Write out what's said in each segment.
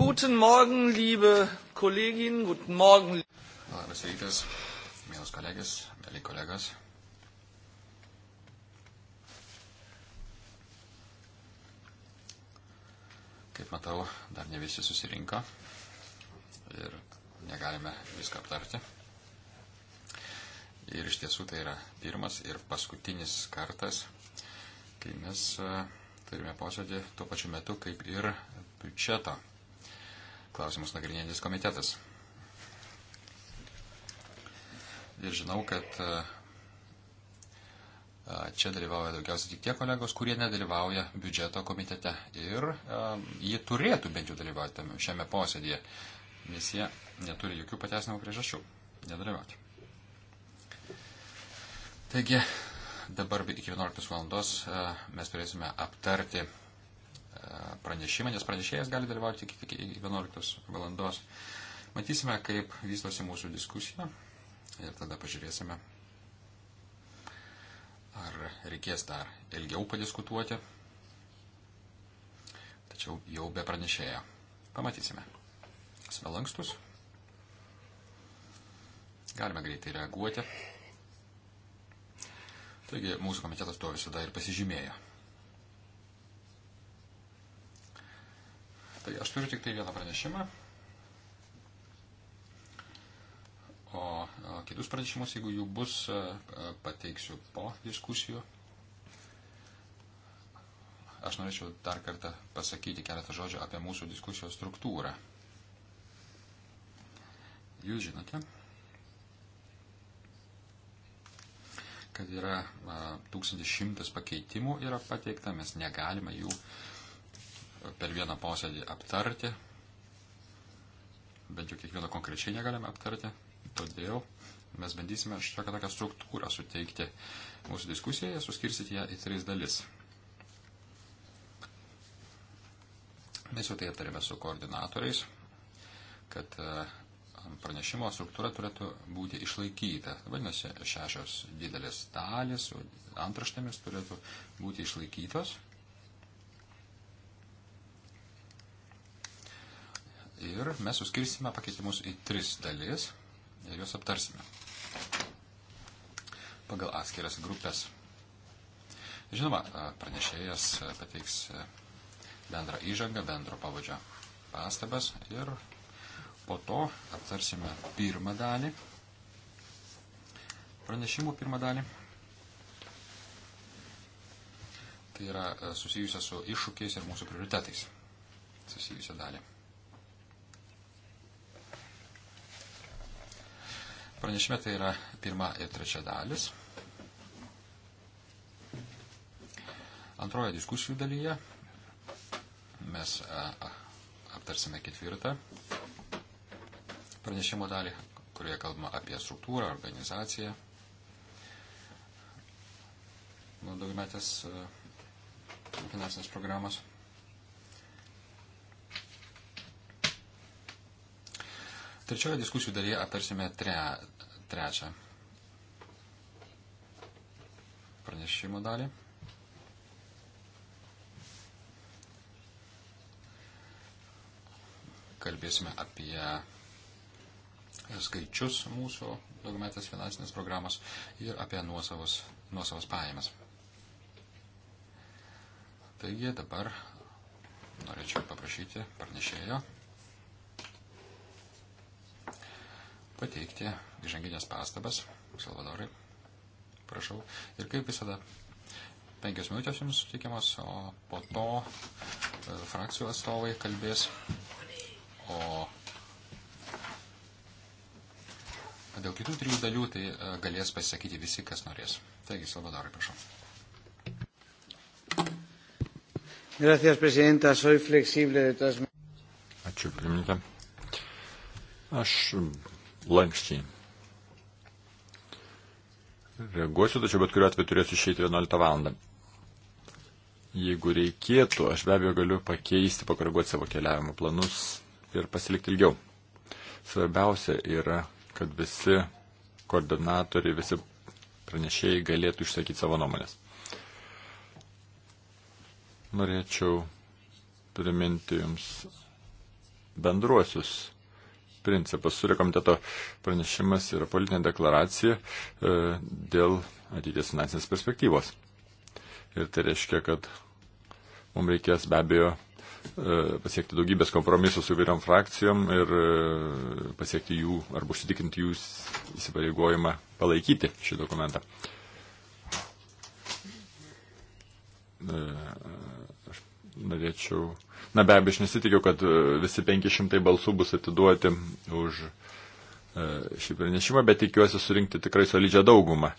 Guten Morgen, liebe Kolleginnen, guten Morgen. Labas rytas, mielas kolegės, mėly kolegos. Kaip matau, dar ne visi susirinko ir negalime viską aptarti. Ir iš tiesų tai yra pirmas ir paskutinis kartas, kai mes e, turime posėdį tuo pačiu metu kaip ir biudžeto klausimus nagrinėjantis komitetas. Ir žinau, kad Čia dalyvauja daugiausiai tik tie kolegos, kurie nedalyvauja biudžeto komitete. Ir um, jie turėtų bent jau dalyvauti šiame posėdėje, nes jie neturi jokių pateisinamų priežasčių nedalyvauti. Taigi, dabar iki 11 valandos uh, mes turėsime aptarti pranešimą, nes pranešėjas gali dalyvauti tik iki 11 valandos. Matysime, kaip vystosi mūsų diskusija ir tada pažiūrėsime, ar reikės dar ilgiau padiskutuoti. Tačiau jau be pranešėjo. Pamatysime. Esame lankstus. Galime greitai reaguoti. Taigi mūsų komitetas tuo visada ir pasižymėjo. Tai aš turiu tik tai vieną pranešimą. O kitus pranešimus, jeigu jų bus, e, e, pateiksiu po diskusijų. Aš norėčiau dar kartą pasakyti keletą žodžių apie mūsų diskusijos struktūrą. Jūs žinote, kad yra e, a, 1100 pakeitimų yra pateikta, mes negalime jų a, per vieną posėdį aptarti, bent jau kiekvieno konkrečiai negalime aptarti, todėl mes bandysime šiokią tokią struktūrą suteikti mūsų diskusijai, suskirstyti ją į tris dalis. Mes jau tai aptarėme su koordinatoriais, kad e, pranešimo struktūra turėtų būti išlaikyta. Vadinasi, šešios didelės dalis su antraštėmis turėtų būti išlaikytos ir mes suskirsime pakeitimus į tris dalis ir juos aptarsime pagal atskiras grupės. Žinoma, pranešėjas pateiks bendrą įžangą, bendro pavadžio pastabas ir po to aptarsime pirmą dalį, pranešimų pirmą dalį. Tai yra susijusia su iššūkiais ir mūsų prioritetais susijusią dalį. Pranešime tai yra pirma ir trečia dalis. Antroje diskusijų dalyje mes e, aptarsime ketvirtą pranešimo dalį, kurioje kalbama apie struktūrą, organizaciją, daugiametės e, finansinės programos. Trečioje diskusijų dalyje aptarsime tre, trečią pranešimo dalį. Kalbėsime apie skaičius mūsų daugiametės finansinės programos ir apie nuosavos, nuosavos pajamas. Taigi dabar norėčiau paprašyti pranešėjo pateikti įžanginės pastabas. Salvadorai, prašau. Ir kaip visada, penkios minutės jums sutikimas, o po to e, frakcijų atstovai kalbės. O dėl kitų trijų dalių tai e, galės pasisakyti visi, kas norės. Taigi, Salvadorai, prašau. Gracias, presidenta. Soy flexible de todas maneras. Ačiū, pirmininkė. Aš lankščiai. Reaguosiu, tačiau bet kuriuo atveju turėsiu išeiti 11 val. Jeigu reikėtų, aš be abejo galiu pakeisti, pakoreguoti savo keliavimo planus ir pasilikti ilgiau. Svarbiausia yra, kad visi koordinatoriai, visi pranešėjai galėtų išsakyti savo nuomonės. Norėčiau priminti Jums bendruosius principas. Surė komiteto pranešimas yra politinė deklaracija e, dėl ateities finansinės perspektyvos. Ir tai reiškia, kad mums reikės be abejo e, pasiekti daugybės kompromisų su vyriam frakcijom ir e, pasiekti jų arba užsitikinti jų įsipareigojimą palaikyti šį dokumentą. Aš norėčiau Na be abejo, aš nesitikiu, kad e, visi 500 balsų bus atiduoti už e, šį pranešimą, bet tikiuosi surinkti tikrai solidžią daugumą.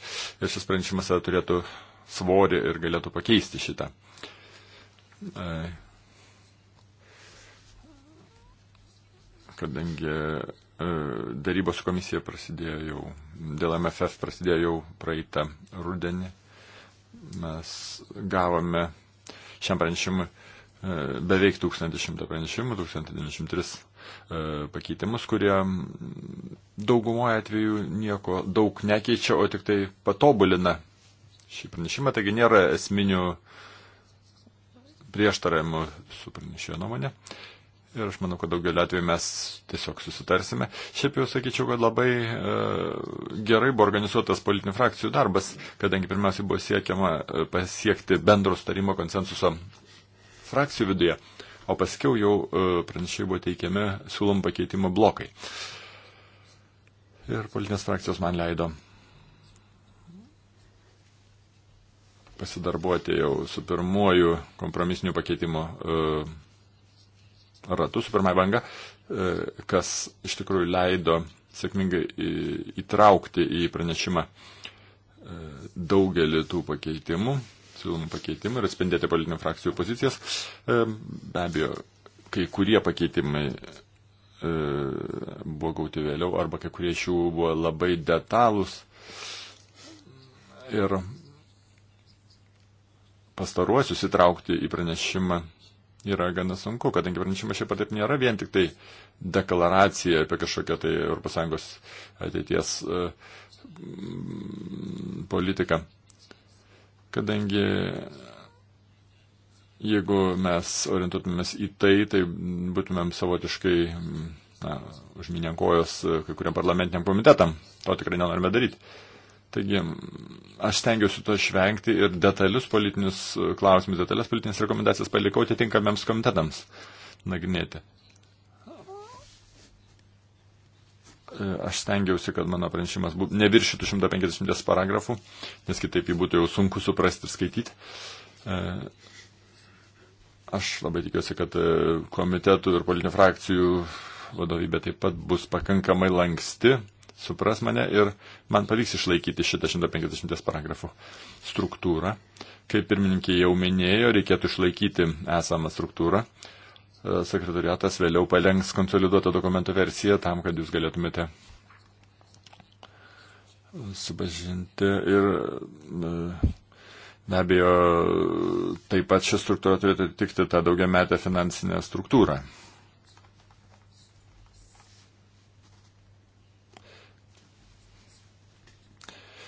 Ir šis pranešimas turėtų svorį ir galėtų pakeisti šitą. E, kadangi darybos su komisija prasidėjo jau, dėl MFF prasidėjo jau praeitą rudenį, mes gavome šiam pranešimui E, beveik 1100 pranešimų, 1093 e, pakeitimus, kurie daugumoje atveju nieko daug nekeičia, o tik tai patobulina šį pranešimą, taigi nėra esminių prieštaravimų su pranešėjo nuomonė. Ir aš manau, kad daugeliu atveju mes tiesiog susitarsime. Šiaip jau sakyčiau, kad labai e, gerai buvo organizuotas politinių frakcijų darbas, kadangi pirmiausia buvo siekiama e, pasiekti bendro starimo konsensuso frakcijų viduje. O paskiau jau e, pranešėjai buvo teikiami siūlom pakeitimo blokai. Ir politinės frakcijos man leido pasidarbuoti jau su pirmuoju kompromisiniu pakeitimo e, ratu, su pirmąją bangą, e, kas iš tikrųjų leido sėkmingai įtraukti į pranešimą daugelį tų pakeitimų siūlomi pakeitimai ir atspindėti politinių frakcijų pozicijas. E, be abejo, kai kurie pakeitimai e, buvo gauti vėliau arba kai kurie iš jų buvo labai detalūs. Ir pastaruosius įtraukti į pranešimą yra gana sunku, kadangi pranešimas šiaip taip nėra vien tik tai deklaracija apie kažkokią tai ES ateities e, politiką kadangi jeigu mes orientuotumėmės į tai, tai būtumėm savotiškai na, užminę kojos kai kuriam parlamentiniam komitetam. To tikrai nenorime daryti. Taigi, aš stengiuosi to išvengti ir detalius politinius klausimus, detalės politinės rekomendacijas palikau atitinkamiems komitetams nagrinėti. E, aš stengiausi, kad mano pranešimas būtų neviršytų 150 paragrafų, nes kitaip jį būtų jau sunku suprasti ir skaityti. E, aš labai tikiuosi, kad e, komitetų ir politinių frakcijų vadovybė taip pat bus pakankamai lanksti, supras mane ir man pavyks išlaikyti šitą 150 paragrafų struktūrą. Kaip pirmininkė jau minėjo, reikėtų išlaikyti esamą struktūrą. Uh, E, sekretoriatas vėliau palengs konsoliduotą dokumento versiją tam, kad jūs galėtumėte subažinti. Ir e, be abejo, taip pat ši struktūra turėtų atitikti tą daugiametę finansinę struktūrą.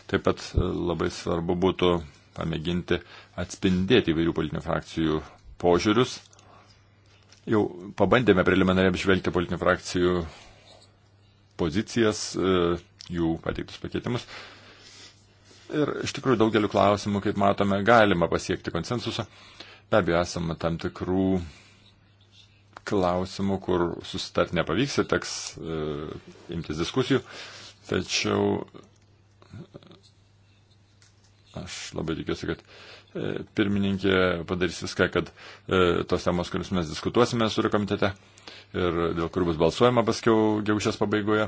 Taip pat e, labai svarbu būtų pamėginti atspindėti įvairių politinių frakcijų požiūrius Jau pabandėme preliminariai apžvelgti politinių frakcijų pozicijas, e, jų pateiktus pakeitimus. Ir iš tikrųjų daugeliu klausimų, kaip matome, galima pasiekti konsensusą. Be abejo, esame tam tikrų klausimų, kur susitart nepavyks ir teks e, imtis diskusijų. Tačiau aš labai tikiuosi, kad E, pirmininkė padarys viską, kad e, tos temos, kuriuos mes diskutuosime su rekomitete ir dėl kur bus balsuojama paskiau gegužės pabaigoje,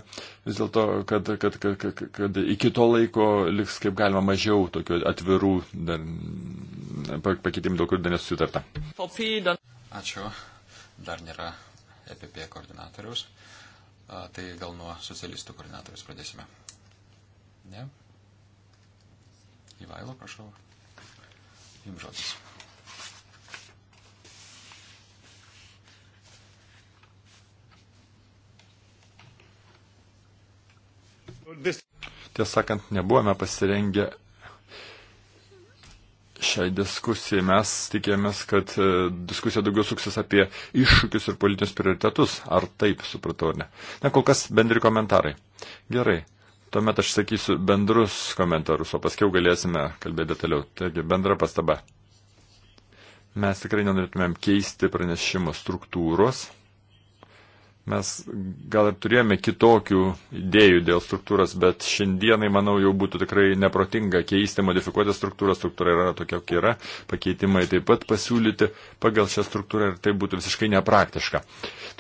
vis dėlto, kad, kad, kad, kad, kad iki to laiko liks kaip galima mažiau tokių atvirų pakeitimų, dėl kurių dar nesusitarta. Ačiū. Dar nėra EPP koordinatoriaus. A, tai gal nuo socialistų koordinatoriaus pradėsime. Ne? Įvailo, prašau jums žodis. Tiesą sakant, nebuvome pasirengę šiai diskusijai. Mes tikėjomės, kad e, diskusija daugiau suksis apie iššūkius ir politinius prioritetus. Ar taip supratau, ar ne? Na, kol kas bendri komentarai. Gerai. Tuomet aš sakysiu bendrus komentarus, o paskui galėsime kalbėti detaliau. Taigi, bendra pastaba. Mes tikrai nenorėtumėm keisti pranešimo struktūros. Mes gal ir turėjome kitokių idėjų dėl struktūros, bet šiandienai, manau, jau būtų tikrai neprotinga keisti, modifikuoti struktūrą. Struktūra yra tokia, kokia yra. Pakeitimai taip pat pasiūlyti pagal šią struktūrą ir tai būtų visiškai nepraktiška.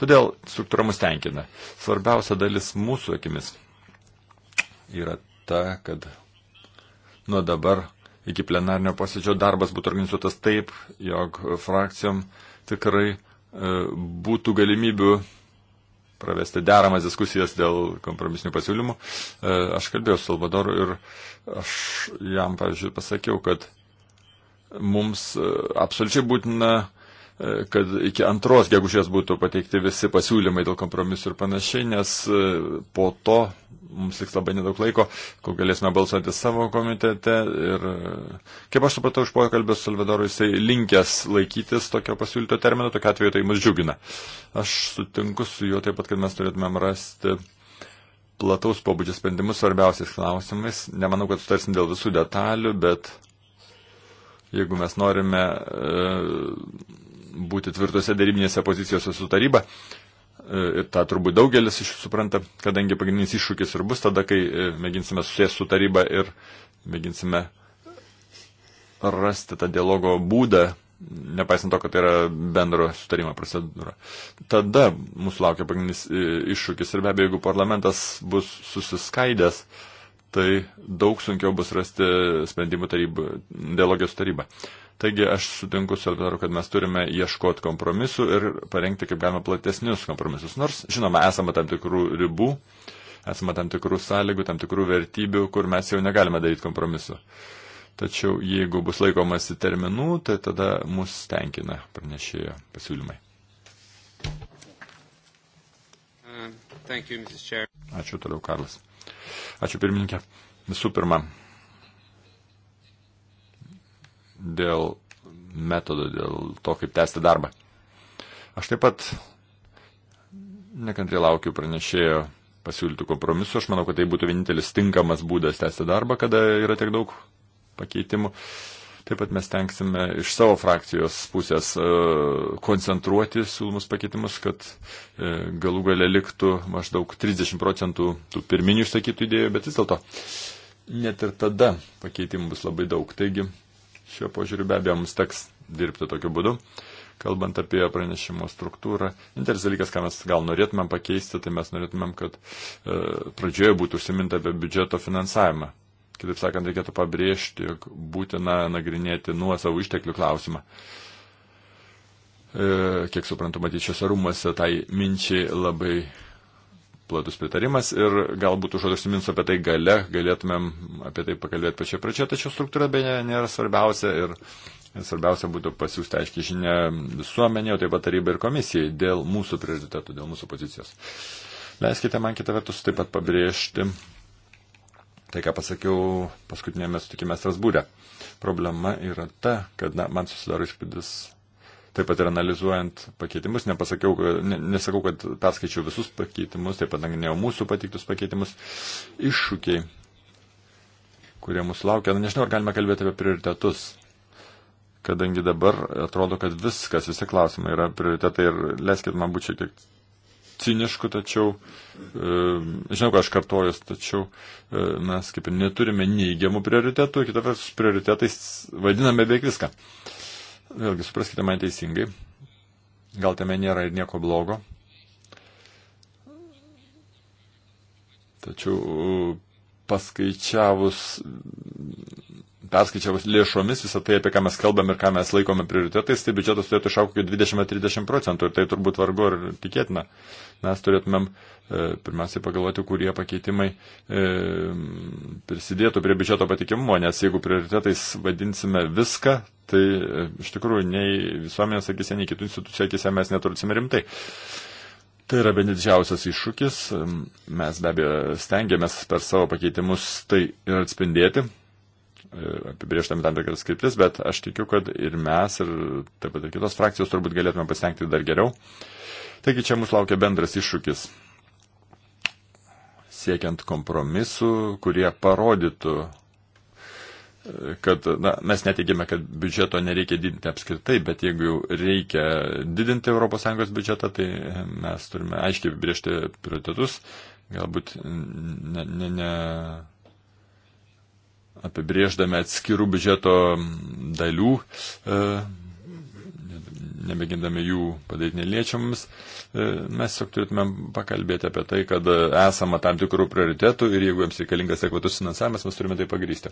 Todėl struktūra mus tenkina. Svarbiausia dalis mūsų akimis yra ta, kad nuo dabar iki plenarnio posėdžio darbas būtų organizuotas taip, jog frakcijom tikrai e, būtų galimybių pravesti deramas diskusijas dėl kompromisinių pasiūlymų. E, aš kalbėjau su Salvadoru ir aš jam, pavyzdžiui, pasakiau, kad mums e, absoliučiai būtina E, kad iki antros gegužės būtų pateikti visi pasiūlymai dėl kompromisų ir panašiai, nes e, po to mums liks labai nedaug laiko, kol galėsime balsuoti savo komitete. Ir e, kaip aš supratau iš pokalbio su Salvadoru, jisai linkęs laikytis tokio pasiūlyto termino, tokia atveju tai mus džiugina. Aš sutinku su juo taip pat, kad mes turėtumėm rasti plataus pobūdžio sprendimus svarbiausiais klausimais. Nemanau, kad sutarsim dėl visų detalių, bet jeigu mes norime e, būti tvirtose darybinėse pozicijose su taryba. E, ir tą turbūt daugelis iš jų supranta, kadangi pagrindinis iššūkis ir bus tada, kai e, mėginsime susės su taryba ir mėginsime rasti tą dialogo būdą, nepaisant to, kad tai yra bendro sutarimo procedūra. Tada mūsų laukia pagrindinis e, iššūkis ir be abejo, jeigu parlamentas bus susiskaidęs, tai daug sunkiau bus rasti sprendimų tarybų, dialogijos tarybą. Uh, Taigi aš sutinku su Elvidaru, kad mes turime ieškoti kompromisų ir parengti kaip galima platesnius kompromisus. Nors, žinoma, esame tam tikrų ribų, esame tam tikrų sąlygų, tam tikrų vertybių, kur mes jau negalime daryti kompromisų. Tačiau jeigu bus laikomasi terminų, tai tada mus tenkina pranešėjo pasiūlymai. Um, thank you, Ačiū toliau, Karlas. Ačiū pirmininkė. Visų pirma, dėl metodo, dėl to, kaip tęsti darbą. Aš taip pat nekantriai laukiu pranešėjo pasiūlytų kompromisų. Aš manau, kad tai būtų vienintelis tinkamas būdas tęsti darbą, kada yra tiek daug pakeitimų. Taip pat mes tenksime iš savo frakcijos pusės e, koncentruoti siūlomus pakeitimus, kad e, galų gale liktų maždaug 30 procentų tų pirminių išsakytų idėjų, bet vis dėlto net ir tada pakeitimų bus labai daug. Taigi Šiuo požiūriu be abejo mums teks dirbti tokiu būdu. Kalbant apie pranešimo struktūrą, vienintelis dalykas, ką mes gal norėtumėm pakeisti, tai mes norėtumėm, kad e, pradžioje būtų užsiminta apie biudžeto finansavimą. Kitaip sakant, reikėtų pabrėžti, jog būtina nagrinėti nuo savo išteklių klausimą e, kiek suprantu, matyt, šiuose rūmuose tai minčiai labai platus pritarimas ir galbūt užuot užsiminsiu apie tai gale, galėtumėm apie tai pakalbėti pačioje pradžioje, tačiau struktūra beje nėra svarbiausia ir svarbiausia būtų pasiūsti aiškiai žinia visuomenė, o taip pat tarybai ir komisijai dėl mūsų prioritetų, dėl mūsų pozicijos. Leiskite man kitą vertus taip pat pabrėžti tai, ką pasakiau paskutinėme sutikime Strasbūrė. Problema yra ta, kad na, man susidaro įspūdis, taip pat ir analizuojant pakeitimus, nepasakiau, ne, nesakau, kad perskaičiau visus pakeitimus, taip pat nagrinėjau mūsų pateiktus pakeitimus, iššūkiai, kurie mūsų laukia. Na, nežinau, ar galime kalbėti apie prioritetus, kadangi dabar atrodo, kad viskas, visi klausimai yra prioritetai ir leiskit man būti šiek tiek cinišku, tačiau, e, žinau, ką aš kartojus, tačiau e, mes kaip ir neturime neįgiamų prioritetų, kitą vertus prioritetais vadiname beveik viską. Uh, vėlgi supraskite mane teisingai, gal tame nėra ir nieko blogo. Tačiau paskaičiavus perskaičiavus lėšomis visą tai, apie ką mes kalbam ir ką mes laikome prioritetais, tai biudžetas turėtų išaukti 20-30 procentų ir tai turbūt vargu ar tikėtina. Mes turėtumėm e, pirmiausiai pagalvoti, kurie pakeitimai e, prisidėtų prie biudžeto patikimumo, nes jeigu prioritetais vadinsime viską, tai e, iš tikrųjų nei visuomenės akise, nei kitų institucijų akise mes neturėsime rimtai. Tai yra bene didžiausias iššūkis. Mes be abejo stengiamės per savo pakeitimus tai ir atspindėti. E, apibriežtami tam tikras skriptis, bet aš tikiu, kad ir mes, ir taip pat ir kitos frakcijos turbūt galėtume pasitengti dar geriau. Taigi čia mūsų laukia bendras iššūkis siekiant kompromisų, kurie parodytų, e, kad na, mes netikime, kad biudžeto nereikia didinti apskritai, bet jeigu jau reikia didinti ES biudžetą, tai mes turime aiškiai briežti prioritetus, galbūt ne, ne, ne apibrėždami atskirų biudžeto dalių, e, nemėgindami jų padaryti neliečiamus, e, mes tiesiog turėtume pakalbėti apie tai, kad esama tam tikrų prioritetų ir jeigu jiems reikalingas ekvatus finansavimas, mes turime tai pagrysti.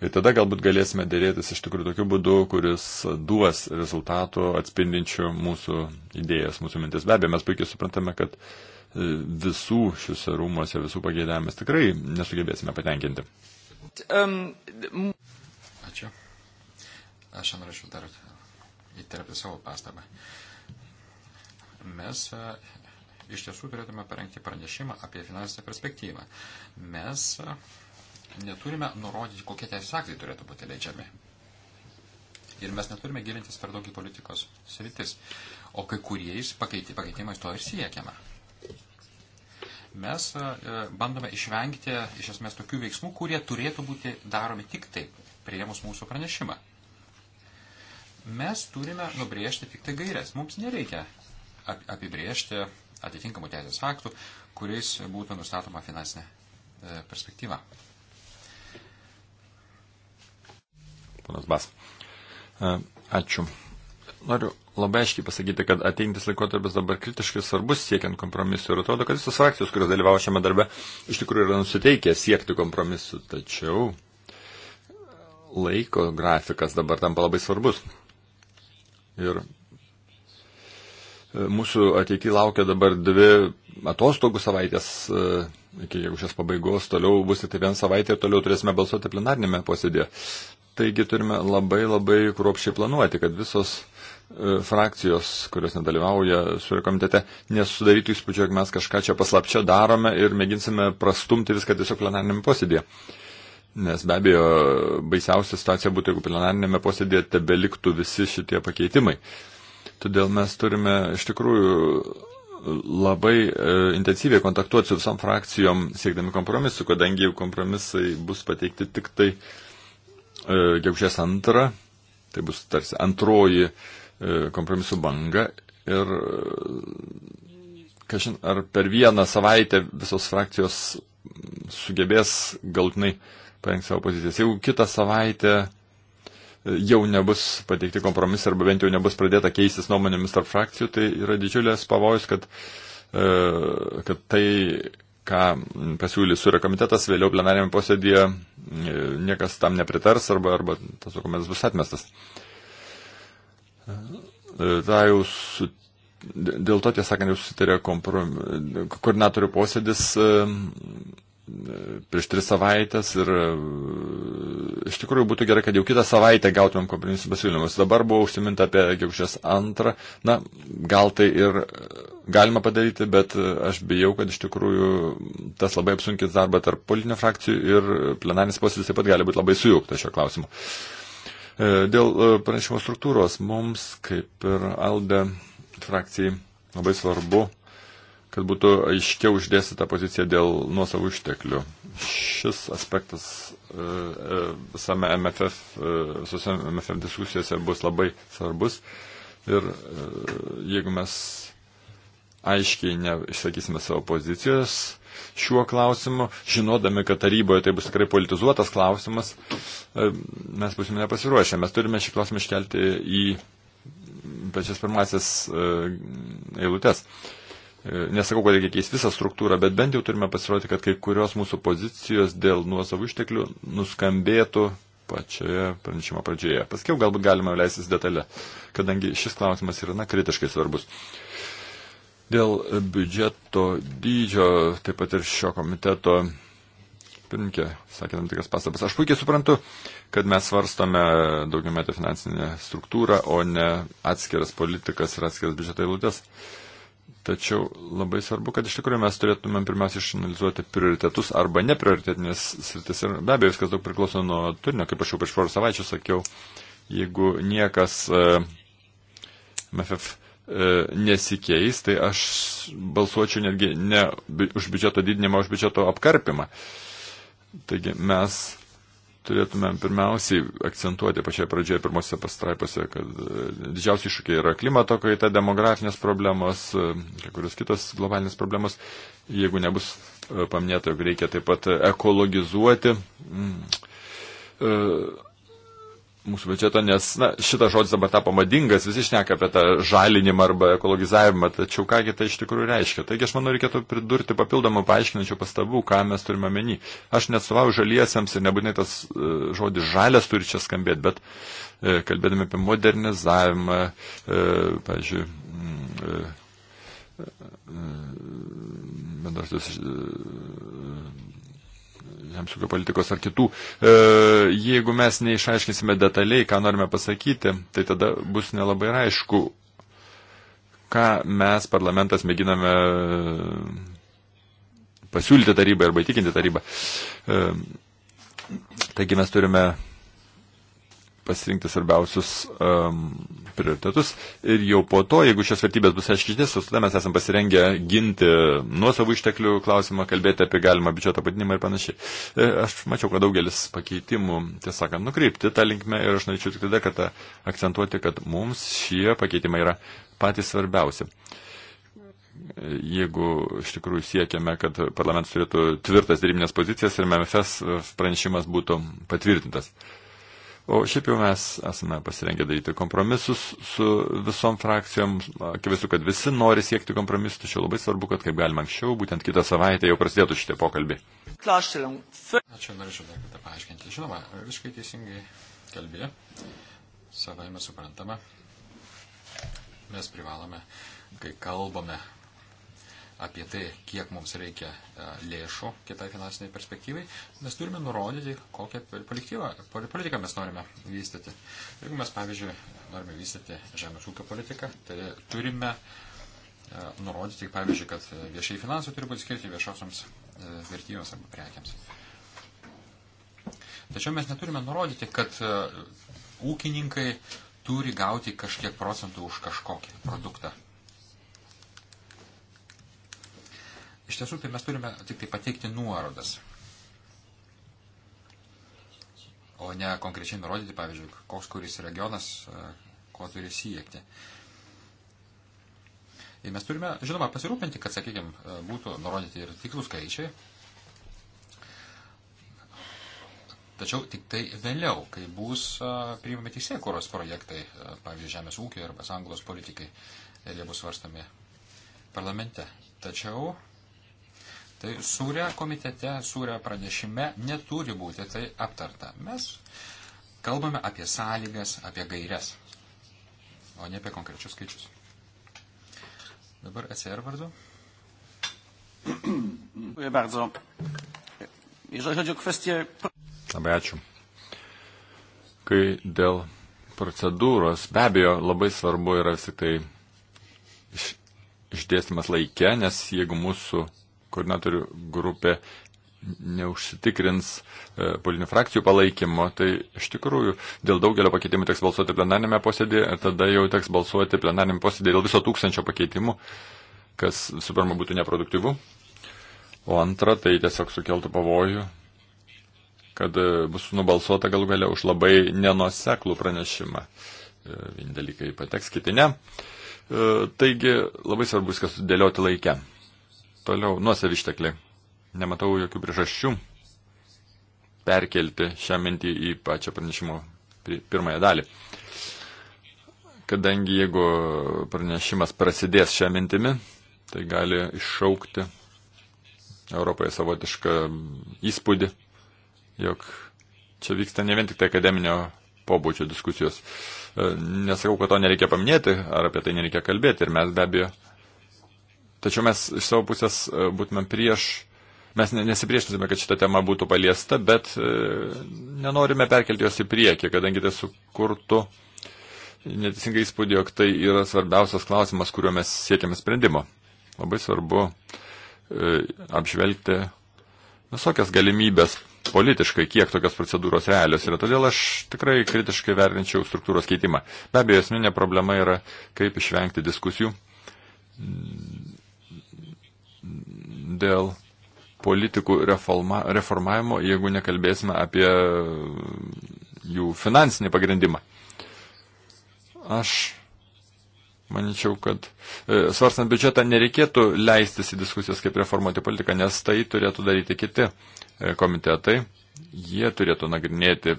Ir tada galbūt galėsime dėrėtis iš tikrųjų tokiu būdu, kuris duos rezultatų atspindinčių mūsų idėjas, mūsų mintis. Be abejo, mes puikiai suprantame, kad e, visų šiuose rūmose, visų pagėdavimas tikrai nesugebėsime patenkinti. Um, Ačiū. Aš norėčiau dar įterpti savo pastabą. Mes e, iš tiesų turėtume parengti pranešimą apie finansinę perspektyvą. Mes e, neturime nurodyti, kokie teisės aktai turėtų būti leidžiami. Ir mes neturime gilintis per daug į politikos sritis. O kai kuriais pakeiti, pakeitimais to ir siekiama mes e, bandome išvengti iš esmės tokių veiksmų, kurie turėtų būti daromi tik taip, prieimus mūsų pranešimą. Mes turime nubriežti tik tai gairias. Mums nereikia apibriežti atitinkamų teisės aktų, kuriais būtų nustatoma finansinė e, perspektyva. Panas Bas. E, ačiū. Noriu labai aiškiai pasakyti, kad ateinantis laikotarpis dabar kritiškai svarbus siekiant kompromisų ir atrodo, kad visos frakcijos, kurios dalyvauja šiame darbe, iš tikrųjų yra nusiteikę siekti kompromisų, tačiau laiko grafikas dabar tampa labai svarbus. Ir e, mūsų ateity laukia dabar dvi atostogų savaitės e, iki gegužės pabaigos, toliau bus tik tai vieną savaitę ir toliau turėsime balsuoti plenarnėme posėdėje. Taigi turime labai labai kruopšiai planuoti, kad visos E, frakcijos, kurios nedalyvauja surio komitete, nesudarytų įspūdžio, jog mes kažką čia paslapčia darome ir mėginsime prastumti viską tiesiog plenarinėme posėdėje. Nes be abejo, baisiausia situacija būtų, jeigu plenarinėme posėdėje tebeliktų visi šitie pakeitimai. Todėl mes turime iš tikrųjų labai e, intensyviai kontaktuoti su visom frakcijom siekdami kompromisų, kadangi jų kompromisai bus pateikti tik tai e, gegužės antrą, tai bus tarsi antroji e, E, kompromisų bangą ir, e, kažin, ar per vieną savaitę visos frakcijos sugebės galtinai parengti savo pozicijas. Jeigu kitą savaitę e, jau nebus pateikti kompromisai arba bent jau nebus pradėta keistis nuomonėmis tarp frakcijų, tai yra didžiulės pavojus, kad, kad tai, ką pasiūlys surė komitetas, vėliau plenarėme posėdėje niekas tam nepritars arba, arba tas dokumentas bus atmestas. Uh, tą jau su, dėl to, tiesą sakant, jau susitarė koordinatorių posėdis e, prieš tris savaitės ir e, iš tikrųjų būtų gerai, kad jau kitą savaitę gautumėm kompromisų pasiūlymus. Dabar buvo užsiminta apie gegužės antrą. Na, gal tai ir galima padaryti, bet e, aš bijau, kad iš tikrųjų tas labai apsunkins darbą tarp politinių frakcijų ir plenarinis posėdis taip pat gali būti labai sujauktas šio klausimu. Uh, E, dėl e, pranešimo struktūros mums, kaip ir Alde frakcijai, labai svarbu, kad būtų aiškiau išdėstyta pozicija dėl nuosavų išteklių. Šis aspektas e, visame MFF, visose MFF diskusijose bus labai svarbus. Ir jeigu mes aiškiai neišsakysime savo pozicijos, šiuo klausimu, žinodami, kad taryboje tai bus tikrai politizuotas klausimas, e, mes būsime nepasiruošę. Mes turime šį klausimą iškelti į pačias pirmasis e, eilutes. E, nesakau, kad reikia keisti visą struktūrą, bet bent jau turime pasirodyti, kad kai kurios mūsų pozicijos dėl nuosavų išteklių nuskambėtų pačioje pranešimo pradžioje. Paskiau galbūt galima leistis detalę, kadangi šis klausimas yra na, kritiškai svarbus. Uh, Dėl biudžeto dydžio, taip pat ir šio komiteto pirmkė, sakė tam tikras pastabas. Aš puikiai suprantu, kad mes svarstame daugiametę finansinę struktūrą, o ne atskiras politikas ir atskiras biudžeto eilutės. Tačiau labai svarbu, kad iš tikrųjų mes turėtumėm pirmiausia išanalizuoti prioritetus arba neprioritetinės sritis. Ir be abejo, viskas daug priklauso nuo turinio, kaip aš jau prieš porą savaičių sakiau, jeigu niekas e, MFF E, nesikeis, tai aš balsuočiau netgi ne už biudžeto didinimą, už biudžeto apkarpimą. Taigi mes turėtumėm pirmiausiai akcentuoti pačioje pradžioje pirmosiose pastraipose, kad e, didžiausi iššūkiai yra klimato kaita, demografinės problemos, e, kai kurios kitos globalinės problemos. Jeigu nebus paminėta, jog reikia taip pat ekologizuoti. Mm, e, mūsų biudžeto, nes na, šitas žodis dabar tapo madingas, visi šneka apie tą žalinimą arba ekologizavimą, tačiau kągi tai iš tikrųjų reiškia. Taigi aš manau, reikėtų pridurti papildomą paaiškinančių pastabų, ką mes turime meni. Aš neatstovauju žaliesiems ir nebūtinai tas e, žodis žalės turi čia skambėti, bet e, kalbėdami apie modernizavimą, e, pažiūrėjau, mm, e, e, e, bendrosios žemės ūkio politikos ar kitų. E, jeigu mes neišaiškinsime detaliai, ką norime pasakyti, tai tada bus nelabai aišku, ką mes parlamentas mėginame e, pasiūlyti tarybai arba įtikinti tarybą. E, taigi mes turime pasirinkti svarbiausius um, prioritetus ir jau po to, jeigu šios vertybės bus aiškiai išdėstos, tada mes esame pasirengę ginti nuo savo išteklių klausimą, kalbėti apie galimą biudžeto padinimą ir panašiai. E, aš mačiau, kad daugelis pakeitimų, tiesą sakant, nukreipti tą linkmę ir aš norėčiau tik tada, kad akcentuoti, kad mums šie pakeitimai yra patys svarbiausi jeigu iš tikrųjų siekiame, kad parlamentas turėtų tvirtas dėrybinės pozicijas ir MFS pranešimas būtų patvirtintas. O šiaip jau mes esame pasirengę daryti kompromisus su visom frakcijom. Akivaizdu, kad visi nori siekti kompromisų, tačiau labai svarbu, kad kaip galima anksčiau, būtent kitą savaitę jau prasidėtų šitie pokalbiai. Ačiū, norėčiau dar kartą paaiškinti. Žinoma, visiškai teisingai kalbė, savaime suprantama. Mes privalome, kai kalbame apie tai, kiek mums reikia e, lėšų kitai finansiniai perspektyvai, mes turime nurodyti, kokią politiką mes norime vystyti. Jeigu mes, pavyzdžiui, norime vystyti žemės ūkio politiką, tai turime e, nurodyti, pavyzdžiui, kad viešiai finansai turi būti skirti viešosioms e, vertybėms arba prekiams. Tačiau mes neturime nurodyti, kad ūkininkai turi gauti kažkiek procentų už kažkokį produktą. Iš tiesų, tai mes turime tik tai pateikti nuorodas, o ne konkrečiai nurodyti, pavyzdžiui, koks kuris regionas, e, ko turi siekti. Ir mes turime, žinoma, pasirūpinti, kad, sakykime, būtų nurodyti ir tikslų skaičiai. Tačiau tik tai vėliau, kai bus e, priimami teisėkuros projektai, e, pavyzdžiui, žemės ūkio arba sanglos politikai, ir jie bus svarstami parlamente. Tačiau Tai sūrė komitete, sūrė pranešime neturi būti tai aptarta. Mes kalbame apie sąlygas, apie gairias, o ne apie konkrečius skaičius. Dabar SR vardu. Dziękuję bardzo. Jeżeli chodzi o kwestię. Labai ačiū. Kai dėl procedūros, be abejo, labai svarbu yra vis tik tai iš, išdėstymas laike, nes jeigu mūsų koordinatorių grupė neužsitikrins e, politinių frakcijų palaikymo, tai iš tikrųjų dėl daugelio pakeitimų teks balsuoti plenarinėme posėdėje ir tada jau teks balsuoti plenarinėme posėdėje dėl viso tūkstančio pakeitimų, kas visų pirma būtų neproduktyvu, o antra tai tiesiog sukeltų pavojų, kad e, bus nubalsuota galų galia už labai nenoseklų pranešimą. E, Vieni dalykai pateks, kiti ne. E, taigi labai svarbu viską sudėlioti laikę. Toliau nuosavi ištekliai. Nematau jokių priežasčių perkelti šią mintį į pačią pranešimo pirmąją dalį. Kadangi jeigu pranešimas prasidės šią mintimi, tai gali iššaukti Europoje savotišką įspūdį, jog čia vyksta ne vien tik tai akademinio pobūdžio diskusijos. E, nesakau, kad to nereikia paminėti, ar apie tai nereikia kalbėti, ir mes be abejo Tačiau mes iš savo pusės e, būtumėm prieš, mes nesipriešintume, kad šita tema būtų paliesta, bet e, nenorime perkelti jos į priekį, kadangi tai sukurtų neteisingai įspūdį, jog tai yra svarbiausias klausimas, kuriuo mes siekiame sprendimo. Labai svarbu e, apžvelgti visokias galimybės politiškai, kiek tokios procedūros realios yra. Todėl aš tikrai kritiškai vertinčiau struktūros keitimą. Be abejo, esminė problema yra, kaip išvengti diskusijų dėl politikų reforma, reformavimo, jeigu nekalbėsime apie jų finansinį pagrindimą. Aš manyčiau, kad e, svarstant biudžetą nereikėtų leistis į diskusijas, kaip reformuoti politiką, nes tai turėtų daryti kiti e, komitetai. Jie turėtų nagrinėti,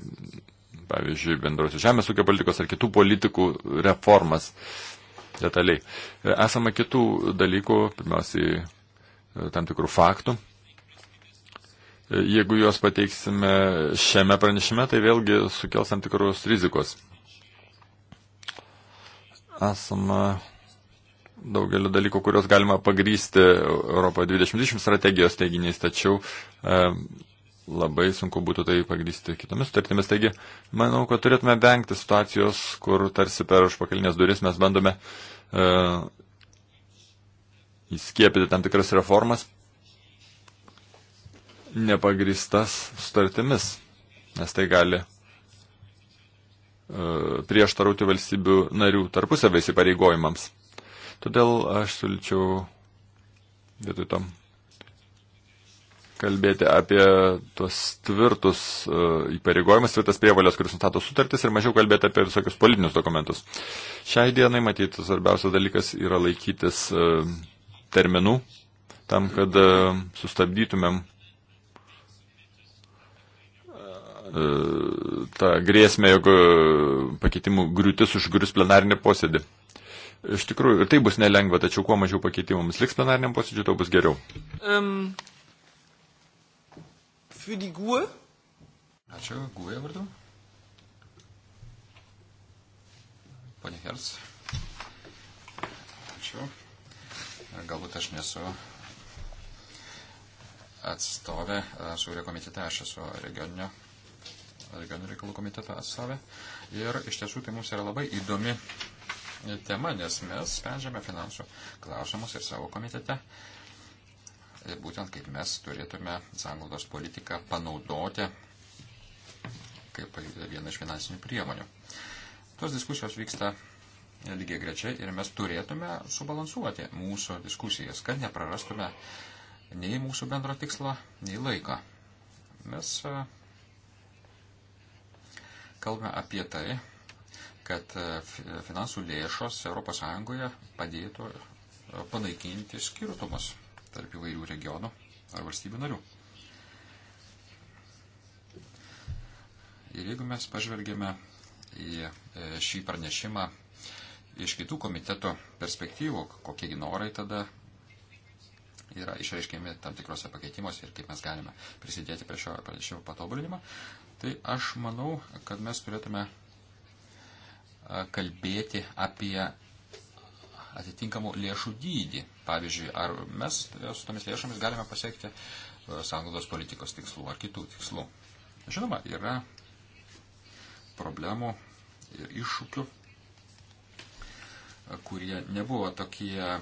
pavyzdžiui, bendrosios žemės ūkio politikos ar kitų politikų reformas detaliai. E, esama kitų dalykų, pirmiausiai E, tam tikrų faktų. E, jeigu juos pateiksime šiame pranešime, tai vėlgi sukels tam tikros rizikos. Esame daugelį dalykų, kuriuos galima pagrysti Europo 2020 strategijos teiginiais, tačiau e, labai sunku būtų tai pagrysti kitomis sutartimis. Taigi, manau, kad turėtume vengti situacijos, kur tarsi per užpakalinės duris mes bandome e, įskiepyti tam tikras reformas nepagristas sutartimis, nes tai gali e, prieštarauti valstybių narių tarpusavio įsipareigojimams. Todėl aš siūlyčiau vietoj tam kalbėti apie tuos tvirtus e, įpareigojimus, tvirtas prievalės, kuris nustato sutartis ir mažiau kalbėti apie visokius politinius dokumentus. Šiai dienai, matyt, svarbiausias dalykas yra laikytis e, terminų tam, kad e, sustabdytumėm e, tą grėsmę, jog e, pakeitimų griūtis užgrius plenarinį posėdį. Iš tikrųjų, ir tai bus nelengva, tačiau kuo mažiau pakeitimų mums liks plenariniam posėdžiui, to bus geriau. Um, Fidigue. Ačiū, Guė vardu. Pane Herz. Ačiū galbūt aš nesu atstovė, Sūrio komitete aš esu regioninio, regioninio reikalų komiteto atstovė. Ir iš tiesų tai mums yra labai įdomi tema, nes mes sprendžiame finansų klausimus ir savo komitete. Ir būtent kaip mes turėtume sanglaudos politiką panaudoti kaip vieną iš finansinių priemonių. Tos diskusijos vyksta lygiai grečiai ir mes turėtume subalansuoti mūsų diskusijas, kad neprarastume nei mūsų bendro tikslo, nei laiko. Mes e, kalbame apie tai, kad e, finansų lėšos ES padėtų e, panaikinti skirtumus tarp įvairių regionų ar valstybių narių. Ir jeigu mes pažvelgėme į šį pranešimą iš kitų komiteto perspektyvų, kokiegi norai tada yra išreiškiami tam tikrose pakeitimuose ir kaip mes galime prisidėti prie šio pranešimo patobulinimo, tai aš manau, kad mes turėtume kalbėti apie atitinkamų lėšų dydį. Pavyzdžiui, ar mes e, su tomis lėšomis galime pasiekti e, sąnaudos politikos tikslų ar kitų tikslų. Žinoma, yra problemų ir iššūkių kurie nebuvo tokie e,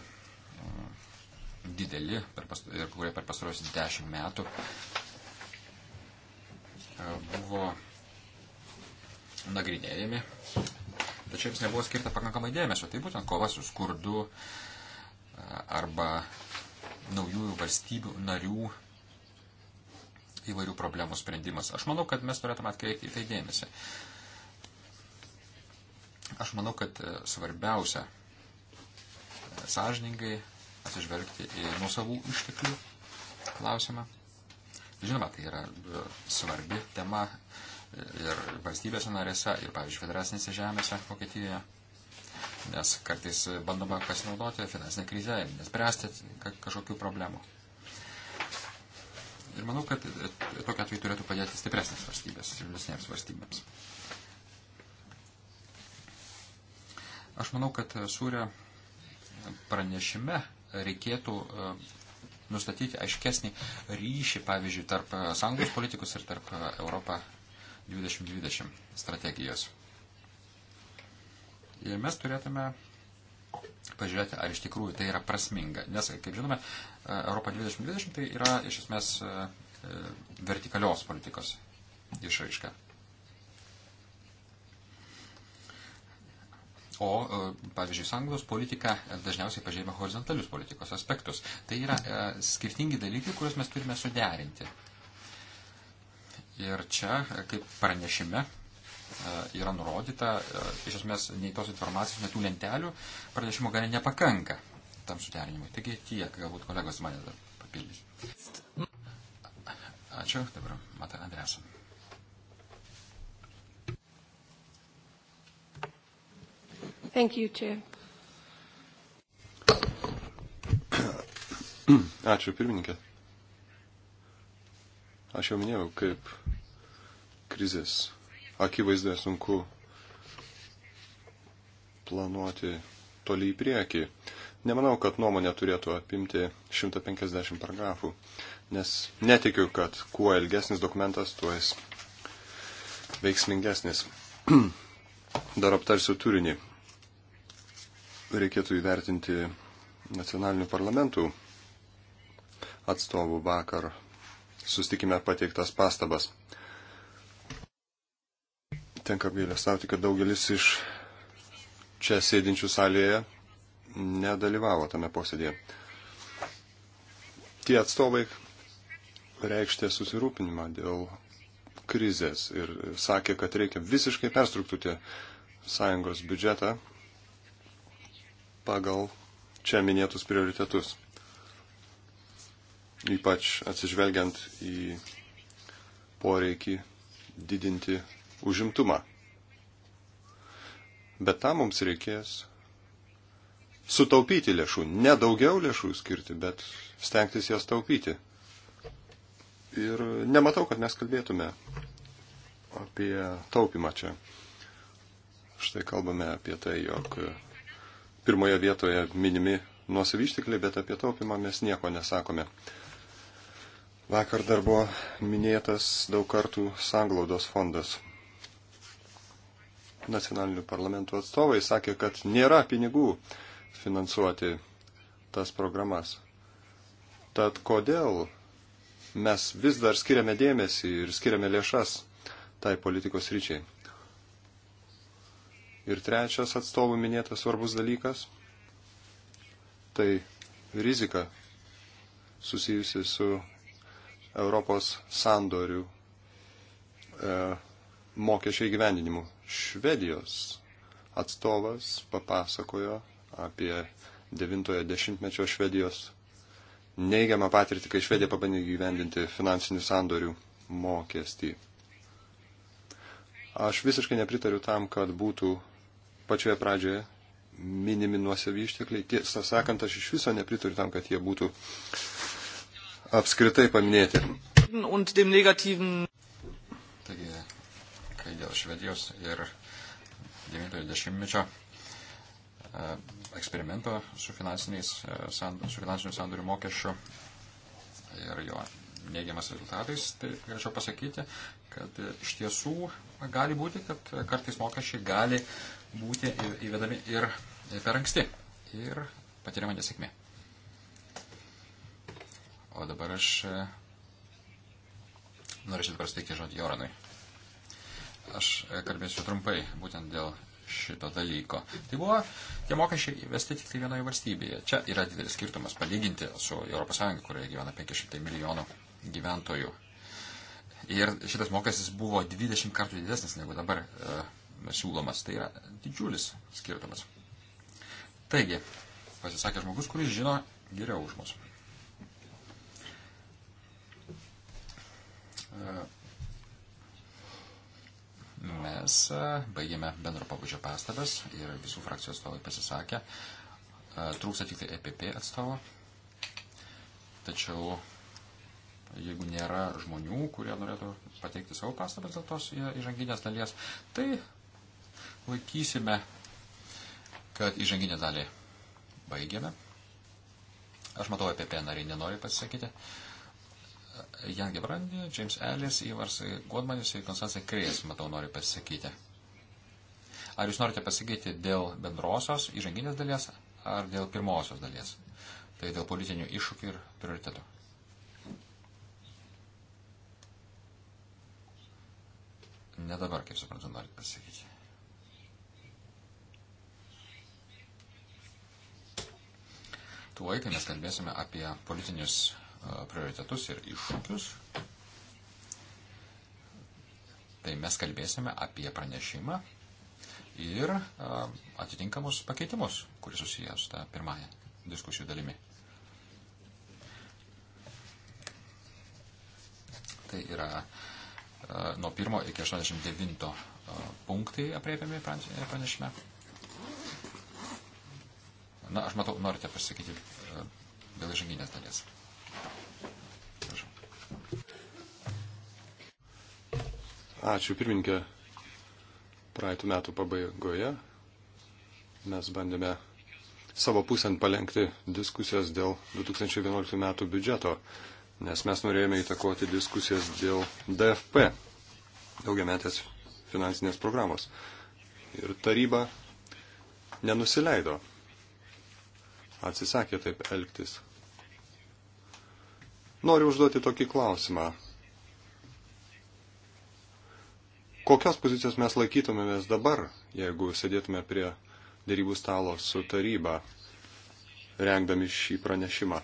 dideli per pas, ir kurie per pastarosius dešimt metų e, buvo nagrinėjami, tačiau jiems nebuvo skirta pakankamai dėmesio. Tai būtent kova su skurdu e, arba naujųjų valstybių narių įvairių problemų sprendimas. Aš manau, kad mes turėtume atkreipti į tai dėmesį. Aš manau, kad svarbiausia sąžiningai atsižvelgti į nusavų išteklių klausimą. Žinoma, tai yra e, svarbi tema e, ir valstybėse narėse, ir, pavyzdžiui, federacinėse žemėse Vokietijoje, nes kartais bandoma pasinaudoti finansinę krizę, nespręsti kažkokių problemų. Ir manau, kad e, tokia atveju turėtų padėti stipresnės valstybės, silpnesnėms valstybėms. Aš manau, kad Sūrė pranešime reikėtų e, nustatyti aiškesnį ryšį, pavyzdžiui, tarp e, sąjungos politikos ir tarp e, Europą 2020 strategijos. Ir mes turėtume pažiūrėti, ar iš tikrųjų tai yra prasminga. Nes, kaip žinome, Europa 2020 tai yra iš esmės vertikalios politikos išraiška. O, e, pavyzdžiui, sąjungos politika dažniausiai pažymė horizontalius politikos aspektus. Tai yra e, skirtingi dalykai, kuriuos mes turime suderinti. Ir čia, e, kaip pranešime, yra nurodyta, iš esmės nei tos informacijos, nei tų lentelių pranešimo gali nepakanka tam suderinimui. Taigi tiek, galbūt kolegos mane dar papildys. Ačiū, dabar matą Andresą. Thank you, Chair. Ačiū, pirmininkė. Aš jau minėjau, kaip krizės akivaizdoje sunku planuoti toli į priekį. Nemanau, kad nuomonė turėtų apimti 150 paragrafų, nes netikiu, kad kuo ilgesnis dokumentas, tuo jis veiksmingesnis. Dar aptarsiu turinį reikėtų įvertinti nacionalinių parlamentų atstovų vakar sustikime pateiktas pastabas. Tenka apgailestauti, kad daugelis iš čia sėdinčių salėje nedalyvavo tame posėdėje. Tie atstovai reikštė susirūpinimą dėl krizės ir sakė, kad reikia visiškai perstruktuoti sąjungos biudžetą pagal čia minėtus prioritetus. Ypač atsižvelgiant į poreikį didinti užimtumą. Bet tam mums reikės sutaupyti lėšų, ne daugiau lėšų skirti, bet stengtis jas taupyti. Ir nematau, kad mes kalbėtume apie taupimą čia. Štai kalbame apie tai, jog pirmoje vietoje minimi nuosavi ištikliai, bet apie taupimą mes nieko nesakome. Vakar dar buvo minėtas daug kartų sanglaudos fondas. Nacionalinių parlamentų atstovai sakė, kad nėra pinigų finansuoti tas programas. Tad kodėl mes vis dar skiriame dėmesį ir skiriame lėšas tai politikos ryčiai? Ir trečias atstovų minėtas svarbus dalykas - tai rizika susijusi su Europos sandorių e, mokesčio įgyvendinimu. Švedijos atstovas papasakojo apie 90-ojo dešimtmečio Švedijos neigiamą patirtį, kai Švedija pabandė gyvendinti finansinių sandorių mokestį. Aš visiškai nepritariu tam, kad būtų pačioje pradžioje minimi nuosavi ištekliai. Tiesą sakant, aš iš viso nepritariu tam, kad jie būtų apskritai paminėti. Taigi, kai dėl Švedijos ir 90-mečio e, eksperimento su, e, su finansiniu sandoriu mokesčiu ir jo neigiamas rezultatais, tai galėčiau pasakyti, kad iš tiesų gali būti, kad kartais mokesčiai gali būti įvedami ir per anksti ir patiriama nesėkmė. O dabar aš e, norėčiau dabar steikti žodį Joranui. Aš e, kalbėsiu trumpai būtent dėl šito dalyko. Tai buvo, tie mokesčiai įvesti tik tai vienoje valstybėje. Čia yra didelis skirtumas palyginti su ES, kurioje gyvena 500 milijonų gyventojų. Ir šitas mokestis buvo 20 kartų didesnis negu dabar e, siūlomas. Tai yra didžiulis skirtumas. Taigi, pasisakė žmogus, kuris žino geriau už mus. E, mes e, baigėme bendro pabudžio pastabas ir visų frakcijų atstovai pasisakė. E, trūksta tik tai EPP atstovo. Tačiau jeigu nėra žmonių, kurie norėtų pateikti savo pastabas dėl tos e, įžanginės dalies, tai laikysime, kad įžanginę dalį baigiame. Aš matau, apie penarį nenori pasisakyti. Jan Gebrandi, James Ellis, Ivars Godmanis ir Konstantas Kreis, matau, nori pasisakyti. Ar jūs norite pasakyti dėl bendrosios įžanginės dalies ar dėl pirmosios dalies? Tai dėl politinių iššūkių ir prioritetų. Ne dabar, kaip suprantu, norit pasakyti. Tuo laiką mes kalbėsime apie politinius e, prioritetus ir iššūkius. Tai mes kalbėsime apie pranešimą ir e, atitinkamus pakeitimus, kuris susijęs su tą pirmąją diskusijų dalimi. Tai yra uh, nuo 1 iki 89 punktai apriepiami pranešime. Na, aš matau, norite pasakyti dėl žanginės dalies. Prašau. Ačiū, pirmininkė. Praeitų metų pabaigoje mes bandėme savo pusę palengti diskusijas dėl 2011 metų biudžeto nes mes norėjome įtakoti diskusijas dėl DFP, daugiametės finansinės programos. Ir taryba nenusileido, atsisakė taip elgtis. Noriu užduoti tokį klausimą. Kokios pozicijos mes laikytumėmės dabar, jeigu sėdėtume prie dėrybų stalo su taryba, rengdami šį pranešimą?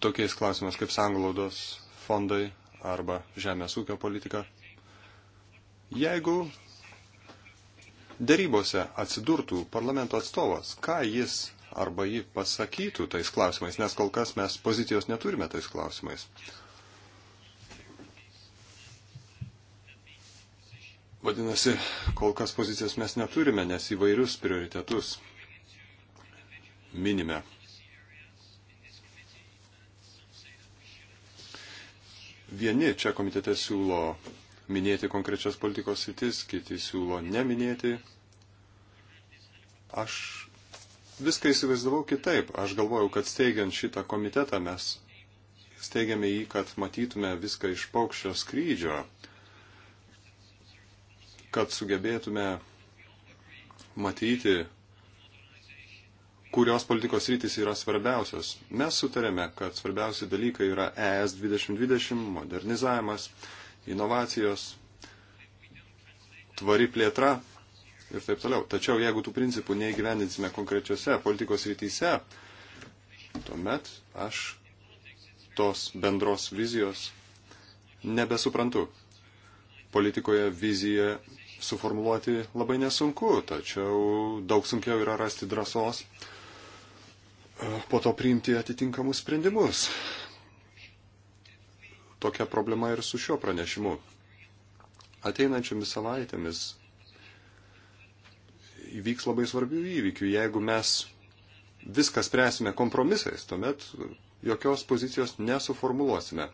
tokiais klausimais kaip sanglaudos fondai arba žemės ūkio politika. Jeigu dėrybose atsidurtų parlamento atstovas, ką jis arba ji pasakytų tais klausimais, nes kol kas mes pozicijos neturime tais klausimais. Vadinasi, kol kas pozicijos mes neturime, nes įvairius prioritetus minime. Vieni čia komitete siūlo minėti konkrečias politikos sritis, kiti siūlo neminėti. Aš viską įsivaizdavau kitaip. Aš galvojau, kad steigiant šitą komitetą mes steigiame jį, kad matytume viską iš paukščio skrydžio, kad sugebėtume matyti kurios politikos rytis yra svarbiausios. Mes sutarėme, kad svarbiausi dalykai yra ES 2020, modernizavimas, inovacijos, tvari plėtra ir taip toliau. Tačiau jeigu tų principų neįgyvendinsime konkrečiose politikos rytise, tuomet aš tos bendros vizijos nebesuprantu. Politikoje viziją suformuoluoti labai nesunku, tačiau daug sunkiau yra rasti drąsos po to priimti atitinkamus sprendimus. Tokia problema ir su šiuo pranešimu. Ateinančiomis savaitėmis įvyks labai svarbių įvykių. Jeigu mes viską spręsime kompromisais, tuomet jokios pozicijos nesuformuluosime.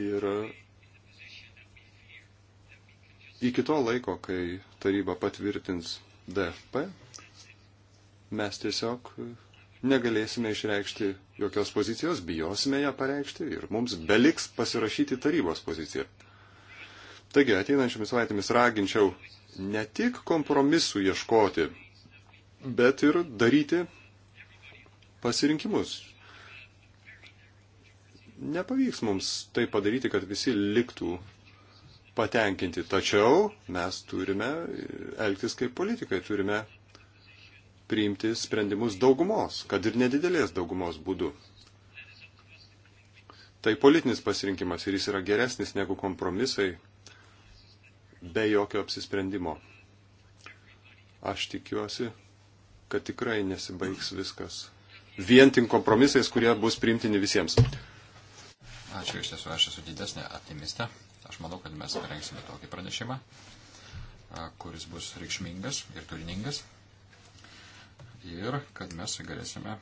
Ir iki to laiko, kai taryba patvirtins DFP, mes tiesiog negalėsime išreikšti jokios pozicijos, bijosime ją pareikšti ir mums beliks pasirašyti tarybos poziciją. Taigi ateinančiomis savaitėmis raginčiau ne tik kompromisų ieškoti, bet ir daryti pasirinkimus. Nepavyks mums tai padaryti, kad visi liktų patenkinti. Tačiau mes turime elgtis kaip politikai, turime priimti sprendimus daugumos, kad ir nedidelės daugumos būdu. Tai politinis pasirinkimas ir jis yra geresnis negu kompromisai be jokio apsisprendimo. Aš tikiuosi, kad tikrai nesibaigs viskas. Vien tik kompromisais, kurie bus priimtini visiems. Ačiū, iš tiesų aš esu didesnė optimistė. Aš manau, kad mes parengsime tokį pranešimą, kuris bus reikšmingas ir turiningas. Ir kad mes galėsime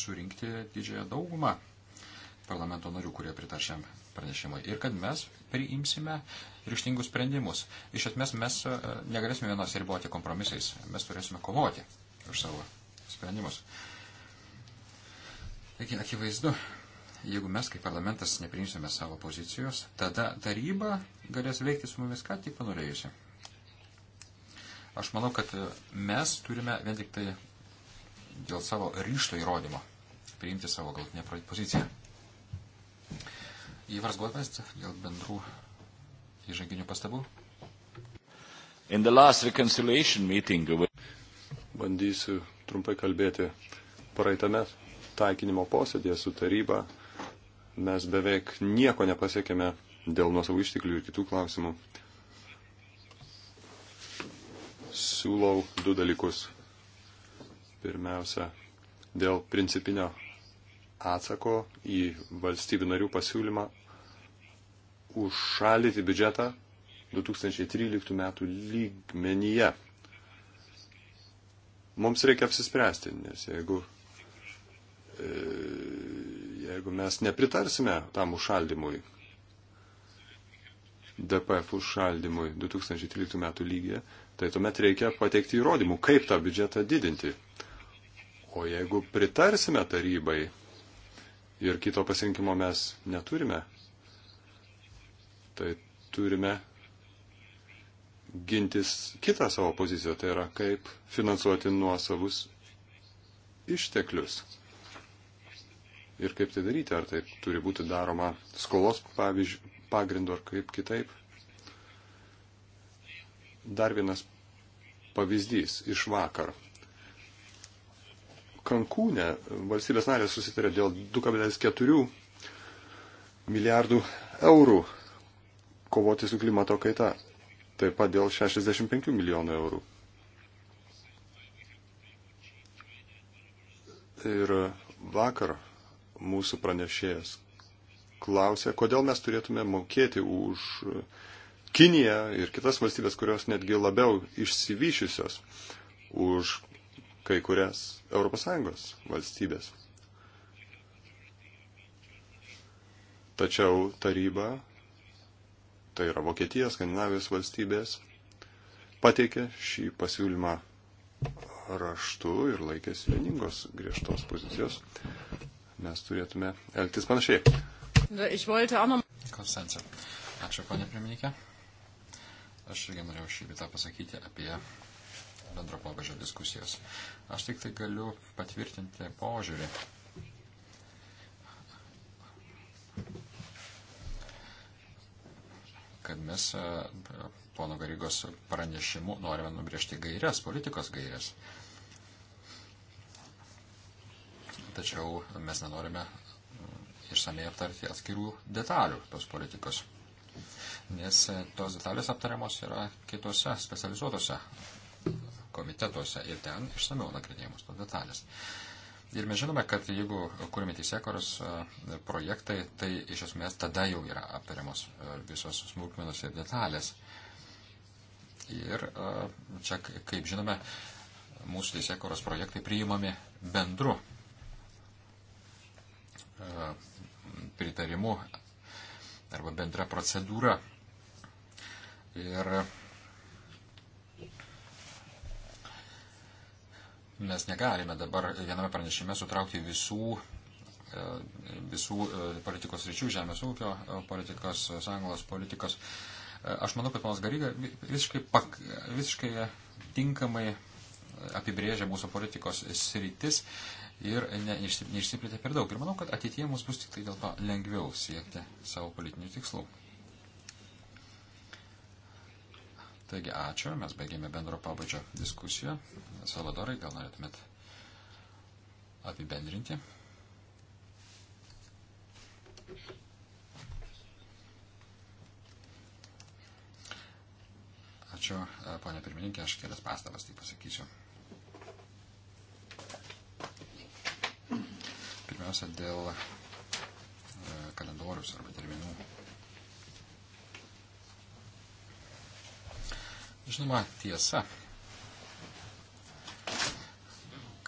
surinkti didžiąją daugumą parlamento narių, kurie pritar šiam pranešimui. Ir kad mes priimsime ryštingus sprendimus. Iš esmės mes negalėsime vienos riboti kompromisais. Mes turėsime kovoti už savo sprendimus. Taigi akivaizdu, jeigu mes kaip parlamentas neprimsime savo pozicijos, tada taryba galės veikti su mumis ką tik panorėjusi. Aš manau, kad mes turime vien tik tai dėl savo ryšto įrodymo priimti savo galtinę poziciją. Įvars Godvės dėl bendrų įžanginių pastabų. Meeting... Bandysiu trumpai kalbėti. Praeitame taikinimo posėdėje su taryba mes beveik nieko nepasiekėme dėl nuosavų išteklių ir kitų klausimų. Siūlau du dalykus. Pirmiausia, dėl principinio atsako į valstybių narių pasiūlymą užšaldyti biudžetą 2013 metų lygmenyje. Mums reikia apsispręsti, nes jeigu e, jeigu mes nepritarsime tam užšaldimui, DPF užšaldimui 2013 metų lygyje, tai tuomet reikia pateikti įrodymų, kaip tą biudžetą didinti. O jeigu pritarsime tarybai ir kito pasirinkimo mes neturime, tai turime gintis kitą savo poziciją, tai yra kaip finansuoti nuosavus išteklius ir kaip tai daryti, ar tai turi būti daroma skolos pagrindu ar kaip kitaip. Dar vienas pavyzdys iš vakar. Kankūne valstybės narės susitarė dėl 2,4 milijardų eurų kovoti su klimato kaita, taip pat dėl 65 milijonų eurų. Ir vakar mūsų pranešėjas klausė, kodėl mes turėtume mokėti už Kiniją ir kitas valstybės, kurios netgi labiau išsivyšiusios už kai kurias ES valstybės. Tačiau taryba, tai yra Vokietija, Skandinavijos valstybės, pateikė šį pasiūlymą raštu ir laikėsi vieningos griežtos pozicijos mes turėtume elgtis panašiai. Konstancija. Ačiū, ponė pirmininkė. Aš irgi norėjau šį bitą pasakyti apie bendro pobėdžio diskusijos. Aš tik tai galiu patvirtinti požiūrį. kad mes e, pono Garygos pranešimu norime nubriežti gairias, politikos gairias. Uh, tačiau mes nenorime mm, išsamei aptarti atskirų detalių tos politikos, nes e, tos detalės aptariamos yra kitose specializuotose komitetuose ir ten išsamiau nagrinėjamos tos detalės. Ir mes žinome, kad jeigu kūrime teisėkoros e, projektai, tai iš esmės tada jau yra aptariamos e, visos smulkmenos ir detalės. Ir čia, kaip žinome, mūsų teisėkoros projektai priimami bendru E, pritarimu arba bendra procedūra. Ir mes negalime dabar viename pranešime sutraukti visų e, visų e, politikos ryčių, žemės ūkio politikos, sąjungos politikos. Aš manau, kad panas Garyga visiškai, pak, visiškai tinkamai apibrėžia mūsų politikos sritis ir ne, neišsiplėtė per daug. Ir manau, kad ateitie mums bus tik tai dėl to lengviau siekti savo politinių tikslų. Taigi, ačiū, mes baigėme bendro pabudžio diskusiją. Salvadorai, gal norėtumėt apibendrinti? Ačiū, e, ponė pirmininkė, aš kelias pastabas tai pasakysiu. Pirmiausia, dėl e, kalendorius arba terminų. Žinoma, tiesa,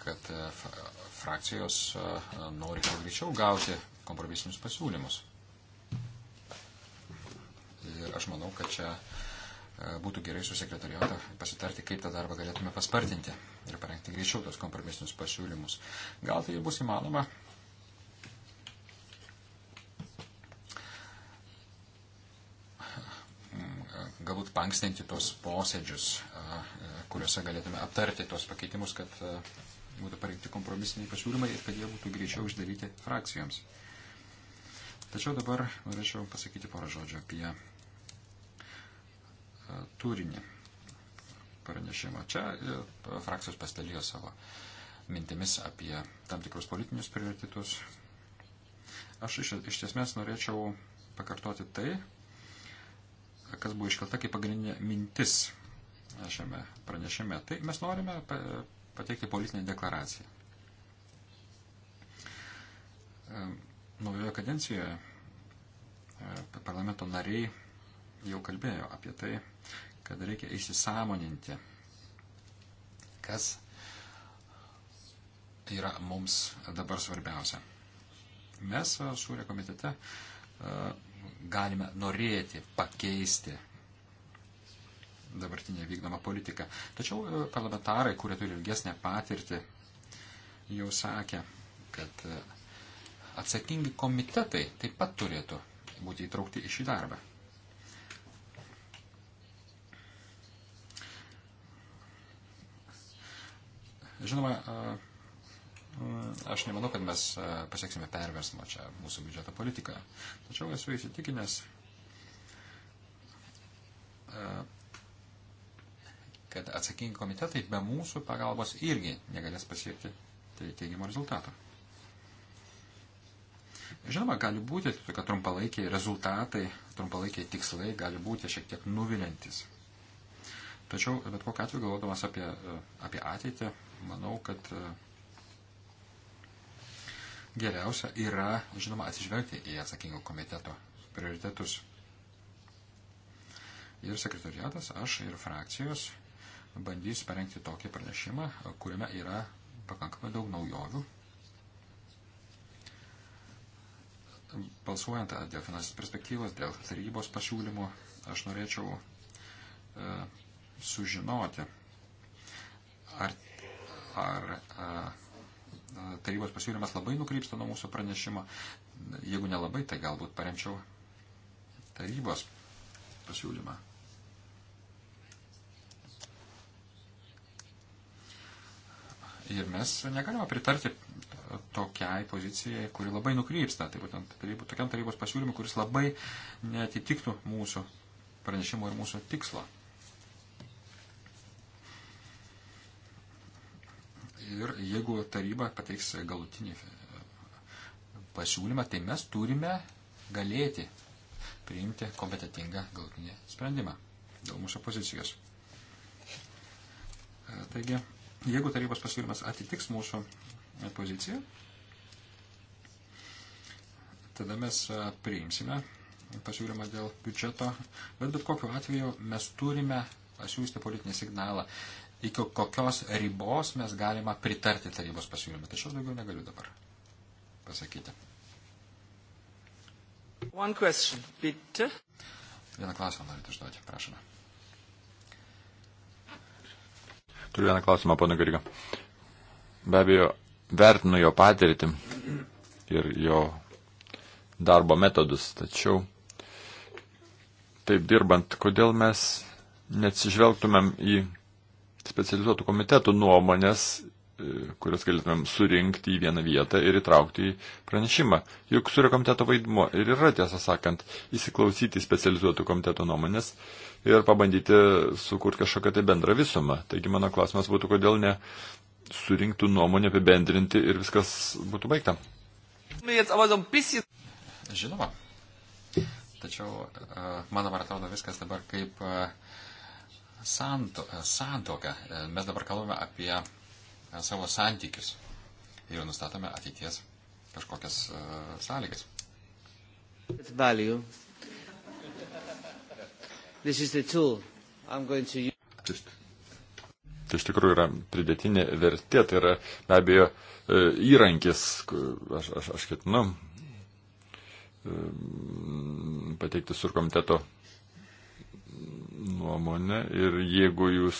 kad e, frakcijos e, nori kuo greičiau gauti kompromisinius pasiūlymus. Ir aš manau, kad čia būtų gerai su sekretariato pasitarti, kaip tą darbą galėtume paspartinti ir parengti greičiau tos kompromisinius pasiūlymus. Gal tai bus įmanoma paankstinti tos posėdžius, kuriuose galėtume aptarti tos pakeitimus, kad būtų parengti kompromisiniai pasiūlymai ir kad jie būtų greičiau išdaryti frakcijoms. Tačiau dabar norėčiau pasakyti porą žodžių apie turinį pranešimo. Čia e, frakcijos pasidalijo savo mintimis apie tam tikrus politinius prioritetus. Aš iš, iš esmės norėčiau pakartoti tai, kas buvo iškelta kaip pagrindinė mintis šiame pranešime. Tai mes norime pateikti politinę deklaraciją. Naujoje kadencijoje e, parlamento nariai jau kalbėjo apie tai, kad reikia įsisamoninti, kas yra mums dabar svarbiausia. Mes e, Sūrė komitete e, galime norėti pakeisti dabartinę vykdomą politiką. Tačiau e, parlamentarai, kurie turi ilgesnę patirtį, jau sakė, kad e, atsakingi komitetai taip pat turėtų būti įtraukti į šį darbą. Žinoma, e, Aš nemanau, kad mes e, pasieksime perversmą čia mūsų biudžeto politikoje. Tačiau esu įsitikinęs, e, kad atsakingi komitetai be mūsų pagalbos irgi negalės pasiekti tai teigiamo rezultato. Žinoma, gali būti, kad trumpalaikiai rezultatai, trumpalaikiai tikslai gali būti šiek tiek nuvilintis. Tačiau, bet kokiu atveju, galvodamas apie, e, apie ateitį, manau, kad geriausia yra, žinoma, atsižvelgti į atsakingo komiteto prioritetus. Ir sekretariatas, aš ir frakcijos bandys parengti tokį pranešimą, kuriame yra pakankamai daug naujovių. Balsuojant dėl finansinės perspektyvos, dėl tarybos pasiūlymų, aš norėčiau e, sužinoti, ar, ar e, tarybos pasiūlymas labai nukrypsta nuo mūsų pranešimo. Jeigu nelabai, tai galbūt paremčiau tarybos pasiūlymą. Ir mes negalime pritarti tokiai pozicijai, kuri labai nukrypsta. Tai būtent tarybų, tokiam tarybos pasiūlymui, kuris labai netitiktų mūsų pranešimo ir mūsų tikslo. ir jeigu taryba pateiks galutinį e, pasiūlymą, tai mes turime galėti priimti kompetitingą galutinį sprendimą dėl mūsų pozicijos. E, taigi, jeigu tarybos pasiūlymas atitiks mūsų poziciją, tada mes e, priimsime pasiūlymą dėl biudžeto, bet bet kokiu atveju mes turime pasiūsti politinį signalą iki kokios ribos mes galima pritarti tarybos pasiūlymą. Tačiau daugiau negaliu dabar pasakyti. One question, bitte. Vieną klausimą norite užduoti, prašome. Turiu vieną klausimą, pana Gariga. Be abejo, vertinu jo patirtį ir jo darbo metodus, tačiau taip dirbant, kodėl mes neatsižvelgtumėm į specializuotų komitetų nuomonės, e, kurias galėtumėm surinkti į vieną vietą ir įtraukti į pranešimą. Juk surio komiteto vaidmo ir yra, tiesą sakant, įsiklausyti specializuotų komiteto nuomonės ir pabandyti sukurti kažkokią tai bendrą visumą. Taigi mano klausimas būtų, kodėl ne surinktų nuomonę apibendrinti ir viskas būtų baigta. Žinoma. Tačiau, e, man atrodo, viskas dabar kaip e, santoką. E, mes dabar kalbame apie e, savo santykius ir nustatome ateities kažkokias e, sąlygas. Tai, tai iš tikrųjų yra pridėtinė vertė, tai yra be abejo įrankis, aš, aš, aš ketinu pateikti sur komiteto nuomonę ir jeigu jūs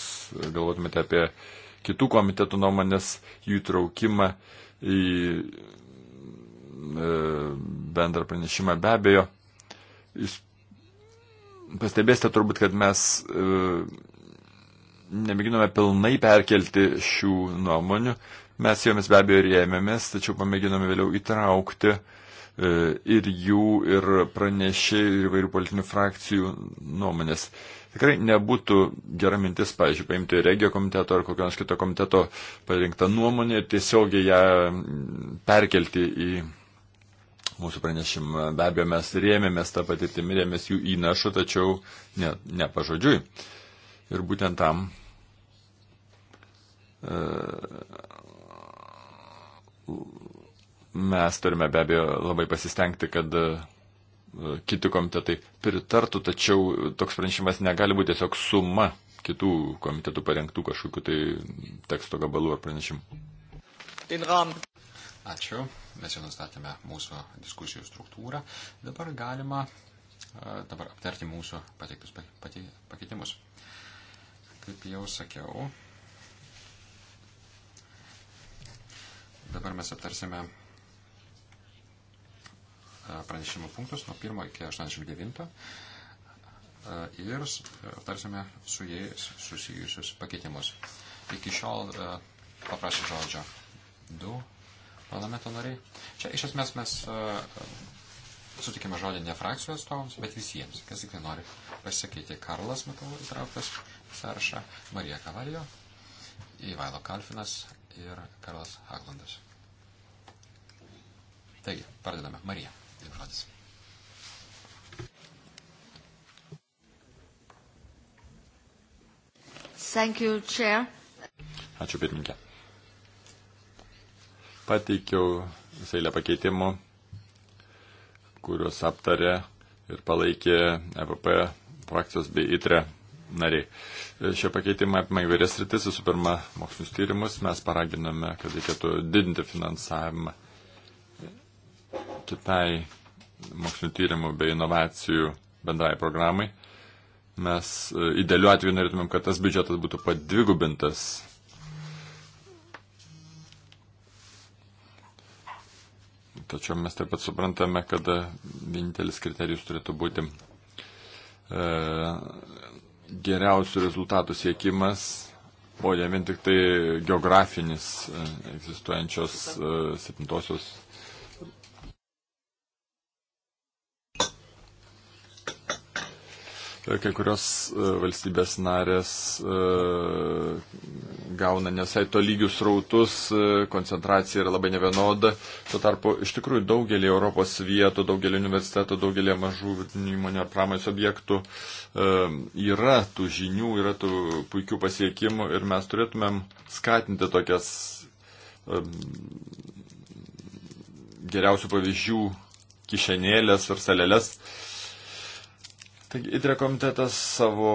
galvotumėte apie kitų komitetų nuomonės jų traukimą į e, bendrą pranešimą be abejo, jūs pastebėsite turbūt, kad mes e, nemėginome pilnai perkelti šių nuomonių, mes jomis be abejo rėmėmės, tačiau pamėginome vėliau įtraukti uh, E, ir jų, ir pranešėjų, ir įvairių politinių frakcijų nuomonės. Tikrai nebūtų gera mintis, pažiūrėjau, paimti regio komiteto ar kokio nors kito komiteto parinktą nuomonę ir tiesiogiai ją perkelti į mūsų pranešimą. Be abejo, mes rėmėmės tą patirtimį, rėmėmės jų įnašu, tačiau ne, ne pažodžiui. Ir būtent tam e, Mes turime be abejo labai pasistengti, kad e, kiti komitetai pritartų, tačiau toks pranešimas negali būti tiesiog suma kitų komitetų parengtų kažkokiu tai teksto gabalų ar pranešimų. Ačiū. Mes jau nustatėme mūsų diskusijų struktūrą. Dabar galima e, dabar aptarti mūsų pateiktus pakeitimus. Kaip jau sakiau, dabar mes aptarsime E, pranešimo punktus nuo 1 iki 89 e, ir e, aptarsime su jais susijusius pakeitimus. Iki šiol paprašė žodžio du parlamento nariai. Čia iš esmės mes sutikime žodį ne frakcijų atstovams, bet visiems, kas tik tai nori pasakyti. Karlas, matau, įtrauktas sąrašą, Marija Kavalijo, Ivailo Kalfinas ir Karlas Aglandas. Taigi, pradedame. Marija. Thank you, Chair. Ačiū pirmininkė. Pateikiau visą eilę pakeitimų, kuriuos aptarė ir palaikė EVP frakcijos bei ITRE nariai. Šie pakeitimai apima įvairias rytis, visų pirma, mokslinius tyrimus. Mes paraginame, kad reikėtų didinti finansavimą kitai mokslinio tyrimų bei inovacijų bendrai programai. Mes e, idealiu atveju norėtumėm, kad tas biudžetas būtų padvigubintas. Tačiau mes taip pat suprantame, kad vienintelis kriterijus turėtų būti e, geriausių rezultatų siekimas, o ne vien tik tai geografinis e, egzistuojančios e, septintosios E, kai kurios e, valstybės narės e, gauna nesai to lygius rautus, koncentracija yra labai nevienoda. Tuo tarpu iš tikrųjų daugelį Europos vietų, daugelį universitetų, daugelį mažų įmonių ar pramonės objektų yra tų žinių, yra tų puikių pasiekimų ir mes turėtumėm skatinti tokias geriausių pavyzdžių kišenėlės ir salelės Taigi, ITRE komitetas savo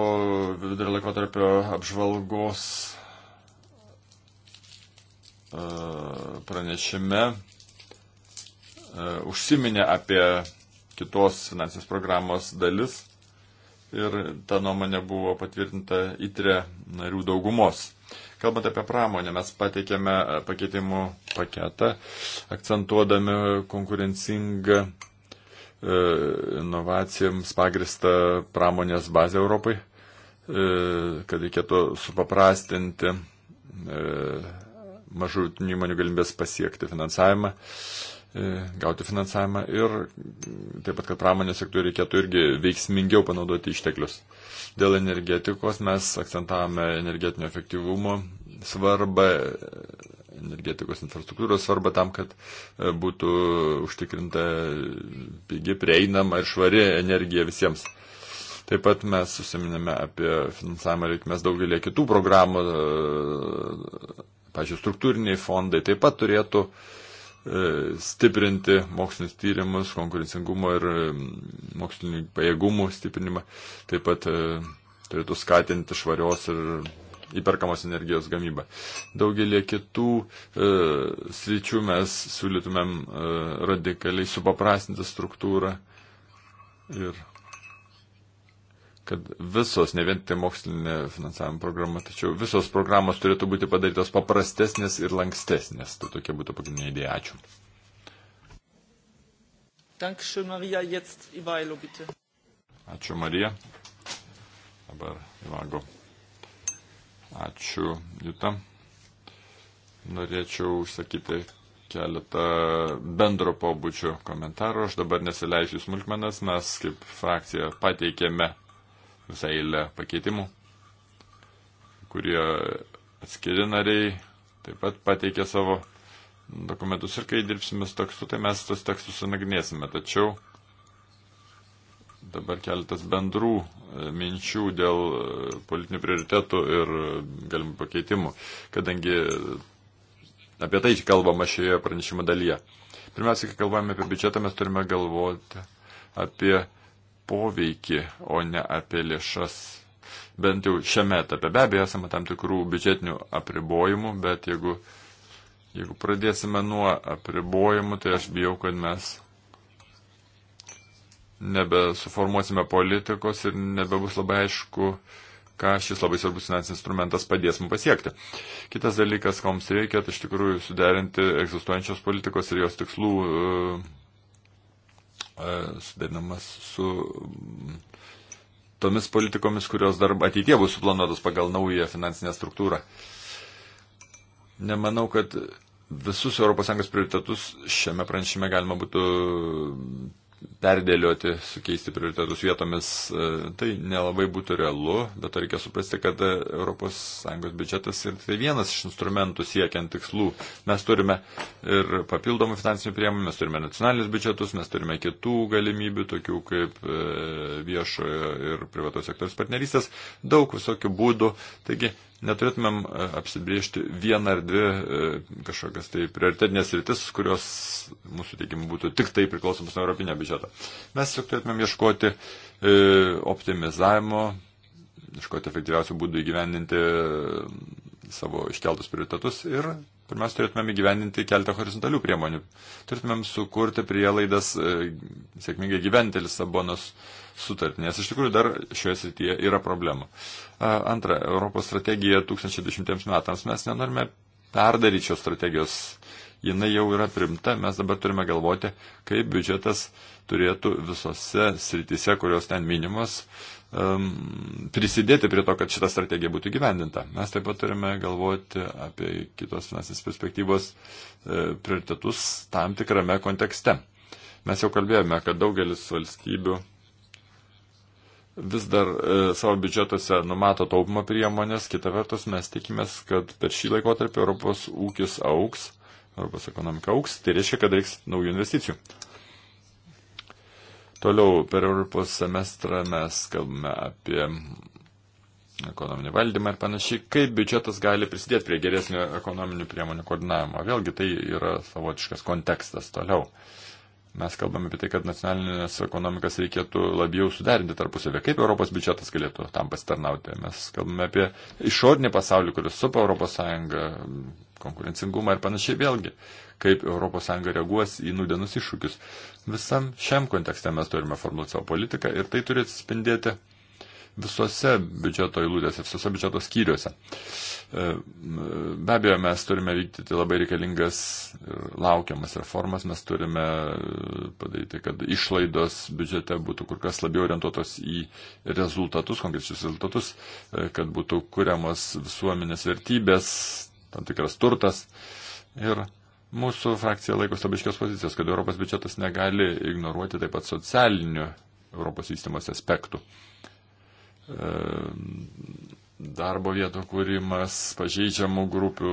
vidurio laikotarpio apžvalgos e, pranešime e, užsiminė apie kitos finansinės programos dalis ir ta nuomonė buvo patvirtinta ITRE narių daugumos. Kalbant apie pramonę, mes pateikėme e, pakeitimų paketą, akcentuodami konkurencingą E, inovacijams pagristą pramonės bazę Europai, e, kad reikėtų supaprastinti e, mažų įmonių galimybės pasiekti finansavimą, gauti finansavimą ir taip pat, kad pramonės sektoriui reikėtų irgi veiksmingiau panaudoti išteklius. Dėl energetikos mes akcentavome energetinio efektyvumo svarbą energetikos infrastruktūros svarbą tam, kad e, būtų e, užtikrinta pigi, prieinama ir švari energija visiems. Taip pat mes susiminėme apie finansavimą reikmės daugelį kitų programų, e, pažiūrėjau, struktūriniai fondai taip pat turėtų stiprinti mokslinis tyrimus, konkurencingumo ir mokslinių pajėgumų stiprinimą, taip pat turėtų skatinti švarios ir įperkamos energijos gamybą. Daugelį kitų e, sričių mes siūlytumėm e, radikaliai supaprastinti struktūrą ir kad visos, ne vien tai mokslinė finansavimo programa, tačiau visos programos turėtų būti padarytos paprastesnės ir lankstesnės. Tai tokia būtų pagrindinė idėja. Ačiū. Dankeschön, Maria. Jetzt Ivailo, bitte. Ačiū, Marija. Dabar Ivago. Ačiū, Juta. Norėčiau užsakyti keletą bendro pobūdžio komentarų. Aš dabar nesileisiu smulkmenas, mes kaip frakcija pateikėme visą eilę pakeitimų, kurie atskiri nariai taip pat pateikė savo dokumentus ir kai dirbsime su tekstu, tai mes tos tekstus sanagnėsime. Tačiau dabar keletas bendrų e, minčių dėl e, politinių prioritetų ir e, galimų pakeitimų, kadangi apie tai kalbama šioje pranešimo dalyje. Pirmiausia, kai kalbame apie biudžetą, mes turime galvoti apie poveikį, o ne apie lėšas. Bent jau šiame etape be abejo esame tam tikrų biudžetinių apribojimų, bet jeigu, jeigu pradėsime nuo apribojimų, tai aš bijau, kad mes nebesuformuosime politikos ir nebebus labai aišku, ką šis labai svarbus finansinis instrumentas padės mums pasiekti. Kitas dalykas, ko mums reikia, tai iš tikrųjų suderinti egzistuojančios politikos ir jos tikslų e, e, suderinamas su mm, tomis politikomis, kurios dar ateitie bus suplanuotos pagal naują finansinę struktūrą. Nemanau, kad visus ES prioritetus šiame pranešime galima būtų perdėlioti, sukeisti prioritetus vietomis, e, tai nelabai būtų realu, bet reikia suprasti, kad ES biudžetas yra tai vienas iš instrumentų siekiant tikslų. Mes turime ir papildomų finansinių priemonių, mes turime nacionalinius biudžetus, mes turime kitų galimybių, tokių kaip e, viešojo ir privataus sektoriaus partnerystės, daug visokių būdų. Taigi neturėtumėm e, apsibriežti vieną ar dvi e, kažkokias tai prioritetinės rytis, kurios mūsų teikimu būtų tik tai priklausomus nuo Europinio biudžeto. Mes tiesiog turėtumėm ieškoti e, optimizavimo, ieškoti efektyviausių būdų įgyvendinti savo iškeltus prioritetus ir pirmiausia turėtumėm įgyvendinti keletą horizontalių priemonių. Turėtumėm sukurti prielaidas sėkmingai gyventi Lisabonos sutartį, nes iš tikrųjų dar šioje srityje yra problema. Uh, Antra, Europos strategija 2010 metams. Mes nenorime perdaryti šios strategijos. Jinai jau yra primta, mes dabar turime galvoti, kaip biudžetas turėtų visose srityse, kurios ten minimos, um, prisidėti prie to, kad šita strategija būtų gyvendinta. Mes taip pat turime galvoti apie kitos finansinės perspektyvos e, prioritetus tam tikrame kontekste. Mes jau kalbėjome, kad daugelis valstybių vis dar e, savo biudžetuose numato taupimo priemonės, kita vertus mes tikimės, kad per šį laikotarpį Europos ūkis auks, Europos ekonomika auks, tai reiškia, kad reiks naujų investicijų. Toliau per Europos semestrą mes kalbame apie ekonominį valdymą ir panašiai, kaip biudžetas gali prisidėti prie geresnio ekonominių priemonių koordinavimo. Vėlgi tai yra savotiškas kontekstas toliau. Mes kalbame apie tai, kad nacionalinės ekonomikas reikėtų labiau suderinti tarpusavę. Kaip Europos biudžetas galėtų tam pasitarnauti? Mes kalbame apie išorinį pasaulį, kuris supa Europos Sąjungą, konkurencingumą ir panašiai vėlgi. Kaip Europos Sąjunga reaguos į nudenus iššūkius. Visam šiam kontekste mes turime formuoti savo politiką ir tai turi atsispindėti visose biudžeto eilutėse, visose biudžeto skyriuose. E, be abejo, mes turime vykdyti labai reikalingas ir laukiamas reformas, mes turime e, padaryti, kad išlaidos biudžete būtų kur kas labiau orientuotos į rezultatus, konkrečius rezultatus, e, kad būtų kuriamos visuomenės vertybės, tam tikras turtas. Ir Mūsų frakcija laikosi labai iškios pozicijos, kad Europos biudžetas negali ignoruoti taip pat socialinių Europos vystimos aspektų darbo vietų kūrimas, pažeidžiamų grupių,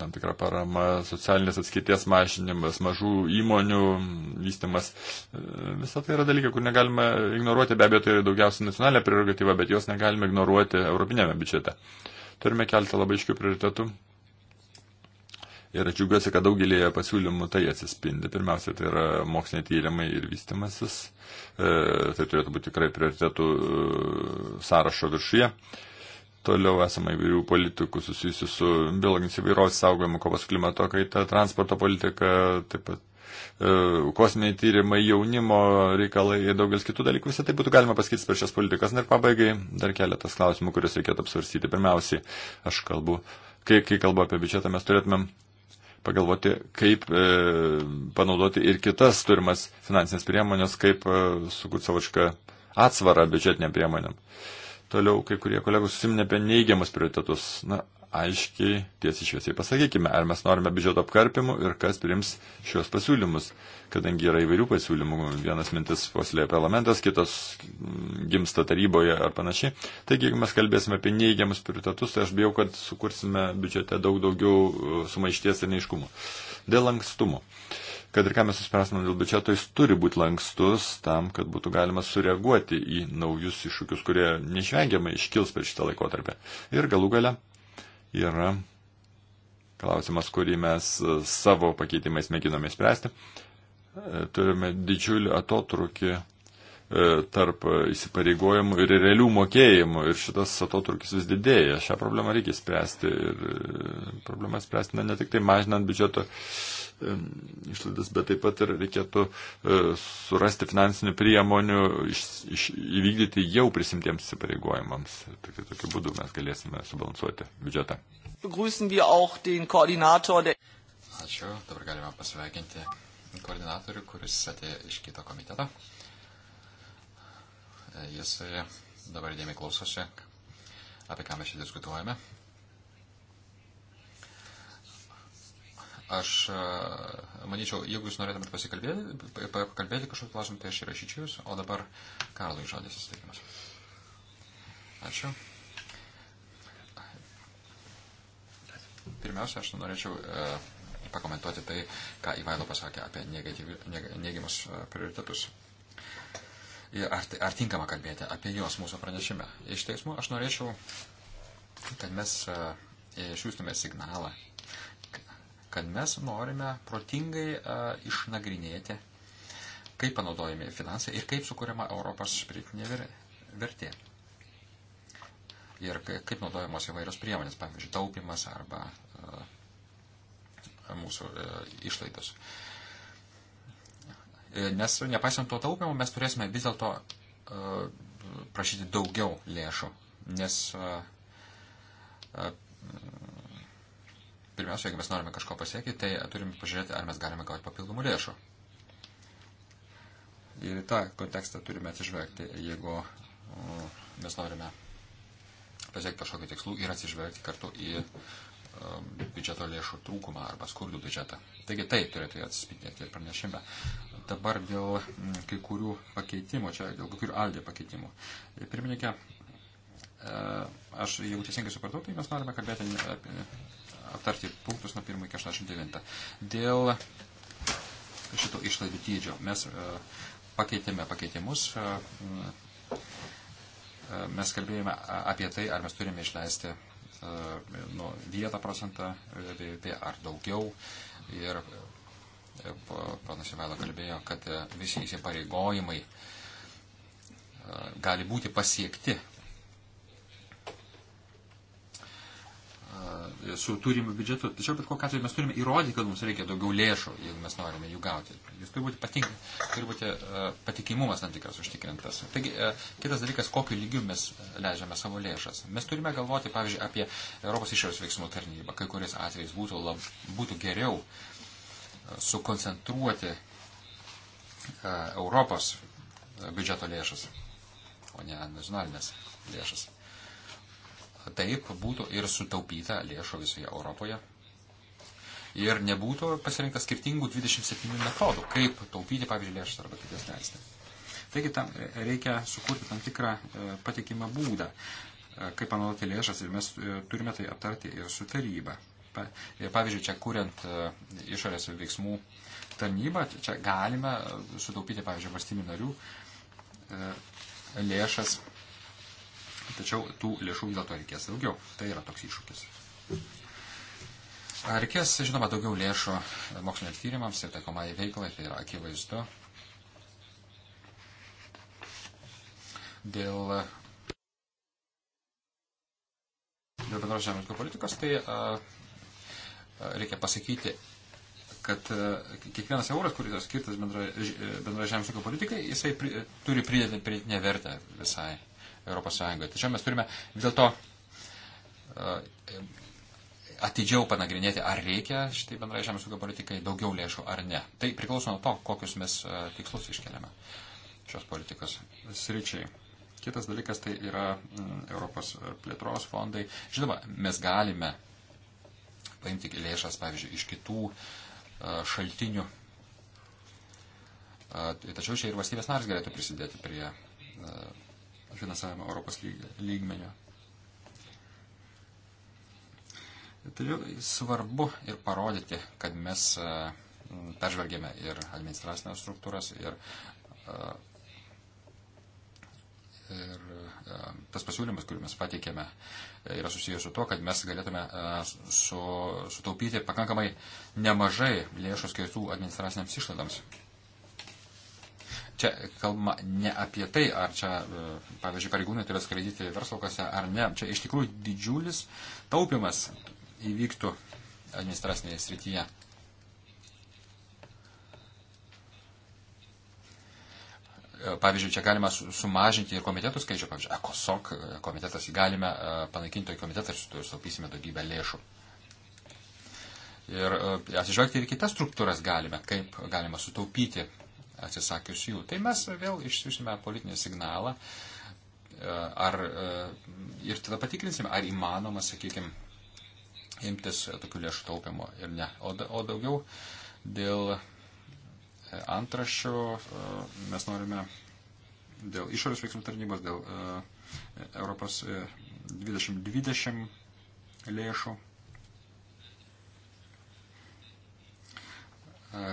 tam tikra parama, socialinės atskirties mažinimas, mažų įmonių vystimas. Visą tai yra dalykai, kur negalima ignoruoti. Be abejo, tai yra daugiausia nacionalinė prerogatyva, bet jos negalime ignoruoti europinėme biudžete. Turime keltą labai iškių prioritetų Ir džiugiuosi, kad daugelėje pasiūlymų tai atsispindi. Pirmiausia, tai yra moksliniai tyrimai ir vystimasis. E, tai turėtų būti tikrai prioritėtų e, sąrašo viršuje. Toliau esame įvairių politikų susijusių su biologinis įvairovės saugojimu, kovos klimato kaita, transporto politika, taip pat e, kosminiai tyrimai, jaunimo reikalai ir daugelis kitų dalykų. Visą tai būtų galima pasakyti per šias politikas. Na ir pabaigai dar keletas klausimų, kuriuos reikėtų apsvarstyti. Pirmiausiai, aš kalbu, kai, kai kalbu apie biudžetą, mes turėtumėm pagalvoti, kaip e, panaudoti ir kitas turimas finansinės priemonės, kaip e, sukurti savočką atsvarą biudžetiniam priemonėm. Toliau kai kurie kolegos susiminė apie neigiamus prioritetus. Na, aiškiai tiesiai šviesiai pasakykime, ar mes norime biudžeto apkarpimų ir kas priims šios pasiūlymus. Kadangi yra įvairių pasiūlymų, vienas mintis puoselėja parlamentas, kitas gimsta taryboje ar panašiai. Taigi, jeigu mes kalbėsime apie neįgiamus prioritetus, tai aš bijau, kad sukursime biudžete daug daugiau e, sumaišties ir neiškumų. Dėl lankstumo. Kad ir ką mes suspręsime dėl biudžeto, jis turi būti lankstus tam, kad būtų galima sureaguoti į naujus iššūkius, kurie neišvengiamai iškils per šitą laikotarpį. Ir galų gale yra klausimas, kurį mes e, savo pakeitimais mėginome spręsti. E, turime didžiulį atotrukį E, tarp įsipareigojimų ir realių mokėjimų. Ir šitas atotrukis vis didėja. Šią problemą reikia spręsti. Ir e, problemą spręsti ne, ne tik tai mažinant biudžeto e, išlaidas, bet taip pat ir reikėtų surasti finansinių priemonių, iš, iš, įvykdyti jau prisimtiems įsipareigojimams. Tik tai tokiu būdu mes galėsime subalansuoti biudžetą. Ačiū, dabar galime pasveikinti koordinatorių, kuris atėjo iš kito komiteto. Jis dabar dėmiai klausosi, apie ką mes čia diskutuojame. Aš e, manyčiau, jeigu jūs norėtumėte pasikalbėti, pakalbėti kažkokį klausimą, tai aš įrašyčiau jūs, o dabar Karlui žodis įsteigimas. Ačiū. Pirmiausia, aš norėčiau e, pakomentuoti tai, ką Ivailo pasakė apie neigiamus e, prioritetus ar, tai, ar tinkama kalbėti apie juos mūsų pranešime. Iš teismų aš norėčiau, kad mes e, išsiųstume signalą, kad mes norime protingai a, e, išnagrinėti, kaip panaudojami finansai ir kaip sukūriama Europos pritinė vertė. Ir kaip naudojamos įvairios priemonės, pavyzdžiui, taupimas arba a, e, mūsų a, išlaidos. A, E, nes nepaisant to taupimo, mes turėsime vis dėlto e, prašyti daugiau lėšų. Nes e, pirmiausia, jeigu mes norime kažko pasiekti, tai turime pažiūrėti, ar mes galime gauti papildomų lėšų. Ir į tą kontekstą turime atsižvelgti, jeigu mes norime pasiekti kažkokį tikslų ir atsižvelgti kartu į biudžeto lėšų trūkumą arba skurdų biudžetą. Taigi tai turėtų atsispindėti ir pranešime. Dabar dėl mm, kai kurių pakeitimų, čia dėl kai kurių aldė pakeitimų. E, pirmininkė, e, aš jeigu teisingai supratau, tai mes norime kalbėti apie, aptarti punktus nuo 1 iki 89. Dėl šito išlaidų dydžio mes e, pakeitėme pakeitimus. Mes kalbėjome apie tai, ar mes turime išleisti nu, vietą procentą, BVP ar daugiau. Ir E, panas Imelo kalbėjo, kad e, visi įsipareigojimai e, gali būti pasiekti su turimu biudžetu. Tačiau bet kokiu atveju mes turime įrodyti, kad mums reikia daugiau lėšų, jeigu mes norime jų gauti. Jis turi būti, patink, turi būti patikimumas tam tikras užtikrintas. Taigi, kitas dalykas, kokiu lygiu mes leidžiame savo lėšas. Mes turime galvoti, pavyzdžiui, apie Europos išorės veiksmų tarnybą. Kai kuriais atvejais būtų, lab, būtų geriau uh, sukoncentruoti e, Europos biudžeto lėšas, o ne nacionalinės lėšas. Taip būtų ir sutaupyta lėšų visoje Europoje. Ir nebūtų pasirinkta skirtingų 27 metodų, kaip taupyti, pavyzdžiui, lėšas arba kitas leisti. Taigi tam reikia sukurti tam tikrą e, patikimą būdą, e, kaip panaudoti lėšas ir mes turime tai aptarti ir su taryba. Pavyzdžiui, čia kuriant e, išorės veiksmų tarnybą, čia galime e, sutaupyti, pavyzdžiui, valstybių narių e, lėšas, tačiau tų lėšų vis dėlto reikės daugiau. Tai yra toks iššūkis. Reikės, žinoma, daugiau lėšų moksliniams tyrimams ir taikomai veiklai, tai yra akivaizdu. Dėl dėl bendros žemės ūkio politikos, tai a, reikia pasakyti, kad e, kiekvienas euras, kuris yra skirtas bendra, e, bendra žemės ūkio politikai, jisai pri, e, turi pridėtinę vertę visai Europos Sąjungoje. Tačiau mes turime vis dėlto atidžiau panagrinėti, ar reikia šitai bendrai žemės ūkio politikai daugiau lėšų ar ne. Tai priklauso nuo to, kokius mes tikslus iškeliame šios politikos sričiai. Kitas dalykas tai yra mm, Europos plėtros fondai. Žinoma, mes galime paimti lėšas, pavyzdžiui, iš kitų e, šaltinių. Tačiau čia ir valstybės nars galėtų prisidėti prie e, finansavimo Europos lygmenio. Turiu svarbu ir parodyti, kad mes e, peržvelgėme ir administracinės struktūras, ir, ir tas pasiūlymas, kurį mes pateikėme, yra susijęs su to, kad mes galėtume e, su, sutaupyti pakankamai nemažai lėšų skirtų administraciniams išlaidoms. Čia kalbama ne apie tai, ar čia, e, pavyzdžiui, pareigūnai turės skraidyti verslaukose ar ne. Čia iš tikrųjų didžiulis taupimas įvyktų administracinėje srityje. E, pavyzdžiui, čia galima sumažinti ir komitetų skaičių, pavyzdžiui, ECOSOC e, komitetas, galime e, panaikinti tokį komitetą ir sutaupysime daugybę lėšų. Ir atsižvelgti ir kitas struktūras galime, kaip galima sutaupyti atsisakius jų. Tai mes vėl išsiusime politinį signalą ar, ir tada patikrinsime, ar įmanoma, sakykime, imtis tokių lėšų taupimo ir ne. O, o daugiau dėl antrašių. E, mes norime dėl išorės veiksmų tarnybos, dėl e, Europos 2020 e, lėšų,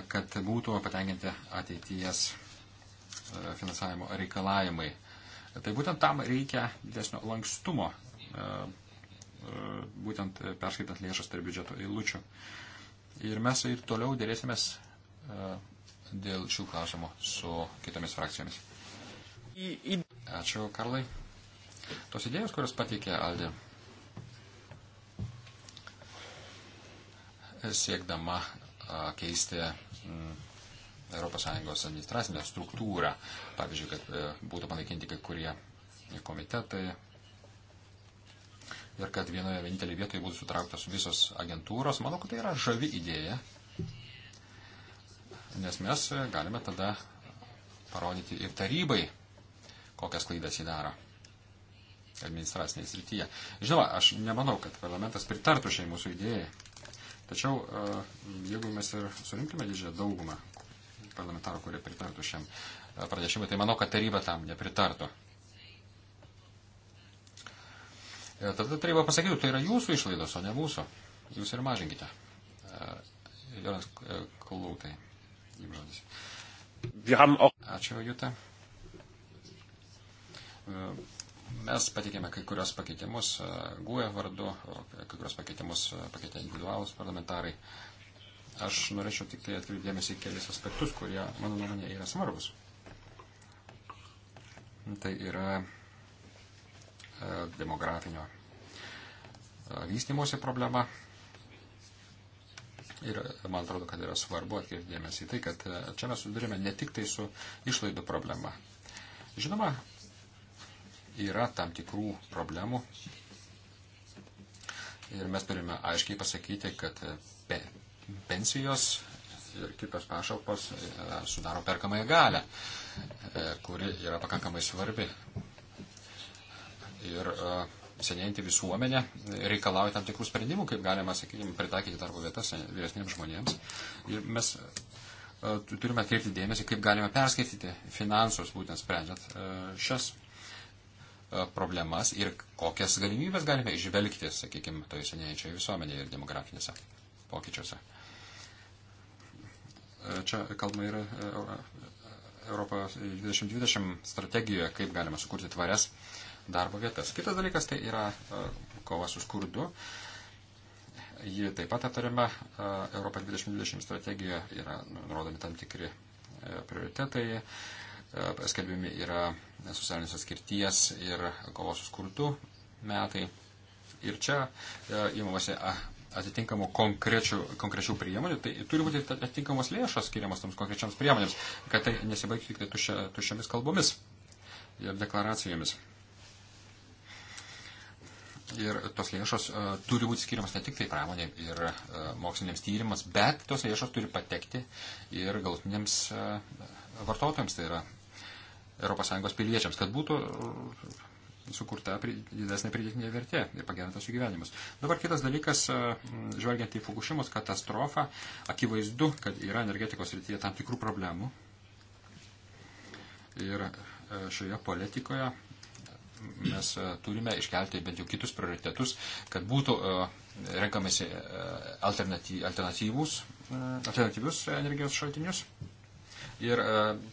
kad būtų patenkinti ateities finansavimo reikalavimai. Tai būtent tam reikia didesnio lankstumo, būtent perskaitant lėšas tarp biudžeto eilučių. Ir mes ir toliau dėrėsimės dėl šių klausimų su kitomis frakcijomis. Ačiū, Karlai. Tos idėjos, kurias pateikė Aldė, siekdama keisti ES administracinę struktūrą, pavyzdžiui, kad e, būtų panaikinti kai kurie komitetai ir kad vienoje vienintelėje vietoje būtų sutrauktos visos agentūros, manau, kad tai yra žavi idėja, nes mes e, galime tada parodyti ir tarybai, kokias klaidas jį daro administracinėje srityje. Žinoma, aš nemanau, kad parlamentas pritartų šiai mūsų idėjai, tačiau e, jeigu mes ir surinktume didžiąją daugumą parlamentarų, kurie pritartų šiam e, pranešimui, tai manau, kad taryba tam nepritartų. Ir tada taryba pasakytų, tai yra jūsų išlaidos, o ne mūsų. Jūs ir mažinkite. Jonas Klautai jums žodis. Ačiū, Jūta. Mes pateikėme kai kurios pakeitimus e, GUE vardu, kai kurios pakeitimus e, pakeitė individualus parlamentarai. Aš norėčiau tik tai atkreipdėmėsi kelis aspektus, kurie, mano nuomonė, yra svarbus. Tai yra e, demografinio vystimosi problema, Ir man atrodo, kad yra svarbu atkreipdėmės į tai, kad čia mes sudarėme ne tik tai su išlaidų problema. Žinoma, yra tam tikrų problemų. Ir mes turime aiškiai pasakyti, kad pe, pensijos ir kitos pašalpos e, sudaro perkamąją galę, e, kuri yra pakankamai svarbi. Ir uh, senėjantį visuomenę reikalauja tam tikrų sprendimų, kaip galima, sakykime, pritaikyti darbo vietas vyresniems žmonėms. Ir mes e, turime atkreipti dėmesį, kaip galime perskaityti finansus, būtent sprendžiant e, šias e, problemas ir kokias galimybės galime išvelgti, sakykime, toje senėjančioje visuomenėje ir demografinėse pokyčiuose. Čia kalbama yra Europos 2020 strategijoje, kaip galima sukurti tvarias uh, darbo vietas. Kitas dalykas tai yra e, kova su skurdu. Ji taip pat aptariama e, Europą 2020 strategijoje, yra nurodomi tam tikri e, prioritetai, skelbimi yra socialinės atskirties ir kovos su skurdu metai. Ir čia įmamasi atitinkamų konkrečių, konkrečių priemonių, tai turi būti atitinkamos lėšos skiriamos toms konkrečiams priemonėms, kad tai nesibaigtų tik tai tuščia, tuščiamis kalbomis ir deklaracijomis. Ir tos lėšos uh, turi būti skiriamas ne tik tai pramonė ir uh, moksliniams tyrimams, bet tos lėšos turi patekti ir galutiniams uh, vartotojams, tai yra ES piliečiams, kad būtų uh, sukurta pri, didesnė pridėtinė vertė ir pagerintas jų gyvenimas. Dabar kitas dalykas, uh, žvelgiant į Fukushimos katastrofą, akivaizdu, kad yra energetikos rytyje tam tikrų problemų. Ir uh, šioje politikoje mes e, turime iškelti bent jau kitus prioritetus, kad būtų e, renkamasi e, alternatyvus, alternatyvius energijos šaltinius ir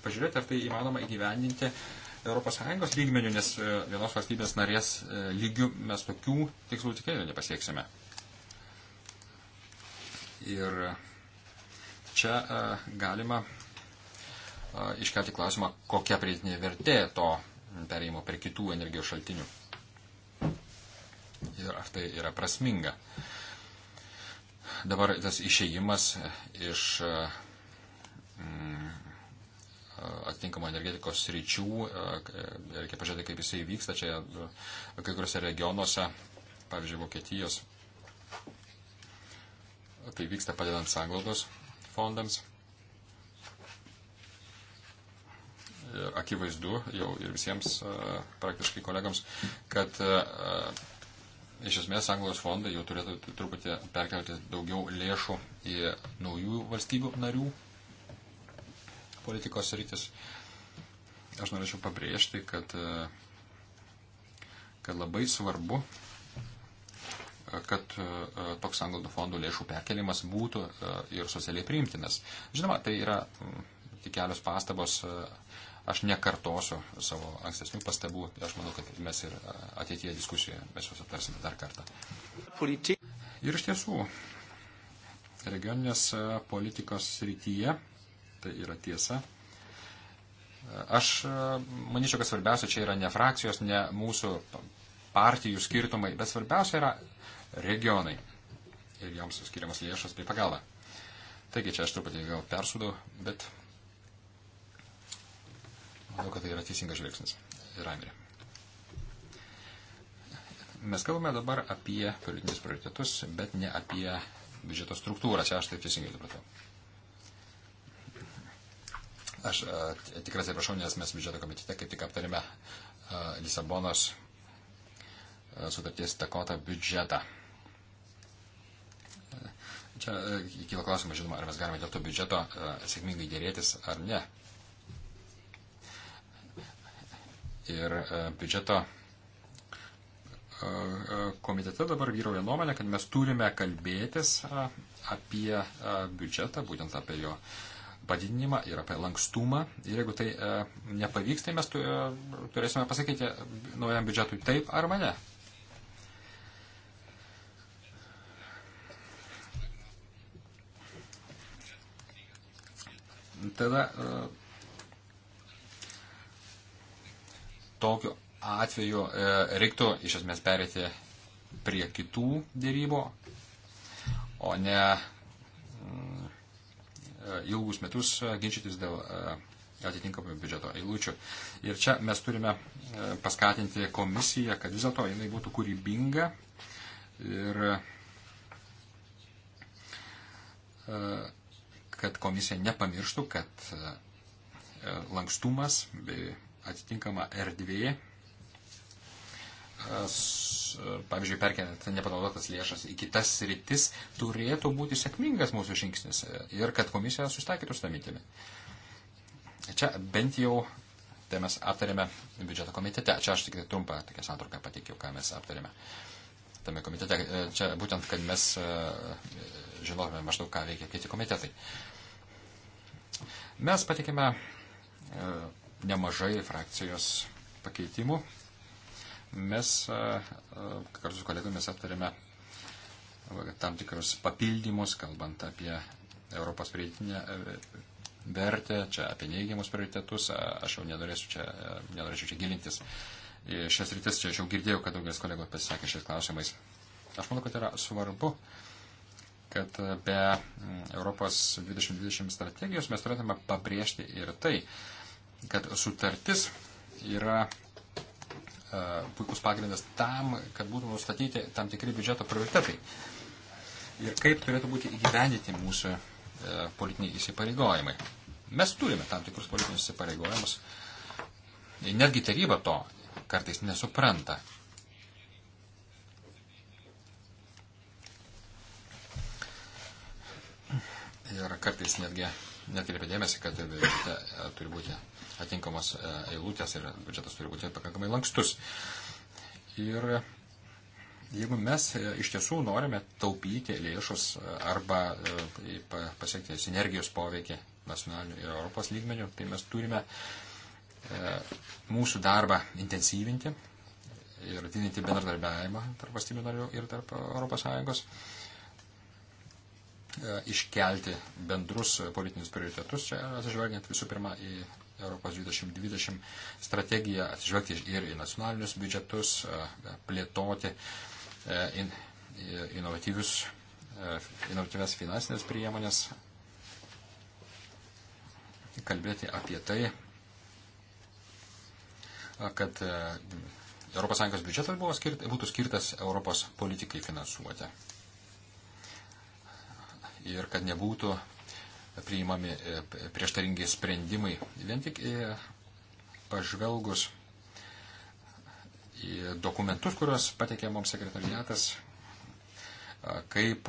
pažiūrėti, ar tai įmanoma įgyvendinti ES lygmenių, nes vienos valstybės narės lygių mes tokių tikslų tikrai nepasieksime. Ir čia galima iškelti klausimą, kokia pridėtinė vertė to perėjimo prie kitų energijos šaltinių. Ir ar tai yra prasminga. Dabar tas išėjimas iš mm, atitinkamo energetikos sričių, reikia pažiūrėti, kaip jisai vyksta čia kai kuriuose regionuose, pavyzdžiui, Vokietijos. Tai vyksta padedant sanglaudos fondams. ir akivaizdu jau ir visiems e, praktiškai kolegams, kad e, e, iš esmės Anglijos fondai jau turėtų truputį perkelti daugiau lėšų į naujų valstybių narių politikos rytis. Aš norėčiau pabrėžti, kad, kad labai svarbu kad toks anglodo fondų lėšų perkelimas būtų ir socialiai priimtinas. Žinoma, tai yra tik kelios pastabos Aš nekartosiu savo ankstesnių pastabų, aš manau, kad mes ir ateityje diskusijoje mes juos aptarsime dar kartą. Ir iš tiesų, regioninės politikos srityje, tai yra tiesa, Aš manyčiau, kad svarbiausia čia yra ne frakcijos, ne mūsų partijų skirtumai, bet svarbiausia yra regionai ir joms skiriamas lėšas bei pagalba. Taigi čia aš truputį gal persudau, bet Manau, kad tai yra teisingas žvilgsnis. Raimerė. Mes kalbame dabar apie politinius prioritetus, bet ne apie biudžeto struktūrą. Čia aš taip teisingai supratau. Aš tikrai atsiprašau, nes mes biudžeto komitete kaip tik aptarėme Lisabonos sutarties takotą biudžetą. Čia kyla klausimas, žinoma, ar mes galime dėl to biudžeto sėkmingai dėrėtis ar ne. ir e, biudžeto e, e, komitete dabar vyrauja nuomonė, kad mes turime kalbėtis apie biudžetą, būtent apie jo padidinimą ir apie lankstumą. Ir jeigu tai nepavyks, tai mes turėsime pasakyti naujam biudžetui taip arba ne. Tada uh, tokiu atveju e, reiktų iš esmės perėti prie kitų dėrybų, o ne mm, e, ilgus metus e, ginčytis dėl atitinkamų biudžeto eilučių. Ir čia mes turime paskatinti komisiją, kad vis dėlto jinai būtų kūrybinga ir kad komisija nepamirštų, kad lankstumas bei atitinkama erdvė, e, e, pavyzdžiui, perkeliant nepanaudotas lėšas į kitas sritis, turėtų būti sėkmingas mūsų žingsnis e, ir kad komisija sustaikytų su tą mintimį. Čia bent jau, tai mes aptarėme biudžeto komitete, čia aš tik tai trumpą tokią santrauką patikiu, ką mes aptarėme tame komitete, čia būtent, kad mes žinotume maždaug, ką veikia kiti komitetai. Mes patikime nemažai frakcijos pakeitimų. Mes kartu su kolegomis aptarėme tam tikrus papildymus, kalbant apie Europos pridėtinę e, vertę, čia apie neigiamus prioritetus. Aš jau nenorėsiu čia, nenorėsiu čia gilintis į šias rytis, čia aš jau girdėjau, kad daugelis kolegų pasisakė šiais klausimais. Aš manau, kad yra svarbu, kad be Europos 2020 strategijos mes turėtume pabrėžti ir tai, kad sutartis yra e, puikus pagrindas tam, kad būtų nustatyti tam tikri biudžeto prioritetai. Ir kaip turėtų būti įgyvendyti mūsų e, politiniai įsipareigojimai. Mes turime tam tikrus politinius įsipareigojimus. Netgi taryba to kartais nesupranta. Ir kartais netgi netkreipia dėmesį, kad tai turi būti atinkamos e, eilutės ir biudžetas turi būti pakankamai lankstus. Ir jeigu mes e, iš tiesų norime taupyti lėšus e, arba pasiekti sinergijos poveikį nacionalinių ir Europos lygmenių, tai mes turime mūsų darbą intensyvinti ir didinti bendradarbiavimą tarp valstybių narių ir tarp ES, iškelti bendrus politinius prioritetus, čia atsižvelgiant visų pirma į Europos 2020 strategiją, atsižvelgti ir į nacionalinius biudžetus, e, plėtoti e, inovatyvius, e, inovatyvias finansinės priemonės, kalbėti apie tai, kad ES biudžetas buvo skirt, būtų skirtas Europos politikai finansuoti. Ir kad nebūtų priimami e, prieštaringi sprendimai. Vien tik e, pažvelgus į dokumentus, kuriuos pateikė mums sekretariatas, kaip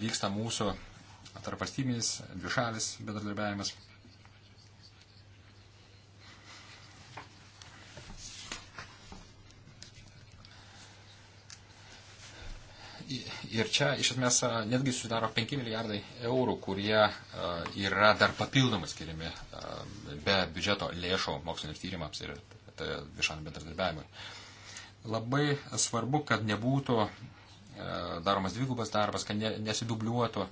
vyksta mūsų tarpastybinis dvišalis bendradarbiavimas. Ir čia iš esmės netgi sudaro 5 milijardai eurų, kurie yra dar papildomai skiriami be biudžeto lėšų moksliniams tyrimams ir viešam bendradarbiavimui. Labai svarbu, kad nebūtų daromas dvigubas darbas, kad nesidubliuotų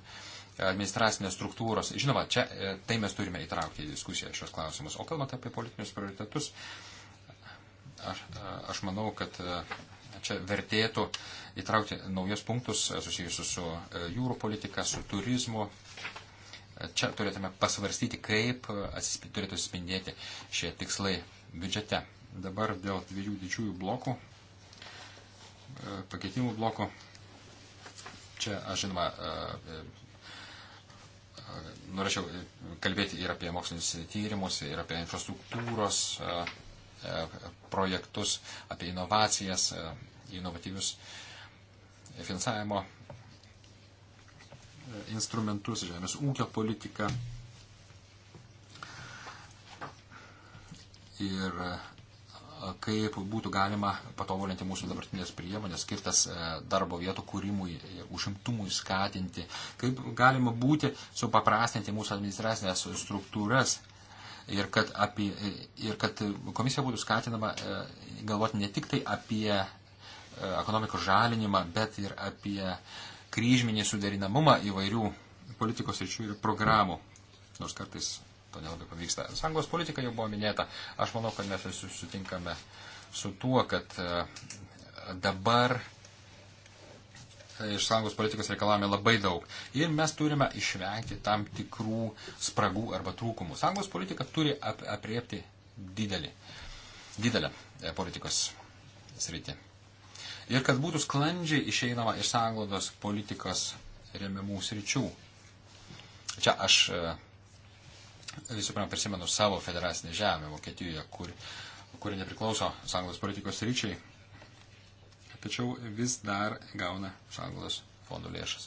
administracinės struktūros. Žinoma, čia e, tai mes turime įtraukti į diskusiją šios klausimus. O kalbant apie politinius prioritetus, aš, aš manau, kad čia vertėtų įtraukti naujus punktus e, susijusius su e, jūrų politika, su turizmu. E, čia turėtume pasvarstyti, kaip atsispindėti, turėtų atsispindėti šie tikslai biudžete. Dabar dėl dviejų didžiųjų blokų, pakeitimų blokų. Čia aš žinoma norėčiau kalbėti ir apie mokslinius tyrimus, ir apie infrastruktūros E, projektus, apie inovacijas, e, inovatyvius finansavimo e, instrumentus, žemės ūkio politiką. Ir kaip būtų galima patobulinti mūsų dabartinės priemonės, skirtas darbo vietų kūrimui ir užimtumui skatinti, kaip galima būti supaprastinti mūsų administracinės struktūras ir kad, apie, ir kad komisija būtų skatinama e, galvoti ne tik tai apie e, ekonomikos žalinimą, bet ir apie kryžminį suderinamumą įvairių politikos ryčių ir programų. Nors kartais to nelabai pavyksta. Sanglos politika jau buvo minėta. Aš manau, kad mes visi sutinkame su tuo, kad e, dabar iš sąjungos politikos reikalavome labai daug. Ir mes turime išvengti tam tikrų spragų arba trūkumų. Sąjungos politika turi ap apriepti didelį, didelę e, politikos sritį. Ir kad būtų sklandžiai išeinama iš sąjungos politikos remiamų sričių. Čia aš e, visų pirma prisimenu savo federacinę žemę Vokietijoje, kur, kuri nepriklauso sąjungos politikos sričiai tačiau vis dar gauna šanglas fondų lėšas.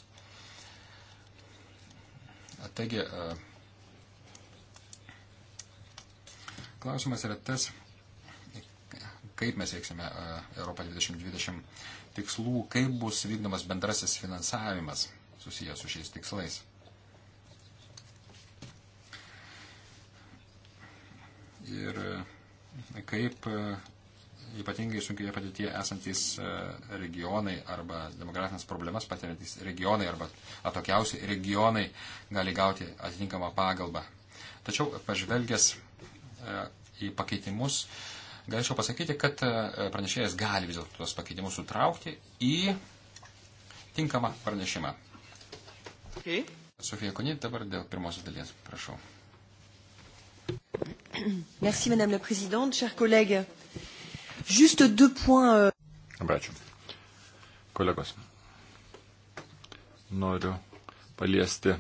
Taigi, klausimas yra tas, kaip mes veiksime Europą 2020 tikslų, kaip bus vykdomas bendrasis finansavimas susijęs su šiais tikslais. Ir kaip ypatingai sunkiai padėtyje esantis e, regionai arba demografinės problemas patiriantys regionai arba atokiausi regionai gali gauti atitinkamą pagalbą. Tačiau pažvelgęs e, į pakeitimus, galėčiau pasakyti, kad e, pranešėjas gali vis dėlto tuos pakeitimus sutraukti į tinkamą pranešimą. Okay. Sofija Kunit dabar dėl pirmosios dalies, prašau. Merci, Madame la Présidente, chers collègues. Juste deux points. Euh. Labai ačiū. Kolegos, noriu paliesti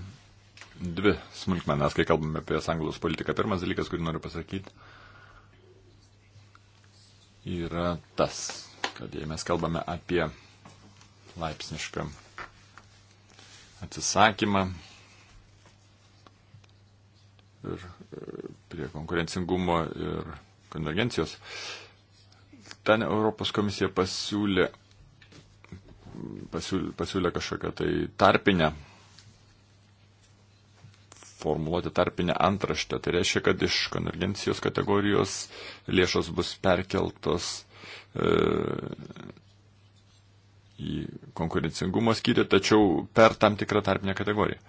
dvi smulkmenas, kai kalbame apie sanglus politiką. Pirmas dalykas, kurį noriu pasakyti, yra tas, kad jei mes kalbame apie laipsnišką atsisakymą ir e, prie konkurencingumo ir konvergencijos, ten Europos komisija pasiūlė, pasiūlė, pasiūlė kažkokią tai tarpinę formuluoti tarpinę antraštę. Tai reiškia, kad iš konvergencijos kategorijos lėšos bus perkeltos e, į konkurencingumo skyrių, tačiau per tam tikrą tarpinę kategoriją.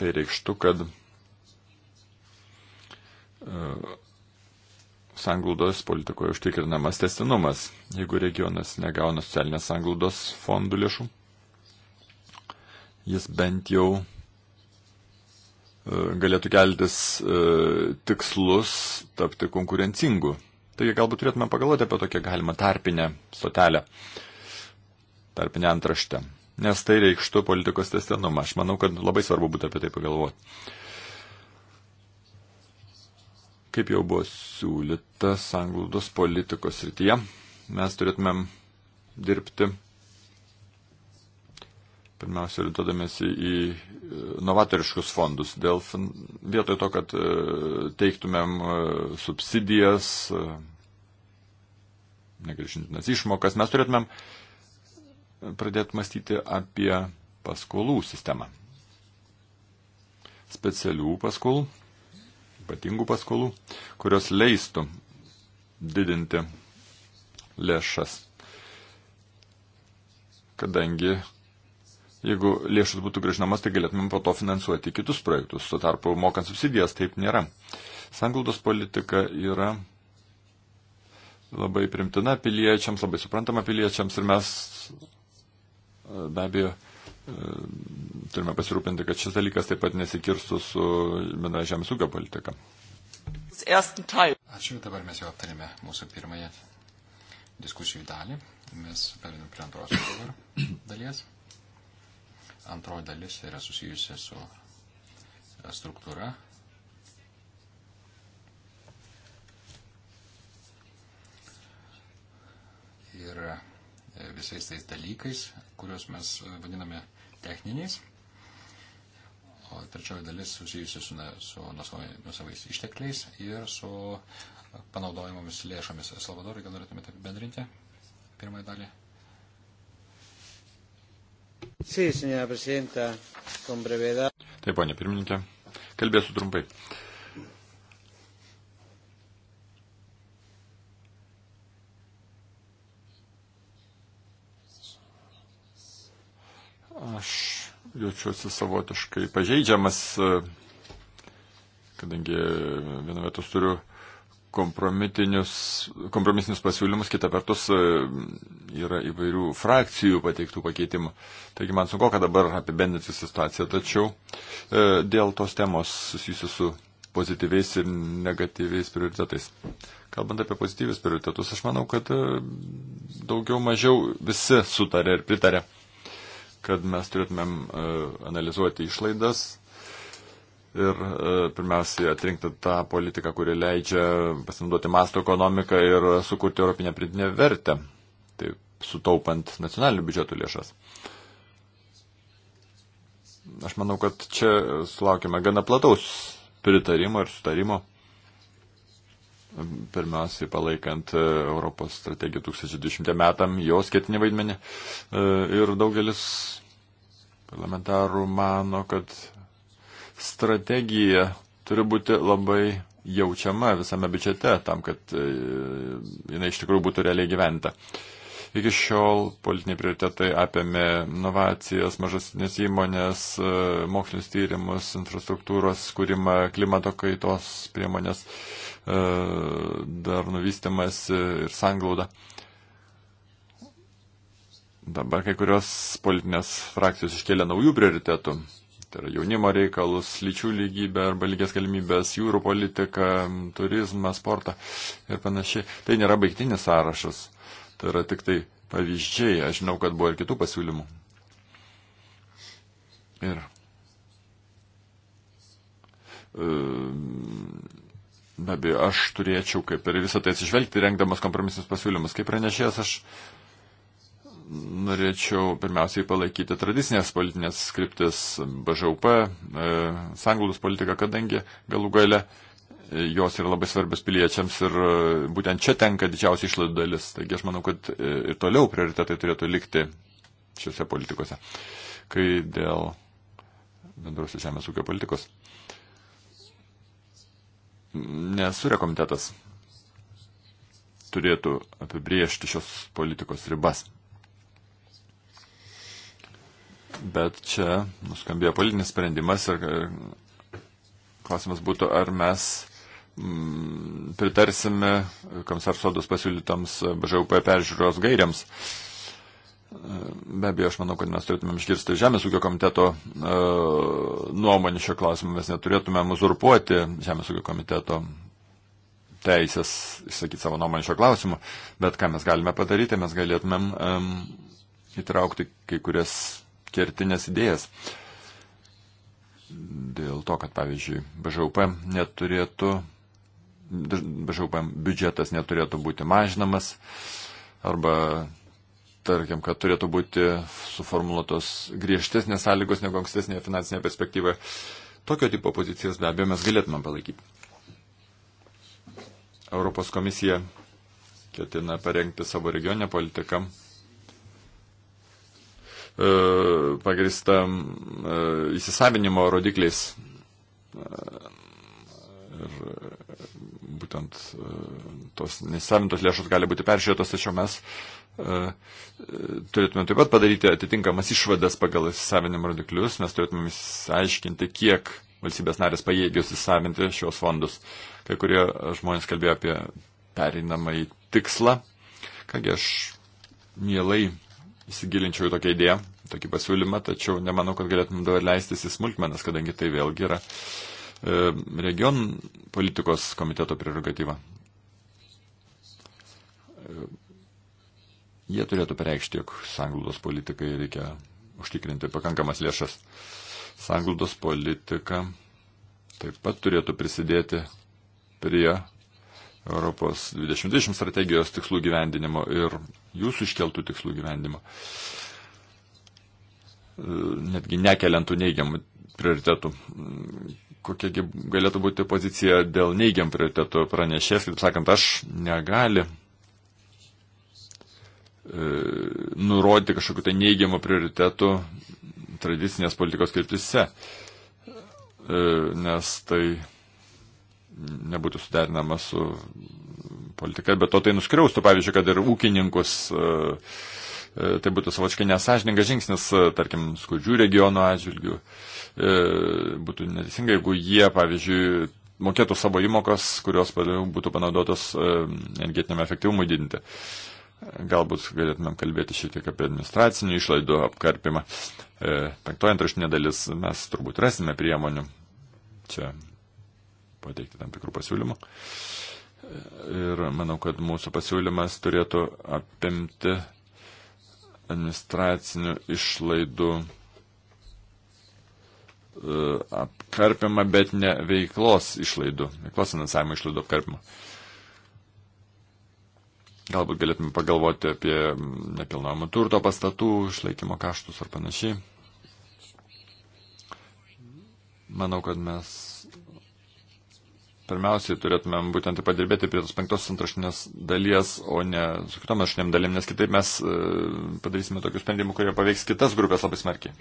Tai reikštų, kad E, sanglaudos politikoje užtikrinamas testinumas, jeigu regionas negauna socialinės sanglaudos fondų lėšų. Jis bent jau e, galėtų keltis e, tikslus tapti konkurencingu. Taigi galbūt turėtume pagalvoti apie tokią galimą tarpinę stotelę, tarpinę antraštę. Nes tai reikštų politikos testinumą. Aš manau, kad labai svarbu būtų apie tai pagalvoti. Kaip jau buvo siūlyta sanglaudos politikos rytyje, mes turėtumėm dirbti pirmiausia, orientuodamėsi į e, novatoriškus fondus. Dėl, vietoj to, kad e, teiktumėm e, subsidijas, negrįžintinas išmokas, mes turėtumėm pradėti mąstyti apie paskolų sistemą. Specialių paskolų ypatingų paskolų, kurios leistų didinti lėšas. Kadangi jeigu lėšas būtų grįžnamas, tai galėtumėm po to finansuoti kitus projektus. Tuo tarpu mokant subsidijas taip nėra. Sanglaudos politika yra labai primtina piliečiams, labai suprantama piliečiams ir mes e, be abejo turime pasirūpinti, kad šis dalykas taip pat nesikirstų su bendra žemės ūkio politika. Ačiū, dabar mes jau aptarėme mūsų pirmąją diskusijų dalį. Mes perinam prie antros dabar dalies. Antroji dalis yra susijusi su e, struktūra. Ir e, visais tais dalykais, kuriuos mes e, vadiname techniniais, o trečioji dalis susijusi su, su nusavais ištekliais ir su panaudojimomis lėšomis. Salvadorai, gal norėtumėte apibendrinti pirmąją dalį? Sí, señora presidenta, con brevedad. Taip, ponė pirmininkė, kalbėsiu trumpai. Uh, Aš jaučiuosi savotiškai pažeidžiamas, e, kadangi e, viena vertus turiu kompromisinius pasiūlymus, kita vertus e, yra įvairių frakcijų pateiktų pakeitimų. Taigi man sunku, kad dabar apibendinti situaciją, tačiau e, dėl tos temos susijusiu su pozityviais ir negatyviais prioritetais. Kalbant apie pozityvius prioritetus, aš manau, kad daugiau mažiau visi sutarė ir pritarė kad mes turėtumėm e, analizuoti išlaidas ir e, pirmiausiai atrinkti tą politiką, kuri leidžia pasinaudoti masto ekonomiką ir sukurti Europinę pridinę vertę, taip sutaupant nacionalinių biudžetų lėšas. Aš manau, kad čia sulaukime gana plataus pritarimo ir sutarimo pirmiausiai palaikant e, Europos strategiją 2010 metam, jos ketinį vaidmenį. E, ir daugelis parlamentarų mano, kad strategija turi būti labai jaučiama visame biudžete tam, kad e, jinai iš tikrųjų būtų realiai gyventa. Iki šiol politiniai prioritetai apėmė inovacijas, mažasinės įmonės, mokslinis tyrimus, infrastruktūros skūrimą, klimato kaitos priemonės. Uh, E, dar nuvystymas ir sanglauda. Dabar kai kurios politinės frakcijos iškėlė naujų prioritetų. Tai yra jaunimo reikalus, lyčių lygybė arba lygias galimybės, jūrų politika, turizmą, sportą ir panašiai. Tai nėra baigtinis sąrašas. Tai yra tik tai pavyzdžiai. Aš žinau, kad buvo ir kitų pasiūlymų. Ir e, Be abejo, aš turėčiau kaip ir visą tai atsižvelgti, rengdamas kompromisinius pasiūlymus. Kaip pranešėjas, aš norėčiau pirmiausiai palaikyti tradicinės politinės skriptis BŽUP, e, sanglūdus politiką, kadangi galų gale e, jos yra labai svarbios piliečiams ir e, būtent čia tenka didžiausia išlaidų dalis. Taigi aš manau, kad e, ir toliau prioritetai turėtų likti šiuose politikose. Kai dėl bendrosios žemės ūkio politikos nesurė komitetas turėtų apibriežti šios politikos ribas. Bet čia nuskambėjo politinis sprendimas ir klausimas būtų, ar mes mm, pritarsime komisar sodos pasiūlytams BŽUP peržiūros gairiams. Be abejo, aš manau, kad mes turėtumėm išgirsti Žemės ūkio komiteto e, nuomonį šio klausimu, mes neturėtumėm uzurpuoti Žemės ūkio komiteto teisės išsakyti savo nuomonį šio klausimu, bet ką mes galime padaryti, mes galėtumėm e, įtraukti kai kurias kertinės idėjas. Dėl to, kad, pavyzdžiui, BŽUP neturėtų, BŽUP biudžetas neturėtų būti mažinamas arba tarkim, kad turėtų būti suformuoluotos griežtesnės sąlygos negu ankstesnėje finansinėje perspektyvoje. Tokio tipo pozicijas be abejo mes galėtume palaikyti. Europos komisija ketina parengti savo regionę politiką e, pagrista e, įsisavinimo rodikliais. E, ir būtent tos nesavintos lėšos gali būti peržiūrėtos, tačiau mes uh, turėtume taip pat padaryti atitinkamas išvadas pagal įsisavinimo rodiklius, mes turėtume įsiaiškinti, kiek valstybės narės pajėgios įsisavinti šios fondus. Kai kurie žmonės kalbėjo apie pereinamąjį tikslą. Kągi aš mielai įsigilinčiau į tokią idėją, tokį pasiūlymą, tačiau nemanau, kad galėtume dabar leistis į smulkmenas, kadangi tai vėlgi yra e, region politikos komiteto prerogatyva. E, jie turėtų pareikšti, jog sanglaudos politikai reikia užtikrinti pakankamas lėšas. Sanglaudos politika taip pat turėtų prisidėti prie Europos 2020 strategijos tikslų gyvendinimo ir jūsų iškeltų tikslų gyvendinimo. Netgi nekeliantų neigiamų prioritetų. Kokia galėtų būti pozicija dėl neigiam prioritetų pranešės, kaip sakant, aš negali E, nurodyti kažkokiu tai neigiamu prioritetu tradicinės politikos kryptise, e, nes tai nebūtų suderinama su politika, bet to tai nuskriaustų, pavyzdžiui, kad ir ūkininkus, e, tai būtų savočkai nesažininkas žingsnis, tarkim, skurdžių regionų atžvilgių, būtų neteisinga, jeigu jie, pavyzdžiui, mokėtų savo įmokas, kurios būtų panaudotos energetiniam efektyvumui didinti. E, Galbūt galėtumėm kalbėti šiek tiek apie administracinių išlaidų apkarpimą. E, Penktoji antrašinė dalis mes turbūt rasime priemonių čia pateikti tam tikrų pasiūlymų. Ir manau, kad mūsų pasiūlymas turėtų apimti administracinių išlaidų e, apkarpimą, bet ne veiklos išlaidų, veiklos finansavimo išlaidų apkarpimą. E, Galbūt galėtume pagalvoti apie nepilnojamo turto pastatų, išlaikymo kaštus ar panašiai. Manau, kad mes pirmiausiai turėtumėm būtent padirbėti prie tos penktos antrašinės dalies, o ne su kitom antrašinėm dalim, nes kitaip mes e, padarysime tokių sprendimų, kurie paveiks kitas grupės labai smarkiai.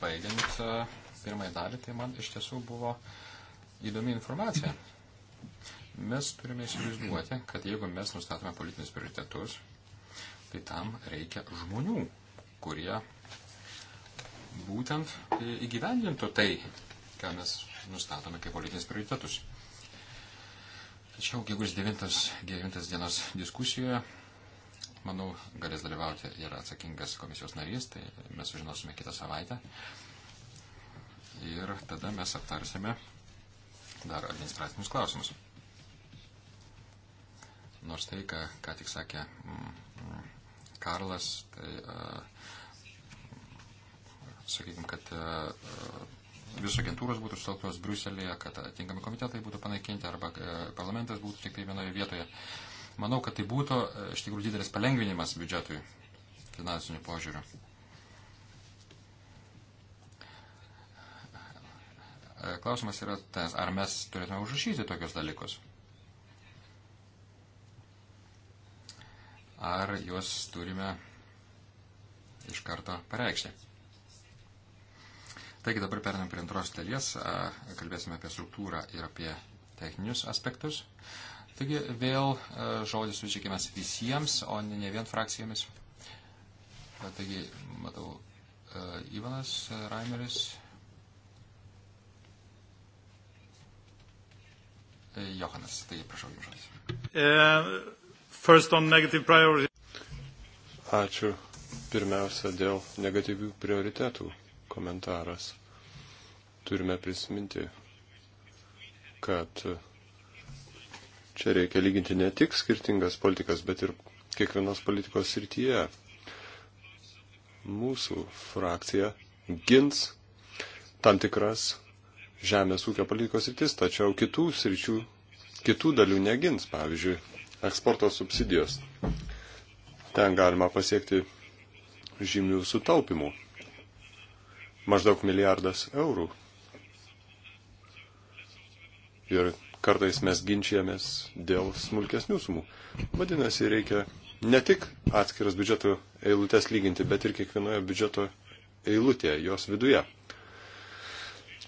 Baigiant e, pirmąją dalį, tai man iš tiesų buvo įdomi informacija. Mm. Mes turime įsivaizduoti, kad jeigu mes nustatome politinius prioritetus, tai tam reikia žmonių, kurie būtent įgyvendintų tai, ką mes nustatome kaip politinius prioritetus. Tačiau, gegužės 9, 9 dienos diskusijoje, manau, galės dalyvauti ir atsakingas komisijos narys, tai mes sužinosime kitą savaitę. Ir tada mes aptarsime dar administracinius klausimus. Nors tai, ką, ką tik sakė mm, mm, Karlas, tai, e, sakykime, kad e, e, visos agentūros būtų sutelktos Bruselėje, kad atitinkami komitetai būtų panaikinti arba parlamentas būtų tik tai vienoje vietoje. Manau, kad tai būtų iš tikrųjų didelis palengvinimas biudžetui finansinių požiūrių. Klausimas yra tas, ar mes turėtume užrašyti tokius dalykus. ar juos turime iš karto pareikšti. Taigi dabar perinam prie antros dalies, kalbėsime apie struktūrą ir apie techninius aspektus. Taigi vėl žodis sučiakimas visiems, o ne vien frakcijomis. Taigi, matau, Ivanas Raimeris. E, Johanas, tai prašau jums žodis. E... First on negative priority. Ačiū. Pirmiausia, dėl negatyvių prioritetų komentaras. Turime prisiminti, kad čia reikia lyginti ne tik skirtingas politikas, bet ir kiekvienos politikos srityje. Mūsų frakcija gins tam tikras žemės ūkio politikos sritis, tačiau kitų sričių, kitų dalių negins, pavyzdžiui, eksporto subsidijos. Ten galima pasiekti žymių sutaupimų. Maždaug milijardas eurų. Ir kartais mes ginčiamės dėl smulkesnių sumų. Vadinasi, reikia ne tik atskiras biudžeto eilutės lyginti, bet ir kiekvienoje biudžeto eilutėje, jos viduje.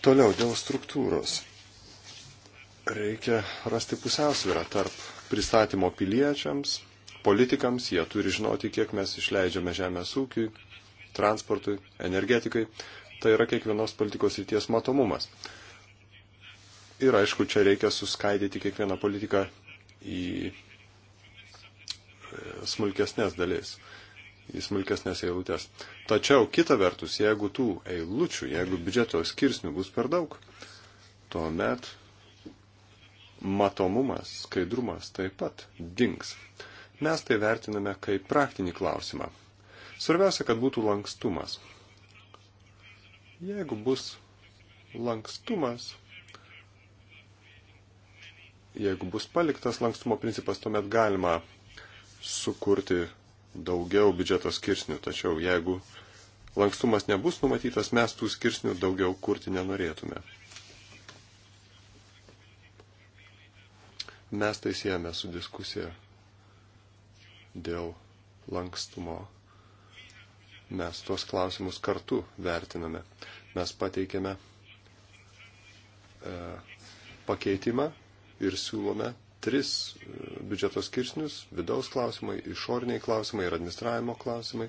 Toliau dėl struktūros. Reikia rasti pusiausvyrą tarp pristatymo piliečiams, politikams, jie turi žinoti, kiek mes išleidžiame žemės ūkiui, transportui, energetikai. Tai yra kiekvienos politikos ryties matomumas. Ir aišku, čia reikia suskaidyti kiekvieną politiką į e, smulkesnės dalis, į smulkesnės eilutės. Tačiau kita vertus, jeigu tų eilučių, jeigu biudžeto skirsnių bus per daug, tuomet matomumas, skaidrumas taip pat dings. Mes tai vertiname kaip praktinį klausimą. Svarbiausia, kad būtų lankstumas. Jeigu bus lankstumas, jeigu bus paliktas lankstumo principas, tuomet galima sukurti daugiau biudžeto skirsnių, tačiau jeigu lankstumas nebus numatytas, mes tų skirsnių daugiau kurti nenorėtume. Mes tai siejame su diskusija dėl lankstumo. Mes tuos klausimus kartu vertiname. Mes pateikėme e, pakeitimą ir siūlome tris e, biudžeto skirsnius - vidaus klausimai, išoriniai klausimai ir administravimo klausimai.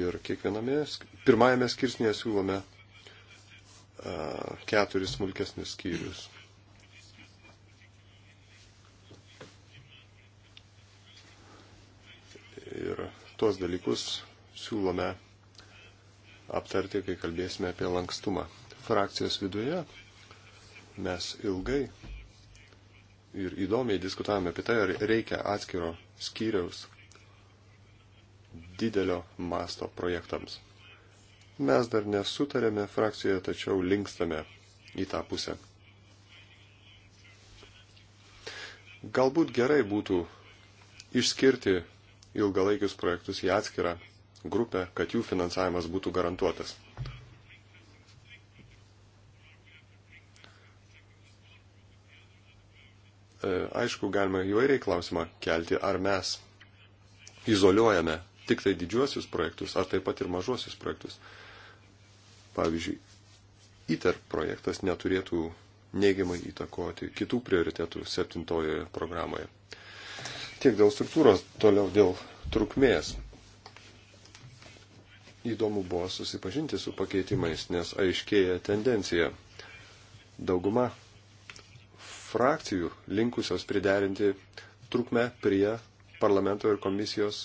Ir kiekviename, pirmajame skirsnėje siūlome a, e, keturis smulkesnius skyrius. ir tuos dalykus siūlome aptarti, kai kalbėsime apie lankstumą. Frakcijos viduje mes ilgai ir įdomiai diskutavome apie tai, ar reikia atskiro skyriaus didelio masto projektams. Mes dar nesutarėme frakcijoje, tačiau linkstame į tą pusę. Galbūt gerai būtų išskirti ilgalaikius projektus į atskirą grupę, kad jų finansavimas būtų garantuotas. E, aišku, galima įvairiai klausimą kelti, ar mes izoliuojame tik tai didžiuosius projektus, ar taip pat ir mažuosius projektus. Pavyzdžiui, ITER projektas neturėtų neigiamai įtakoti kitų prioritetų septintojoje programoje. Tiek dėl struktūros, toliau dėl trukmės. Įdomu buvo susipažinti su pakeitimais, nes aiškėja tendencija. Dauguma frakcijų linkusios priderinti trukmę prie parlamento ir komisijos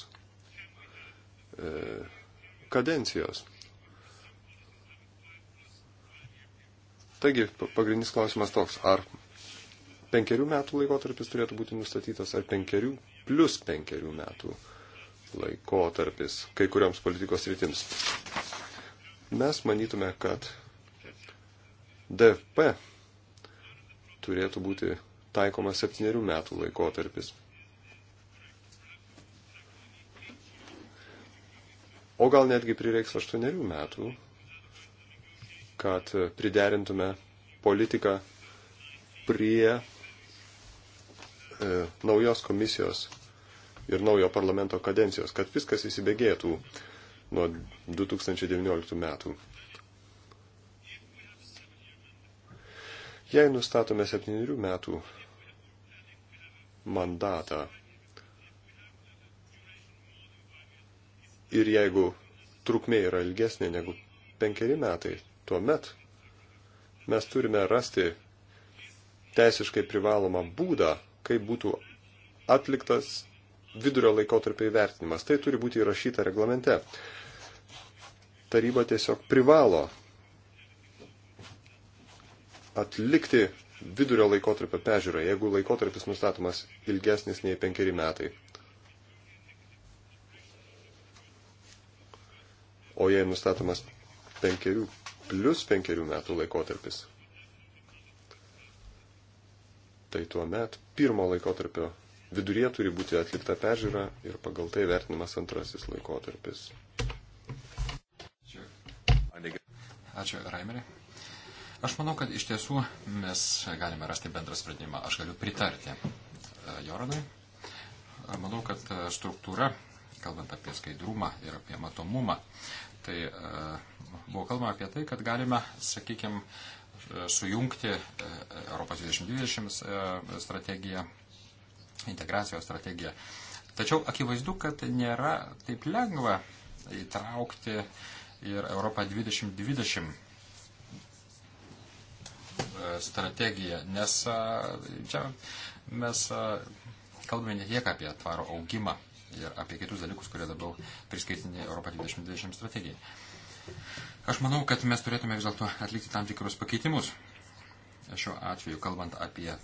e, kadencijos. Taigi, pagrindinis klausimas toks, ar penkerių metų laikotarpis turėtų būti nustatytas ar penkerių plus penkerių metų laikotarpis kai kurioms politikos rytims. Mes manytume, kad DFP turėtų būti taikoma septyniarių metų laikotarpis. O gal netgi prireiks aštuonerių metų, kad priderintume politiką prie E, naujos komisijos ir naujo parlamento kadencijos, kad viskas įsibėgėtų nuo 2019 metų. Jei nustatome septynių metų mandatą ir jeigu trukmė yra ilgesnė negu penkeri metai, tuomet mes turime rasti teisiškai privalomą būdą kaip būtų atliktas vidurio laikotarpio įvertinimas. Tai turi būti įrašyta reglamente. Taryba tiesiog privalo atlikti vidurio laikotarpio pežiūrą, jeigu laikotarpis nustatomas ilgesnis nei penkeri metai. O jei nustatomas penkerių plus penkerių metų laikotarpis, tai tuo met pirmo laikotarpio viduryje turi būti atlikta peržiūra ir pagal tai vertinimas antrasis laikotarpis. Ačiū, Raimerį. Aš manau, kad iš tiesų mes galime rasti bendrą sprendimą. Aš galiu pritarti e, Joranui. Manau, kad e, struktūra, kalbant apie skaidrumą ir apie matomumą, tai e, buvo kalbama apie tai, kad galime, sakykime, E, sujungti e, Europos 2020 e, strategiją, integracijos strategiją. Tačiau akivaizdu, kad nėra taip lengva įtraukti ir Europą 2020 strategiją, nes čia mes kalbame ne tiek apie tvaro augimą ir apie kitus dalykus, kurie labiau priskirtini Europą 2020 strategijai. Aš manau, kad mes turėtume vis dėlto atlikti tam tikrus pakeitimus. Šiuo atveju, kalbant apie e,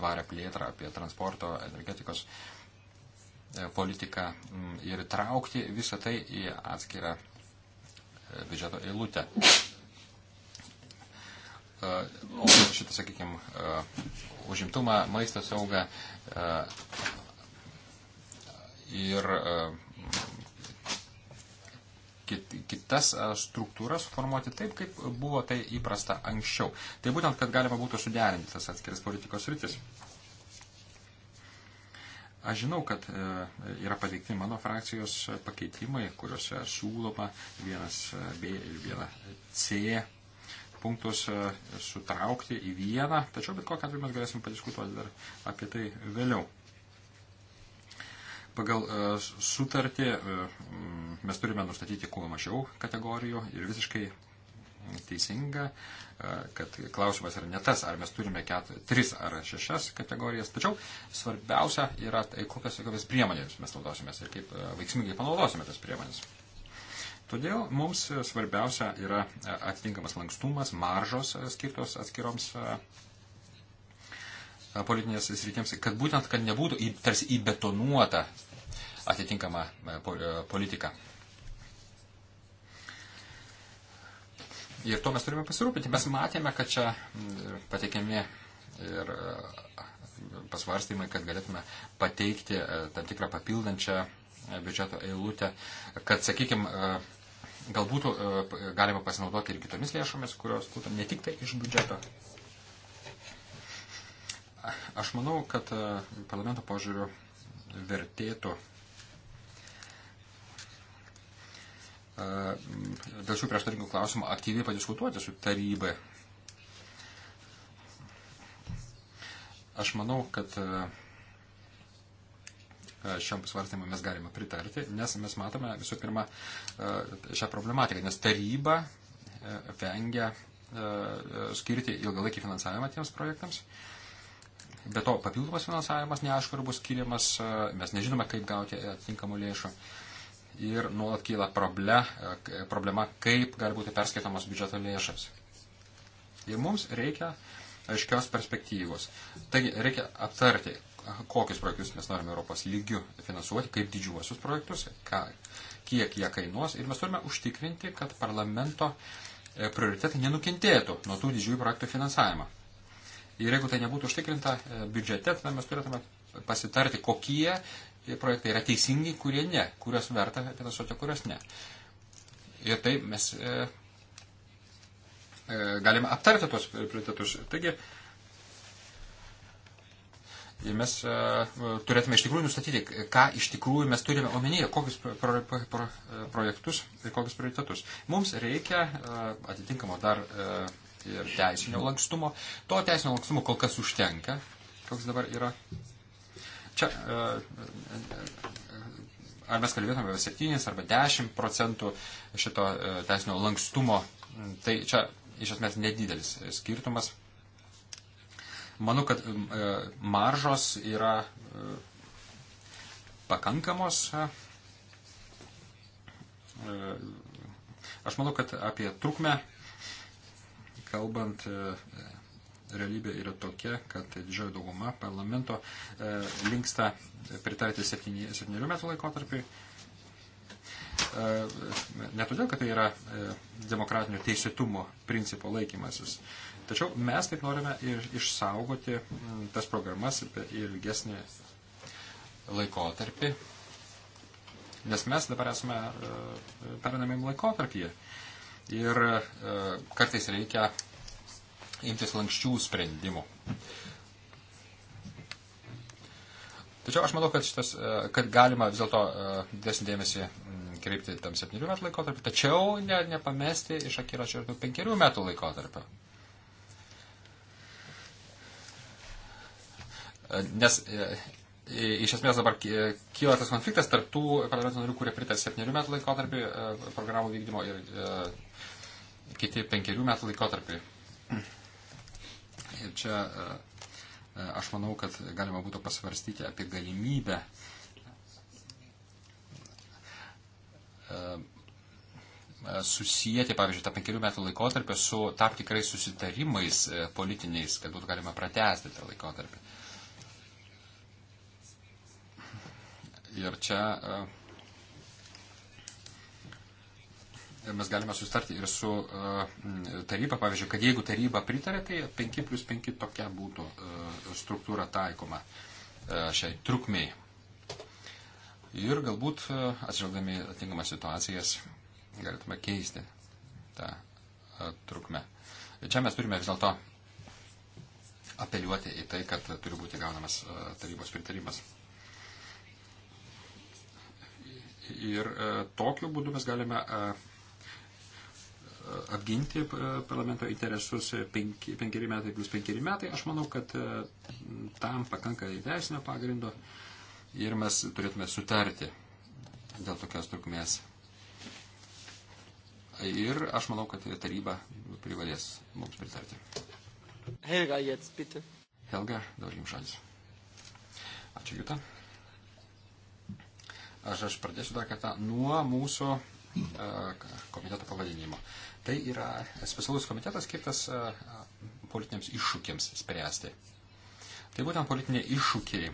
tvarę plėtrą, apie transporto, energetikos e, politiką ir traukti visą tai į atskirą e, biudžeto eilutę. O šitą, sakykime, užimtumą, maisto saugą ir kit, kitas struktūras formuoti taip, kaip buvo tai įprasta anksčiau. Tai būtent, kad galima būtų suderinti tas atskiras politikos rytis. Aš žinau, kad e, yra pateikti mano frakcijos pakeitimai, kuriuose siūloma vienas e, B ir vieną C punktus e, sutraukti į vieną, tačiau bet kokią atveju mes galėsim padiskutuoti dar apie tai vėliau. Pagal e, sutartį e, mes turime nustatyti kuo mažiau kategorijų ir visiškai teisinga, e, kad klausimas yra ne tas, ar mes turime ket, tris ar šešias kategorijas, tačiau svarbiausia yra tai, kokias, kokias priemonės mes naudosimės ir kaip veiksmingai panaudosime tas priemonės. Todėl mums svarbiausia yra atitinkamas lankstumas, maržos skirtos atskiroms politinės sritims, kad būtent, kad nebūtų į, tarsi įbetonuota atitinkama e, e, politika. Ir to mes turime pasirūpinti. Mes matėme, kad čia pateikiami ir e, pasvarstymai, kad galėtume pateikti tam tikrą papildančią biudžeto eilutę, kad, sakykime, galbūt galima pasinaudoti ir kitomis lėšomis, kurios būtų ne tik tai iš biudžeto Aš manau, kad e, parlamento požiūriu vertėtų e, dėl šių prieštaringų klausimų aktyviai padiskutuoti su taryba. Aš manau, kad e, šiam svarstymui mes galime pritarti, nes mes matome visų pirma šią problematiką, nes taryba vengia skirti ilgalaikį finansavimą tiems projektams. Uh, Be to, papildomas finansavimas neaišku, ar bus skiriamas, e, mes nežinome, kaip gauti atitinkamų lėšų. Ir nuolat kyla problema, e, problema, kaip gali būti perskaitamos biudžeto lėšas. Ir mums reikia aiškios perspektyvos. Taigi reikia aptarti, kokius projektus mes norime Europos lygių finansuoti, kaip didžiuosius projektus, ką, kiek jie kainuos. Ir mes turime užtikrinti, kad parlamento e, prioritetai nenukentėtų nuo tų didžiųjų projektų finansavimo. Ir jeigu tai nebūtų užtikrinta e, biudžete, tada mes turėtume pasitarti, kokie projektai yra teisingi, kurie ne, kurios verta finansuoti, kurios ne. Ir tai mes e, e, galime aptarti tos prioritetus. Taigi, Ir mes uh, turėtume iš tikrųjų nustatyti, ką iš tikrųjų mes turime omenyje, kokius pro, pro, pro, e, projektus ir kokius prioritetus. Mums reikia uh, atitinkamo dar uh, ir teisinio lankstumo. To teisinio lankstumo kol kas užtenka, koks dabar yra. Čia, e, e, e, ar mes kalbėtume apie 7 arba 10 procentų šito teisinio lankstumo, tai čia iš esmės nedidelis skirtumas. Manau, kad maržos yra pakankamos Aš manau, kad apie trukmę kalbant, e, realybė yra tokia, kad didžioji dauguma parlamento e, linksta pritarti 7 metų laikotarpiui. E, ne todėl, kad tai yra demokratinio teisėtumo principo laikymasis. Tačiau mes taip norime ir išsaugoti tas programas ir ilgesnį laikotarpį, nes mes dabar esame perinamim laikotarpyje ir e, kartais reikia imtis lankščių sprendimų. Tačiau aš manau, kad, šitas, e, kad galima vis dėlto e, didesnį dėmesį mm, kreipti tam septynių metų laikotarpį, tačiau ne, nepamesti iš akiračio ir tų penkerių metų laikotarpio. Nes iš esmės dabar kyla tas konfliktas tarp tų parlamento narių, kurie pritarė septynių metų laikotarpį programų vykdymo ir kiti penkerių metų laikotarpiai. Ir čia e, e, aš manau, kad galima būtų pasvarstyti apie galimybę e, susijęti, pavyzdžiui, tą penkerių metų laikotarpį su tam tikrais susitarimais politiniais, kad būtų galima pratesti tą laikotarpį. Ir čia uh, mes galime sustarti ir su e, taryba, pavyzdžiui, kad jeigu taryba pritarė, tai 5 plus 5 tokia būtų e, struktūra taikoma e, šiai trukmiai. Ir galbūt atžvelgdami atinkamas situacijas galėtume keisti tą trukmę. Čia mes turime vis dėlto apeliuoti į tai, kad turi būti gaunamas tarybos pritarimas. Ir tokiu būdu mes galime apginti e, parlamento interesus e, penki, penkeri metai plus penkeri metai. Aš manau, kad e, tam pakanka teisinio pagrindo ir mes turėtume sutarti dėl tokios trukmės. Ir aš manau, kad taryba privalės mums pritarti. Helga, jetzt bitte. Helga, dabar jums šalis. Ačiū, Juta. Aš, aš pradėsiu dar kartą nuo mūsų komiteto pavadinimo. Tai yra specialus komitetas skirtas politiniams iššūkiams spręsti. Tai būtent politiniai iššūkiai,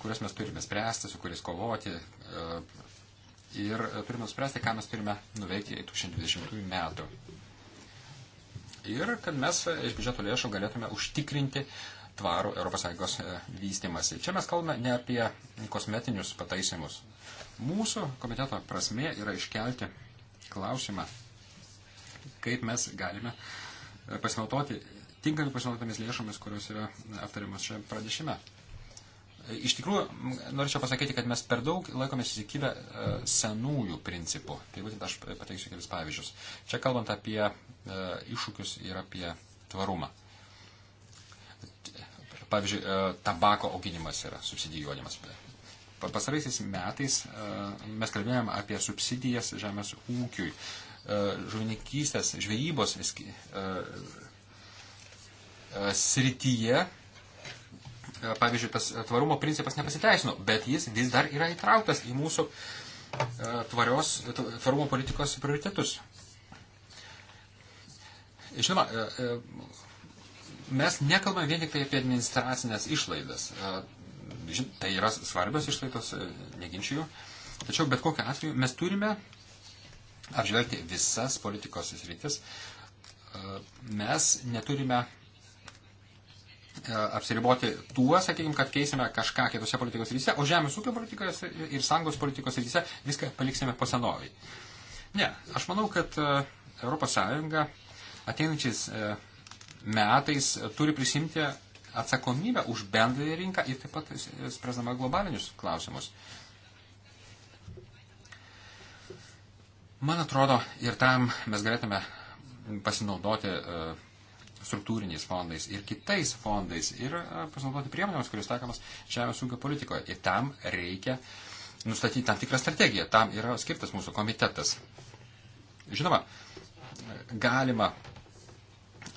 kuriuos mes turime spręsti, su kuriais kovoti ir turime spręsti, ką mes turime nuveikti iki 2020 metų. Ir kad mes iš biudžeto lėšų galėtume užtikrinti tvarų ES vystimasi. Čia mes kalbame ne apie kosmetinius pataisimus, Mūsų komiteto prasme yra iškelti klausimą, kaip mes galime pasinaudoti, tinkamai pasinaudotomis lėšomis, kurios yra aptariamas šiame pranešime. Iš tikrųjų, norėčiau pasakyti, kad mes per daug laikomės įsikibę e, senųjų principų. Tai būtent aš pateiksiu kelis pavyzdžius. Čia kalbant apie e, iššūkius ir apie tvarumą. Pavyzdžiui, e, tabako auginimas yra subsidijuojamas. Pasaraisiais metais e, mes kalbėjom apie subsidijas žemės ūkiui, e, žuvininkystės, žvejybos e, srityje. Pavyzdžiui, tas tvarumo principas nepasiteisino, bet jis vis dar yra įtrauktas į mūsų tvarios, tvarumo politikos prioritetus. Žinoma, mes nekalbame vien tik tai apie administracinės išlaidas tai yra svarbios išlaidos, e, neginčiu jų. Tačiau bet kokiu atveju mes turime apžvelgti visas politikos sritis. E, mes neturime e, apsiriboti tuo, sakykime, kad keisime kažką kitose politikos srityse, o žemės ūkio politikoje ir sąjungos politikos srityse viską paliksime pasenoviai. Ne, aš manau, kad ES ateinančiais metais turi prisimti atsakomybę už bendrąją rinką ir taip pat spręsdama globalinius klausimus. Man atrodo, ir tam mes galėtume pasinaudoti e, struktūriniais fondais ir kitais fondais ir e, pasinaudoti priemonėms, kuris taikomas žemės ūkio politikoje. Ir tam reikia nustatyti tam tikrą strategiją. Tam yra skirtas mūsų komitetas. Žinoma, e, galima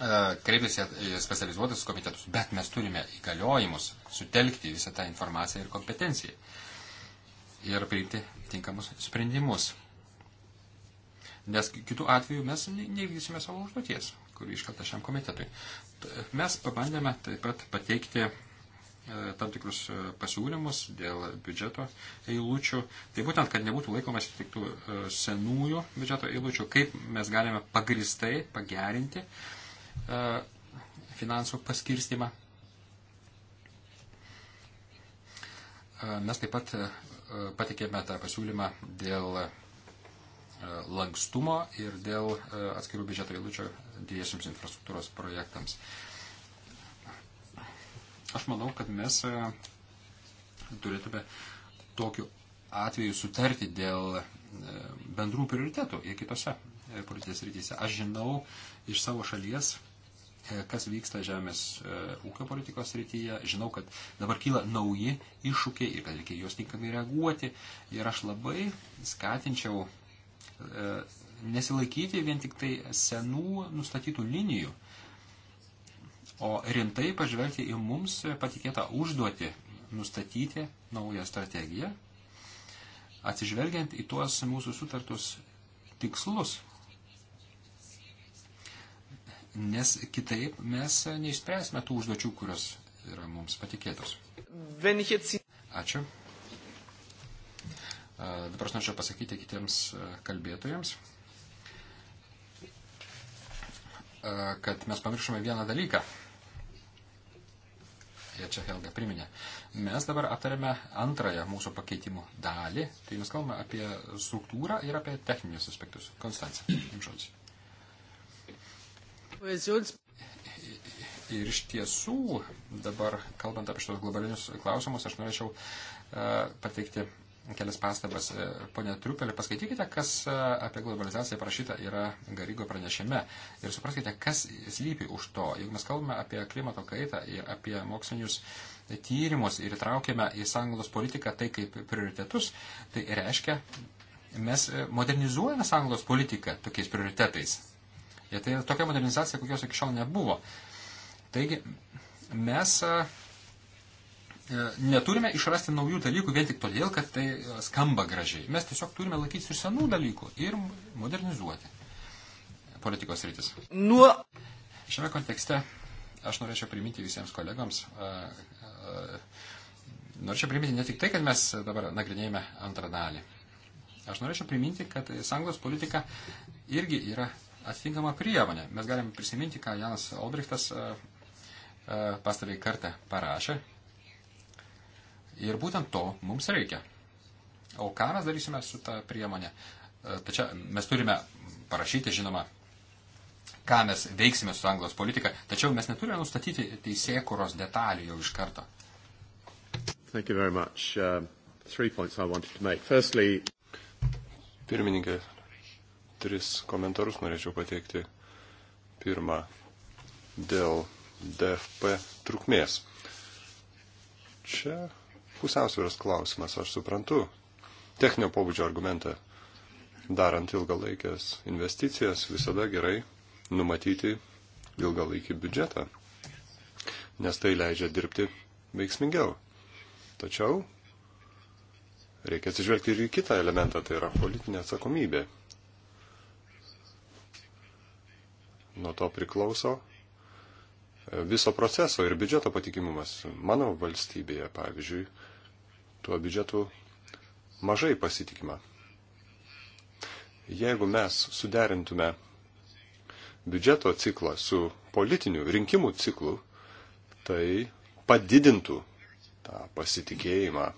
E, kreipėsi į specializuotus komitetus, bet mes turime įgaliojimus sutelkti visą tą informaciją ir kompetenciją ir priimti tinkamus sprendimus. Nes kitų atveju mes nevykdysime savo užduoties, kuri iškelta šiam komitetui. Mes pabandėme taip pat pateikti e, tam tikrus e, pasiūlymus dėl biudžeto eilučių. Tai būtent, kad nebūtų laikomas tik tų senųjų biudžeto eilučių, kaip mes galime pagristai pagerinti uh, E, finansų paskirstimą. E, mes taip pat e, patikėme tą pasiūlymą dėl lankstumo ir dėl atskirų biudžeto eilučių didiesiams infrastruktūros projektams. Aš manau, kad mes turėtume tokiu atveju sutarti dėl bendrų prioritetų ir kitose politinės rytise. Aš žinau iš savo šalies E, kas vyksta žemės e, ūkio politikos rytyje. Žinau, kad dabar kyla nauji iššūkiai ir kad reikia juos tinkamai reaguoti. Ir aš labai skatinčiau e, nesilaikyti vien tik tai senų nustatytų linijų, o rimtai pažvelgti į mums patikėtą užduotį nustatyti naują strategiją, atsižvelgiant į tuos mūsų sutartus tikslus, nes kitaip mes neišspręsime tų užduočių, kurios yra mums patikėtos. Ačiū. Dabar aš norėčiau pasakyti kitiems kalbėtojams, kad mes pamiršome vieną dalyką. Ir čia Helga priminė. Mes dabar aptarėme antrąją mūsų pakeitimų dalį. Tai mes kalbame apie struktūrą ir apie techninius aspektus. Konstancija, jums žodžiu. Ir iš tiesų, dabar kalbant apie šitos globalinius klausimus, aš norėčiau uh, pateikti kelias pastabas. E, pone Triupelė, paskaitykite, kas e, apie globalizaciją parašyta yra Garygo pranešime ir supraskite, kas slypi už to. Jeigu mes kalbame apie klimato kaitą ir apie mokslinius tyrimus ir įtraukėme į sąjungos politiką tai kaip prioritetus, tai reiškia, mes modernizuojame sąjungos politiką tokiais prioritetais. Ir tai yra tokia modernizacija, kokios iki šiol nebuvo. Taigi mes e, e, neturime išrasti naujų dalykų vien tik todėl, kad tai e, skamba gražiai. Mes tiesiog turime laikytis ir senų dalykų ir modernizuoti politikos rytis. Nuo. Šiame kontekste aš norėčiau priminti visiems kolegams, norėčiau priminti ne tik tai, kad mes dabar nagrinėjame antrą dalį. Aš norėčiau priminti, kad sąjungos politika irgi yra atitinkama priemonė. Mes galim prisiminti, ką Janas Olbrichtas e, e, pastarį kartą parašė. Ir būtent to mums reikia. O ką mes darysime su ta priemonė? E, tačiau mes turime parašyti, žinoma, ką mes veiksime su Anglijos politika, tačiau mes neturime nustatyti teisėkuros detalių jau iš karto. Thank you very much. Uh, three points I wanted to make. Firstly, Pirmininkė, tris komentarus norėčiau pateikti. Pirma, dėl DFP trukmės. Čia pusiausvėros klausimas, aš suprantu. Techninio pobūdžio argumentą. Darant ilgalaikės investicijas visada gerai numatyti ilgalaikį biudžetą, nes tai leidžia dirbti veiksmingiau. Tačiau reikia atsižvelgti ir į kitą elementą, tai yra politinė atsakomybė. nuo to priklauso viso proceso ir biudžeto patikimumas. Mano valstybėje, pavyzdžiui, tuo biudžetu mažai pasitikima. Jeigu mes suderintume biudžeto ciklą su politiniu rinkimų ciklu, tai padidintų tą pasitikėjimą.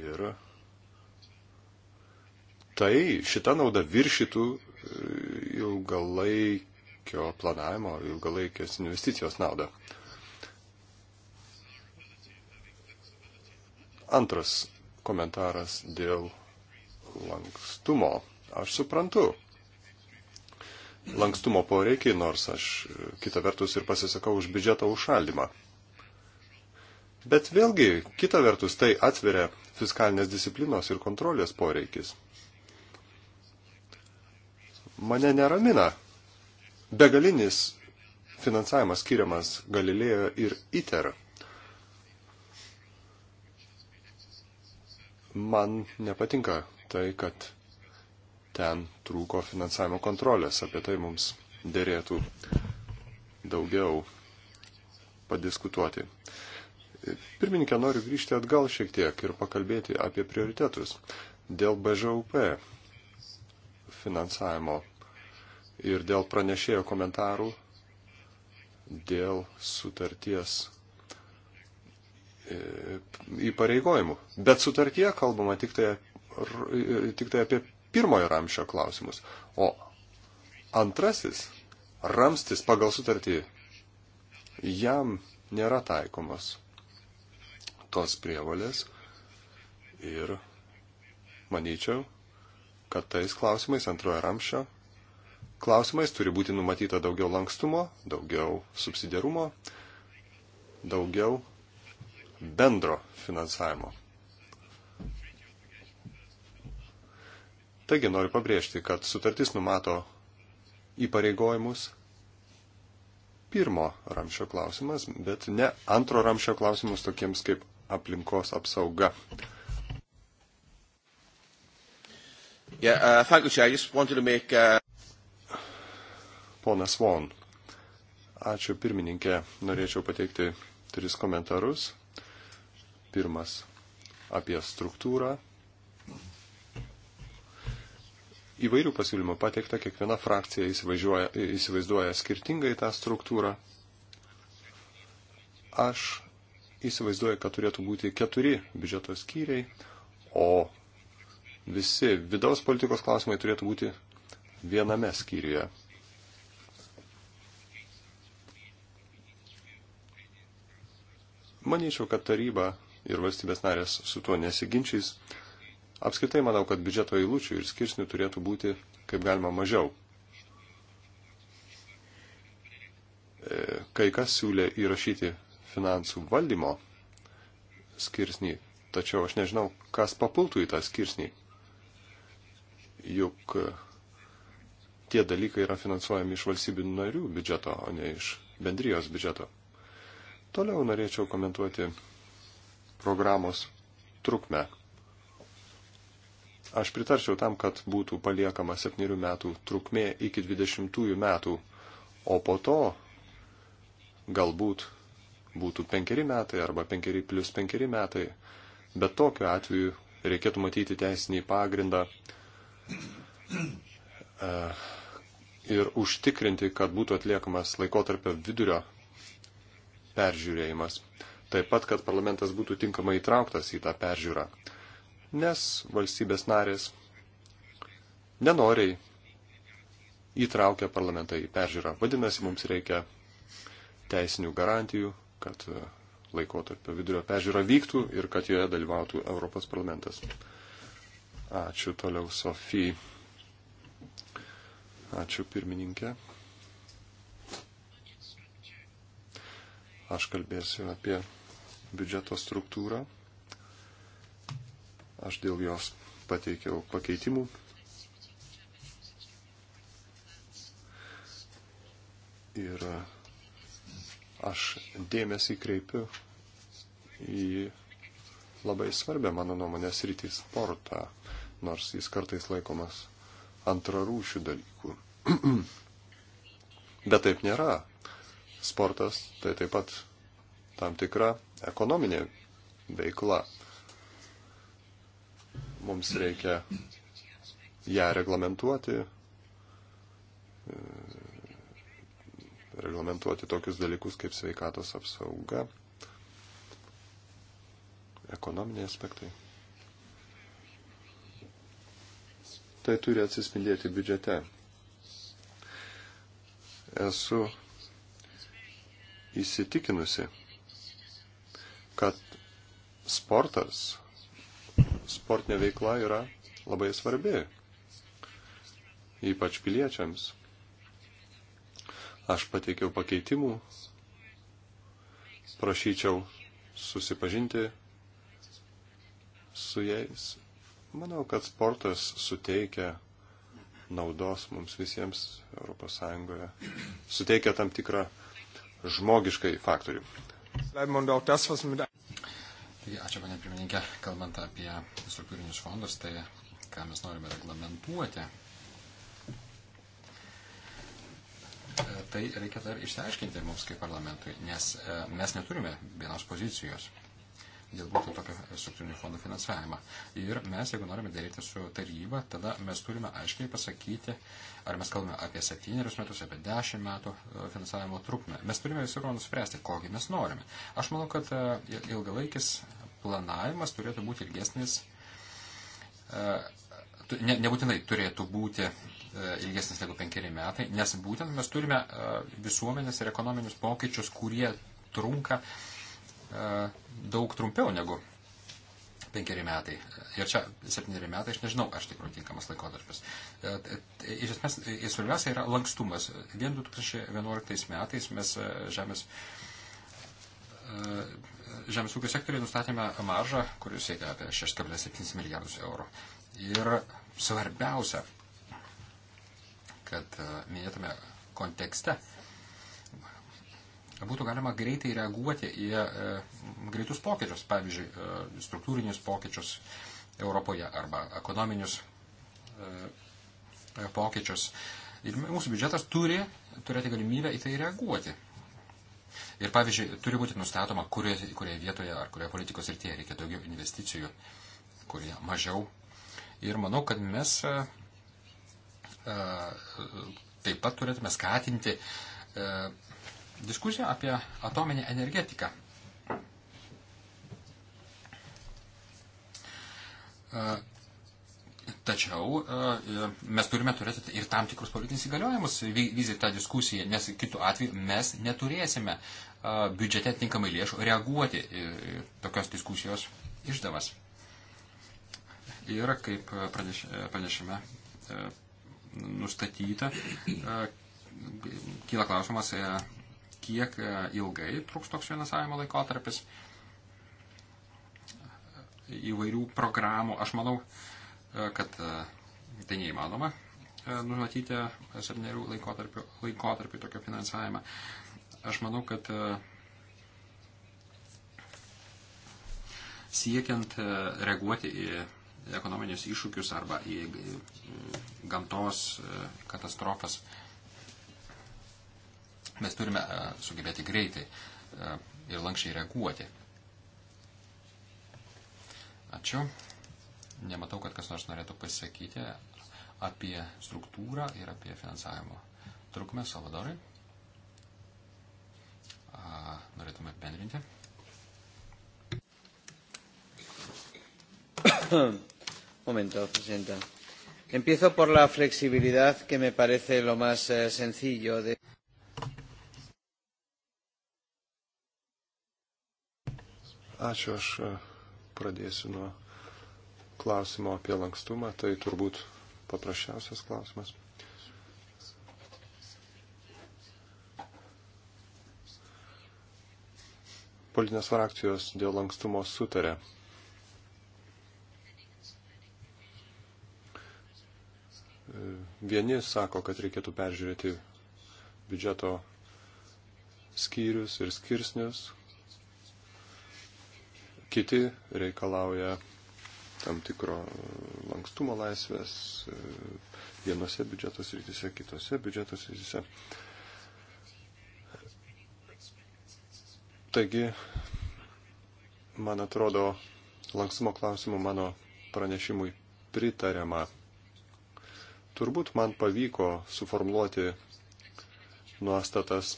Ir tai šita nauda viršytų ilgalaikio planavimo, ilgalaikės investicijos naudą. Antras komentaras dėl lankstumo. Aš suprantu lankstumo poreikį, nors aš kitą vertus ir pasisakau už biudžeto užšaldymą. Bet vėlgi, kita vertus, tai atveria fiskalinės disciplinos ir kontrolės poreikis mane neramina begalinis finansavimas skiriamas Galilėjo ir ITER. Man nepatinka tai, kad ten trūko finansavimo kontrolės, apie tai mums dėrėtų daugiau padiskutuoti. Pirmininkė, noriu grįžti atgal šiek tiek ir pakalbėti apie prioritetus. Dėl BŽUP finansavimo ir dėl pranešėjo komentarų, dėl sutarties e, įpareigojimų. Bet sutartie kalbama tik tai, tik tai apie pirmojo ramšio klausimus. O antrasis ramstis pagal sutartį jam nėra taikomos tos prievalės ir, manyčiau, kad tais klausimais antrojo ramščio klausimais turi būti numatyta daugiau lankstumo, daugiau subsidiarumo, daugiau bendro finansavimo. Taigi noriu pabrėžti, kad sutartis numato įpareigojimus pirmo ramšio klausimas, bet ne antro ramšio klausimus tokiems kaip aplinkos apsauga. Yeah, uh, thank you, Chair. I just wanted to make... Uh... Ponas Von. Ačiū pirmininkė. Norėčiau pateikti tris komentarus. Pirmas apie struktūrą. Įvairių pasiūlymų pateikta, kiekviena frakcija įsivaizduoja skirtingai tą struktūrą. Aš įsivaizduoju, kad turėtų būti keturi biudžeto skyriai, o Visi vidaus politikos klausimai turėtų būti viename skyriuje. Manyčiau, kad taryba ir valstybės narės su tuo nesiginčiais. Apskritai manau, kad biudžeto eilučių ir skirsnių turėtų būti kaip galima mažiau. E, kai kas siūlė įrašyti finansų valdymo skirsnį, tačiau aš nežinau, kas papultų į tą skirsnį juk e, tie dalykai yra finansuojami iš valstybių narių biudžeto, o ne iš bendrijos biudžeto. Toliau norėčiau komentuoti programos trukmę. Aš pritarčiau tam, kad būtų paliekama septynių metų trukmė iki 20 metų, o po to galbūt būtų penkeri metai arba penkeri plus penkeri metai, bet tokiu atveju reikėtų matyti teisinį pagrindą E, ir užtikrinti, kad būtų atliekamas laikotarpio vidurio peržiūrėjimas. Taip pat, kad parlamentas būtų tinkamai įtrauktas į tą peržiūrą. Nes valstybės narės nenoriai įtraukia parlamentą į peržiūrą. Vadinasi, mums reikia teisinių garantijų, kad laikotarpio vidurio peržiūra vyktų ir kad joje dalyvautų Europos parlamentas. Ačiū toliau, Sofija. Ačiū pirmininkė. Aš kalbėsiu apie biudžeto struktūrą. Aš dėl jos pateikiau pakeitimų. Ir aš dėmesį kreipiu į labai svarbę mano nuomonės rytį sportą nors jis kartais laikomas antrarūšių dalykų. Bet taip nėra. Sportas tai taip pat tam tikra ekonominė veikla. Mums reikia ją reglamentuoti, e, reglamentuoti tokius dalykus kaip sveikatos apsauga, ekonominiai aspektai. tai turi atsispindėti biudžete. Esu įsitikinusi, kad sportas, sportinė veikla yra labai svarbi, ypač piliečiams. Aš pateikiau pakeitimų, prašyčiau susipažinti su jais Manau, kad sportas suteikia naudos mums visiems ES, suteikia tam tikrą žmogiškai faktorių. Taigi, ačiū, panė pirmininkė, kalbant apie struktūrinius fondus, tai ką mes norime reglamentuoti, e, tai reikia dar išsiaiškinti mums kaip parlamentui, nes e, mes neturime vienos pozicijos dėl būtent tokio struktūrinių fondų finansavimą. Ir mes, jeigu norime dėrėti su taryba, tada mes turime aiškiai pasakyti, ar mes kalbame apie septynerius metus, apie dešimt metų e, finansavimo trukmę. Mes turime visur nuspręsti, kokį mes norime. Aš manau, kad e, ilgalaikis planavimas turėtų būti ilgesnis. E, ne, nebūtinai turėtų būti ilgesnis negu penkeri metai, nes būtent mes turime visuomenės ir ekonominius pokyčius, kurie trunka uh, daug trumpiau negu penkeri metai. Ir čia septyneri metai, aš nežinau, aš tikrai tinkamas laikotarpis. E, iš esmės, svarbiausia yra lankstumas. Vien 2011 metais mes e, žemės, e, žemės ūkio sektoriai nustatėme maržą, kuris siekia apie 6,7 milijardus eurų. Ir svarbiausia, kad minėtame kontekste būtų galima greitai reaguoti į e, greitus pokyčius, pavyzdžiui, e, struktūrinius pokyčius Europoje arba ekonominius e, pokyčius. Ir mūsų biudžetas turi turėti galimybę į tai reaguoti. Ir pavyzdžiui, turi būti nustatoma, kurioje, kurioje vietoje ar kurioje politikos rytyje reikia daugiau investicijų, kurioje mažiau. Ir manau, kad mes a, a, taip pat turėtume skatinti a, Diskusija apie atominę energetiką. E, tačiau e, mes turime turėti ir tam tikrus politinius įgaliojimus vizį tą diskusiją, nes kitų atveju mes neturėsime e, biudžete tinkamai lėšų reaguoti tokios diskusijos išdavas. Ir kaip pranešime nustatyta, kyla klausimas kiek e, ilgai truks toks finansavimo laikotarpis įvairių programų. Aš manau, e, kad e, tai neįmanoma numatyti septynerių laikotarpių, laikotarpių tokio finansavimą. Aš manau, kad siekiant reaguoti į ekonominius iššūkius arba į gamtos katastrofas, Mes turime e, sugebėti greitai e, ir lankščiai reaguoti. Ačiū. Nematau, kad kas nors norėtų pasakyti apie struktūrą ir apie finansavimo trukmę. Salvadorai, norėtume apendrinti. Momento, presidenta. Empiezo por la flexibilidad, que me parece lo más eh, sencillo de. Ačiū, aš e, pradėsiu nuo klausimo apie lankstumą. Tai turbūt paprasčiausias klausimas. Politinės frakcijos dėl lankstumo sutarė. Vieni sako, kad reikėtų peržiūrėti biudžeto skyrius ir skirsnius, Kiti reikalauja tam tikro e, lankstumo laisvės e, vienose biudžetos rytise, kitose biudžetos rytise. Taigi, man atrodo, lankstumo klausimų mano pranešimui pritariama. Turbūt man pavyko suformuoluoti nuostatas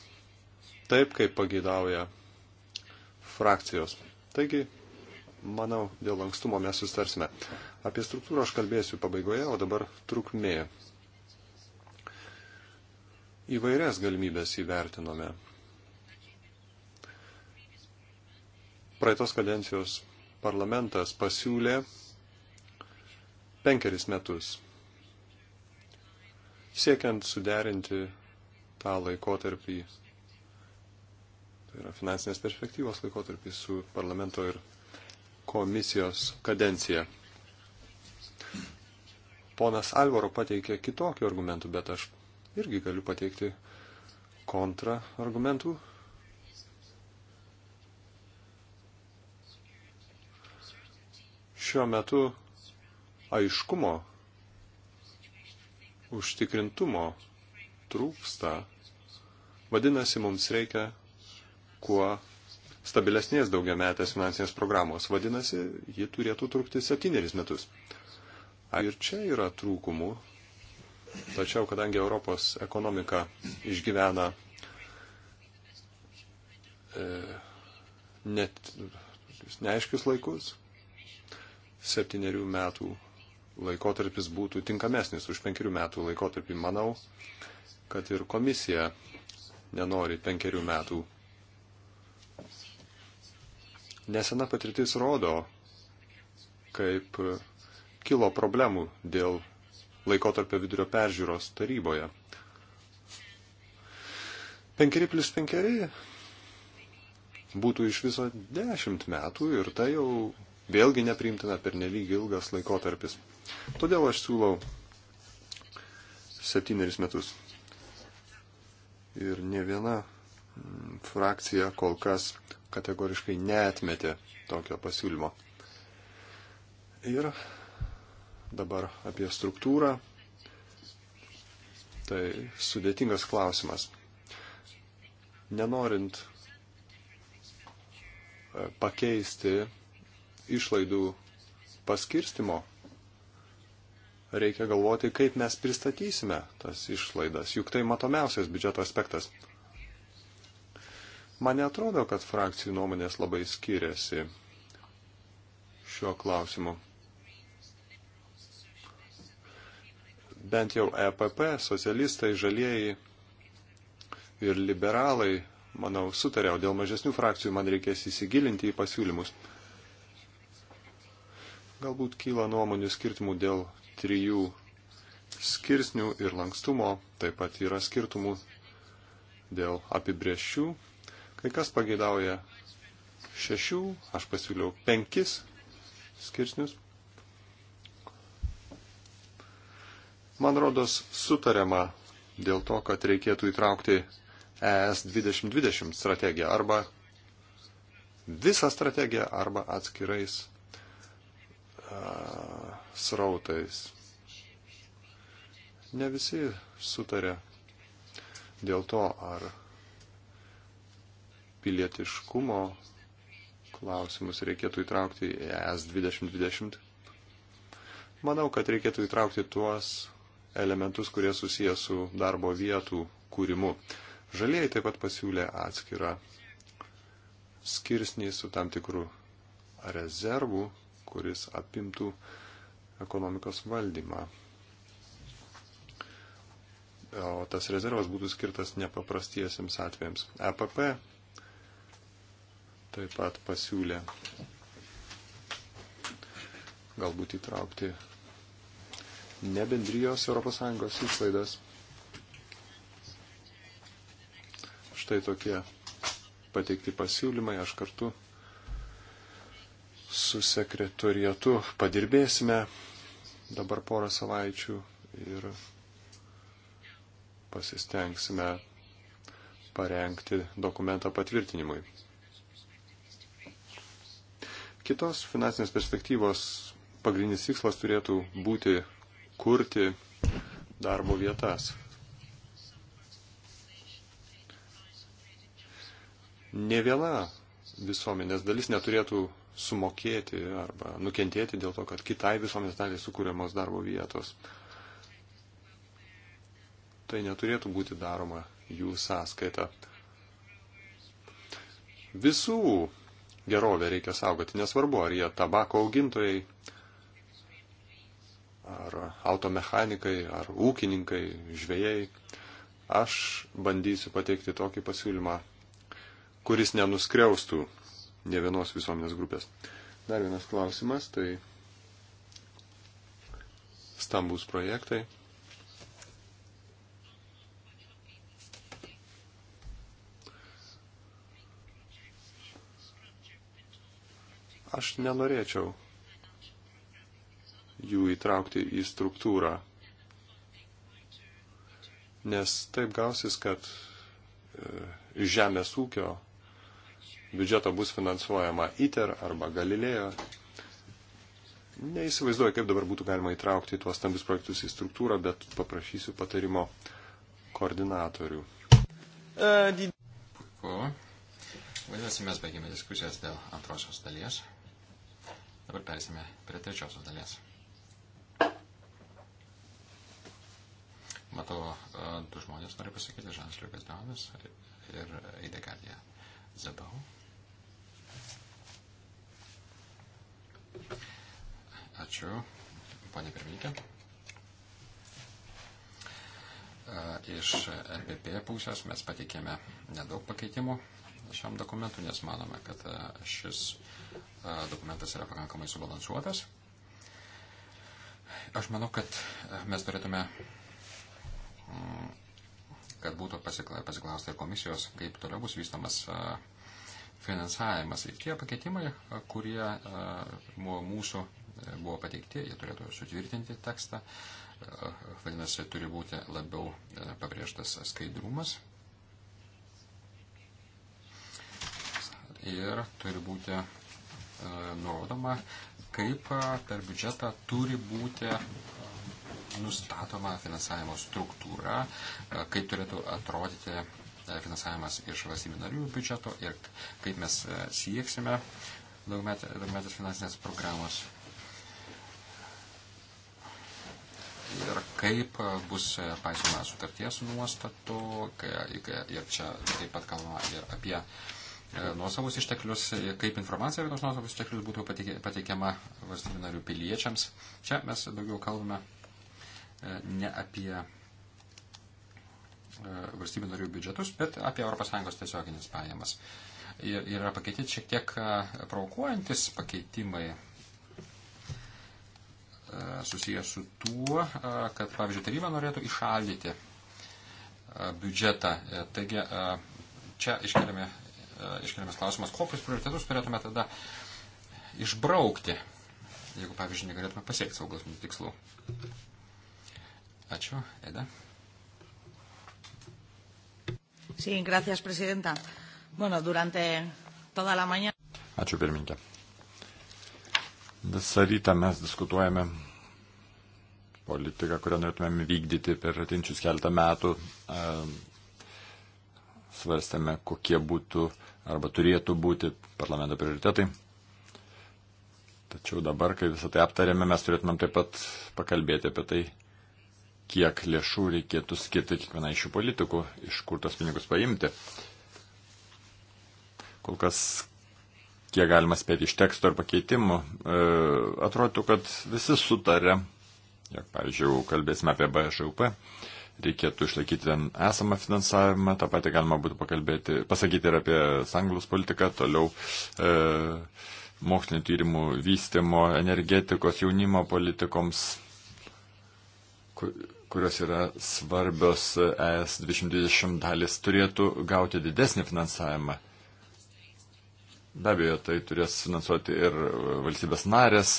taip, kaip pageidauja frakcijos. Taigi, Manau, dėl lankstumo mes sustarsime. Apie struktūrą aš kalbėsiu pabaigoje, o dabar trukmė. Įvairias galimybės įvertinome. Praeitos kadencijos parlamentas pasiūlė penkeris metus, siekiant suderinti tą laikotarpį, tai yra finansinės perspektyvos laikotarpį su parlamento ir komisijos kadenciją. Ponas Alvaro pateikė kitokių argumentų, bet aš irgi galiu pateikti kontra argumentų. Šiuo metu aiškumo, užtikrintumo trūksta. Vadinasi, mums reikia kuo stabilesnės daugiametės finansinės programos. Vadinasi, ji turėtų trukti septynerius metus. Ir čia yra trūkumų. Tačiau, kadangi Europos ekonomika išgyvena e, net neaiškius laikus, septyniarių metų laikotarpis būtų tinkamesnis už penkerių metų laikotarpį. Manau, kad ir komisija nenori penkerių metų Nesena patirtis rodo, kaip kilo problemų dėl laikotarpio vidurio peržiūros taryboje. 5 plus 5 būtų iš viso 10 metų ir tai jau vėlgi nepriimtina per nelyg ilgas laikotarpis. Todėl aš siūlau 7 metus. Ir ne viena mm, frakcija kol kas kategoriškai neatmetė tokio pasiūlymo. Ir dabar apie struktūrą. Tai sudėtingas klausimas. Nenorint e, pakeisti išlaidų paskirstimo, reikia galvoti, kaip mes pristatysime tas išlaidas, juk tai matomiausias biudžeto aspektas. Man netrodo, kad frakcijų nuomonės labai skiriasi šiuo klausimu. Bent jau EPP, socialistai, žalieji ir liberalai, manau, sutariau, dėl mažesnių frakcijų man reikės įsigilinti į pasiūlymus. Galbūt kyla nuomonių skirtimų dėl trijų skirsnių ir lankstumo, taip pat yra skirtumų dėl apibriešių Kai kas pageidauja šešių, aš pasiūliau penkis skirsnius. Man rodos sutariama dėl to, kad reikėtų įtraukti ES 2020 strategiją arba visą strategiją arba atskirais a, srautais. Ne visi sutarė dėl to, ar pilietiškumo klausimus reikėtų įtraukti į ES 2020? Manau, kad reikėtų įtraukti tuos elementus, kurie susijęs su darbo vietų kūrimu. Žalieji taip pat pasiūlė atskirą skirsnį su tam tikru rezervu, kuris apimtų ekonomikos valdymą. O tas rezervas būtų skirtas nepaprastiesiams atvejams. EPP taip pat pasiūlė galbūt įtraukti ne bendrijos ES išlaidas. Štai tokie pateikti pasiūlymai, aš kartu su sekretorietu padirbėsime dabar porą savaičių ir pasistengsime parengti dokumentą patvirtinimui. Kitos finansinės perspektyvos pagrindinis tikslas turėtų būti kurti darbo vietas. Ne viena visuomenės dalis neturėtų sumokėti arba nukentėti dėl to, kad kitai visuomenės daliai sukūriamos darbo vietos. Tai neturėtų būti daroma jų sąskaita. Visų gerovę reikia saugoti. Nesvarbu, ar jie tabako augintojai, ar automechanikai, ar ūkininkai, žvėjai. Aš bandysiu pateikti tokį pasiūlymą, kuris nenuskriaustų ne vienos visuomenės grupės. Dar vienas klausimas, tai stambus projektai. aš nenorėčiau jų įtraukti į struktūrą. Nes taip gausis, kad e, žemės ūkio biudžeto bus finansuojama ITER arba Galilėjo. Neįsivaizduoju, kaip dabar būtų galima įtraukti tuos stambius projektus į struktūrą, bet paprašysiu patarimo koordinatorių. Puiku. Vadinasi, mes baigėme diskusijas dėl antrosios dalies. Dabar persime prie trečiosios dalies. Matau, e, du žmonės nori pasakyti, Žanas Liukas Daunas ir Eidegardija Zabau. Ačiū, ponė pirmininkė. E, iš MPP pusės mes pateikėme nedaug pakeitimų, šiam dokumentui, nes manome, kad e, šis e, dokumentas yra pakankamai subalansuotas. Aš manau, kad e, mes turėtume, mm, kad būtų pasiklausta ir komisijos, kaip toliau bus vystamas finansavimas. Ir tie pakeitimai, kurie buvo mūsų buvo pateikti, jie turėtų sutvirtinti tekstą. Vadinasi, turi būti labiau pabrėžtas skaidrumas ir turi būti e, nurodoma, kaip e, per biudžetą turi būti nustatoma finansavimo struktūra, e, kaip turėtų atrodyti finansavimas iš valstybių narių biudžeto ir kaip mes sieksime daugmetės finansinės programos ir kaip bus paisoma sutarties nuostatų, ir čia taip pat kalbama ir apie E, nuosavus išteklius, e, kaip informacija apie tos nuosavus išteklius būtų pateikiama valstybių narių piliečiams. Čia mes daugiau kalbame e, ne apie valstybių narių biudžetus, bet apie ES tiesioginės pajamas. Ir yra pakeityti šiek tiek provokuojantis pakeitimai susijęs su tuo, kad, pavyzdžiui, taryba norėtų išaldyti biudžetą. Taigi čia iškeliame E, iškeliamas klausimas, kokius prioritetus turėtume tada išbraukti, jeigu, pavyzdžiui, negalėtume pasiekti saugos mūsų tikslų. Ačiū, Eda. Sí, gracias, presidenta. Bueno, durante toda la mañana. Ačiū, pirmininkė. Visą rytą mes diskutuojame politiką, kurią norėtumėm vykdyti per atinčius keletą metų. Svarstame, kokie būtų arba turėtų būti parlamento prioritetai. Tačiau dabar, kai visą tai aptarėme, mes turėtumėm taip pat pakalbėti apie tai, kiek lėšų reikėtų skirti kiekvienai iš šių politikų, iš kur tos pinigus paimti. Kol kas, kiek galima spėti iš teksto ir pakeitimų, e, atrodytų, kad visi sutarė, jog, pavyzdžiui, kalbėsime apie BŽUP, reikėtų išlaikyti ten esamą finansavimą, tą patį galima būtų pakalbėti, pasakyti ir apie sanglus politiką, toliau e, mokslinio tyrimų vystimo, energetikos, jaunimo politikoms, kur, kurios yra svarbios e, ES 2020 dalis, turėtų gauti didesnį finansavimą. Be abejo, tai turės finansuoti ir e, valstybės narės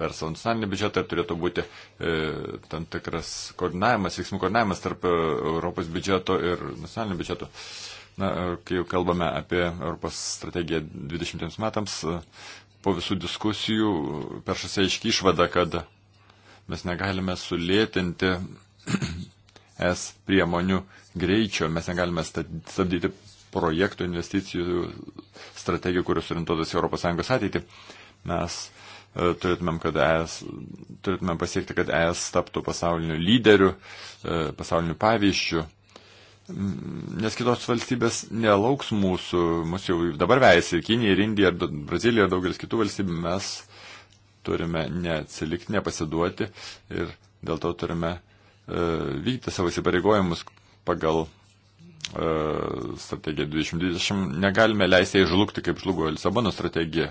per savo nacionalinį biudžetą ir turėtų būti e, tam tikras koordinavimas, veiksmų koordinavimas tarp e, Europos biudžeto ir nacionalinio biudžeto. Na, e, kai jau kalbame apie Europos strategiją 20 metams, po visų diskusijų peršasi aiški išvada, kad mes negalime sulėtinti es priemonių greičio, mes negalime stabdyti projektų, investicijų, strategijų, kurios orientuotas į ES ateitį. Mes e, turėtumėm, kad ES, turėtumėm pasiekti, kad ES taptų pasauliniu lyderiu, e, pasauliniu pavyzdžiu. Mm, nes kitos valstybės nelauks mūsų, mus jau dabar vejasi Kinija ir Indija, ir Brazilija ir daugelis kitų valstybių, mes turime neatsilikti, nepasiduoti ir dėl to turime uh, e, vykti savo įsipareigojimus pagal E, strategiją 2020 negalime leisti jai žlugti, kaip žlugo Lisabono strategija.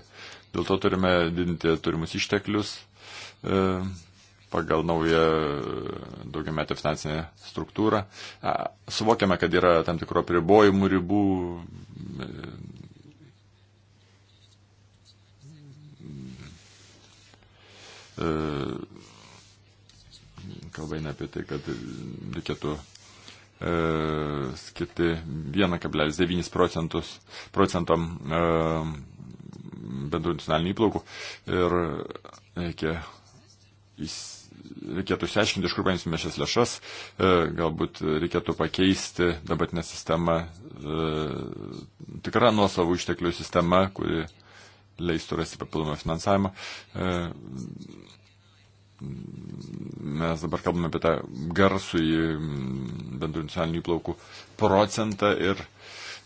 Dėl to turime didinti turimus išteklius e, pagal naują daugiametę finansinę struktūrą. Suvokiame, kad yra tam tikro pribojimų ribų. E, kalba eina apie tai, kad reikėtų E, skirti 1,9 procentam e, bendrų nacionalinių įplaukų ir reikia įs, reikėtų išsiaiškinti, iš kur paimsime šias lėšas, e, galbūt reikėtų pakeisti dabartinę sistemą tikrą nuosavų išteklių sistemą, kuri leistų rasti papildomą finansavimą mes dabar kalbame apie tą garsų į mm, bendrų nacionalinių įplaukų procentą ir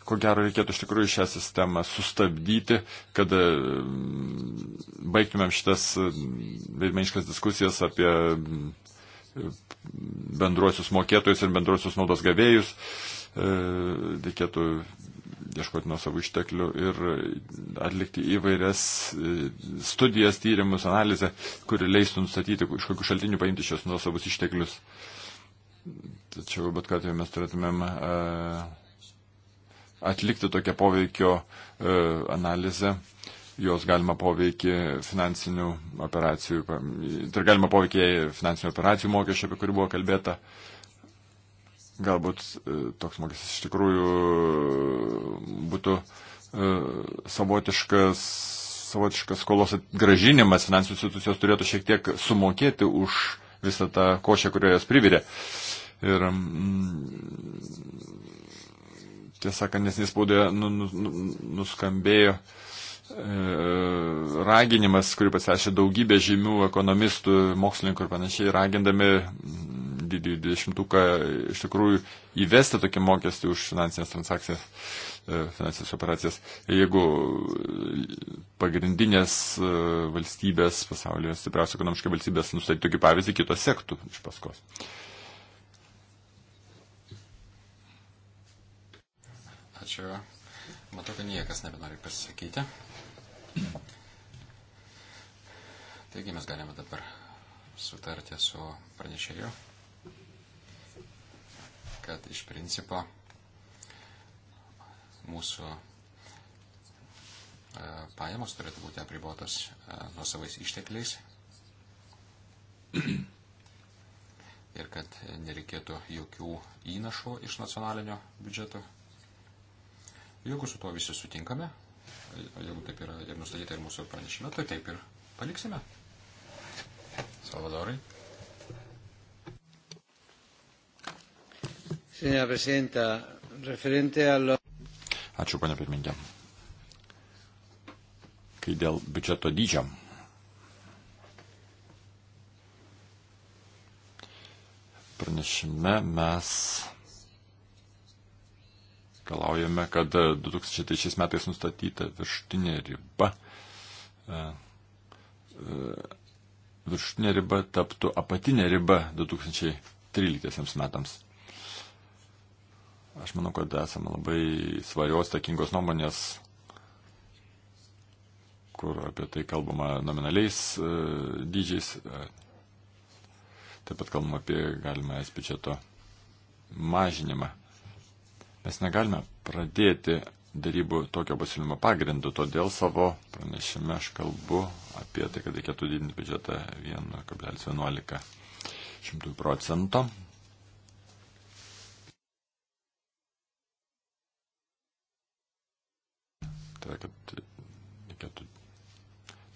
ko gero reikėtų iš tikrųjų šią sistemą sustabdyti, kad mm, baigtumėm šitas mm, veidmeniškas diskusijas apie bendruosius mokėtojus ir bendruosius naudos gavėjus. E, reikėtų ieškoti nuo savo išteklių ir atlikti įvairias e, studijas, tyrimus, analizę, kuri leistų nustatyti, iš kokių šaltinių paimti šios nuo savus išteklius. Tačiau bet ką tai mes turėtumėm e, atlikti tokią poveikio e, analizę jos galima poveikį finansinių operacijų, tai galima poveikį finansinių operacijų mokesčio, apie kurį buvo kalbėta. Uh, Galbūt e, toks mokestis iš tikrųjų e, būtų e, savotiškas, savotiškas skolos gražinimas, finansų institucijos turėtų šiek tiek sumokėti už visą tą košę, kurioje jas privirė. Ir mm, tiesą, kad nesnės spaudoje nu, nu, nu, nuskambėjo e, raginimas, kurį pasirašė daugybė žymių ekonomistų, mokslininkų ir panašiai, ragindami mm, didįjį dešimtuką iš tikrųjų įvesti tokį mokestį už finansinės transakcijas, e, finansinės operacijas. Jeigu pagrindinės e, valstybės pasaulyje, stipriausia ekonomiškai valstybės, nustatyti tokį pavyzdį, kitos sektų iš paskos. Ačiū. Matau, kad niekas nebenori pasisakyti. Taigi mes galime dabar sutarti su pranešėju kad iš principo mūsų e, pajamos turėtų būti apribotos e, nuo savais ištekliais ir kad nereikėtų jokių įnašų iš nacionalinio biudžeto. Jeigu su tuo visi sutinkame, e, jeigu taip yra ir nustatyta ir mūsų pranešime, tai taip ir paliksime. Salvadorai. Señora Presidenta, referente a lo... Ačiū, ponia pirmininkė. Kai dėl biudžeto dydžio. Pranešime mes galaujame, kad 2003 metais nustatyta viršutinė riba. E, e, viršutinė riba taptų apatinė riba 2013 metams. Aš manau, kad esame labai svarios, takingos nuomonės, kur apie tai kalbama nominaliais e, dydžiais. E, taip pat kalbama apie galimą es biudžeto mažinimą. Mes negalime pradėti darybų tokio pasiūlymo pagrindu, todėl savo pranešime aš kalbu apie tai, kad reikėtų didinti biudžetą 1,11 procentų Tai yra, kad reikėtų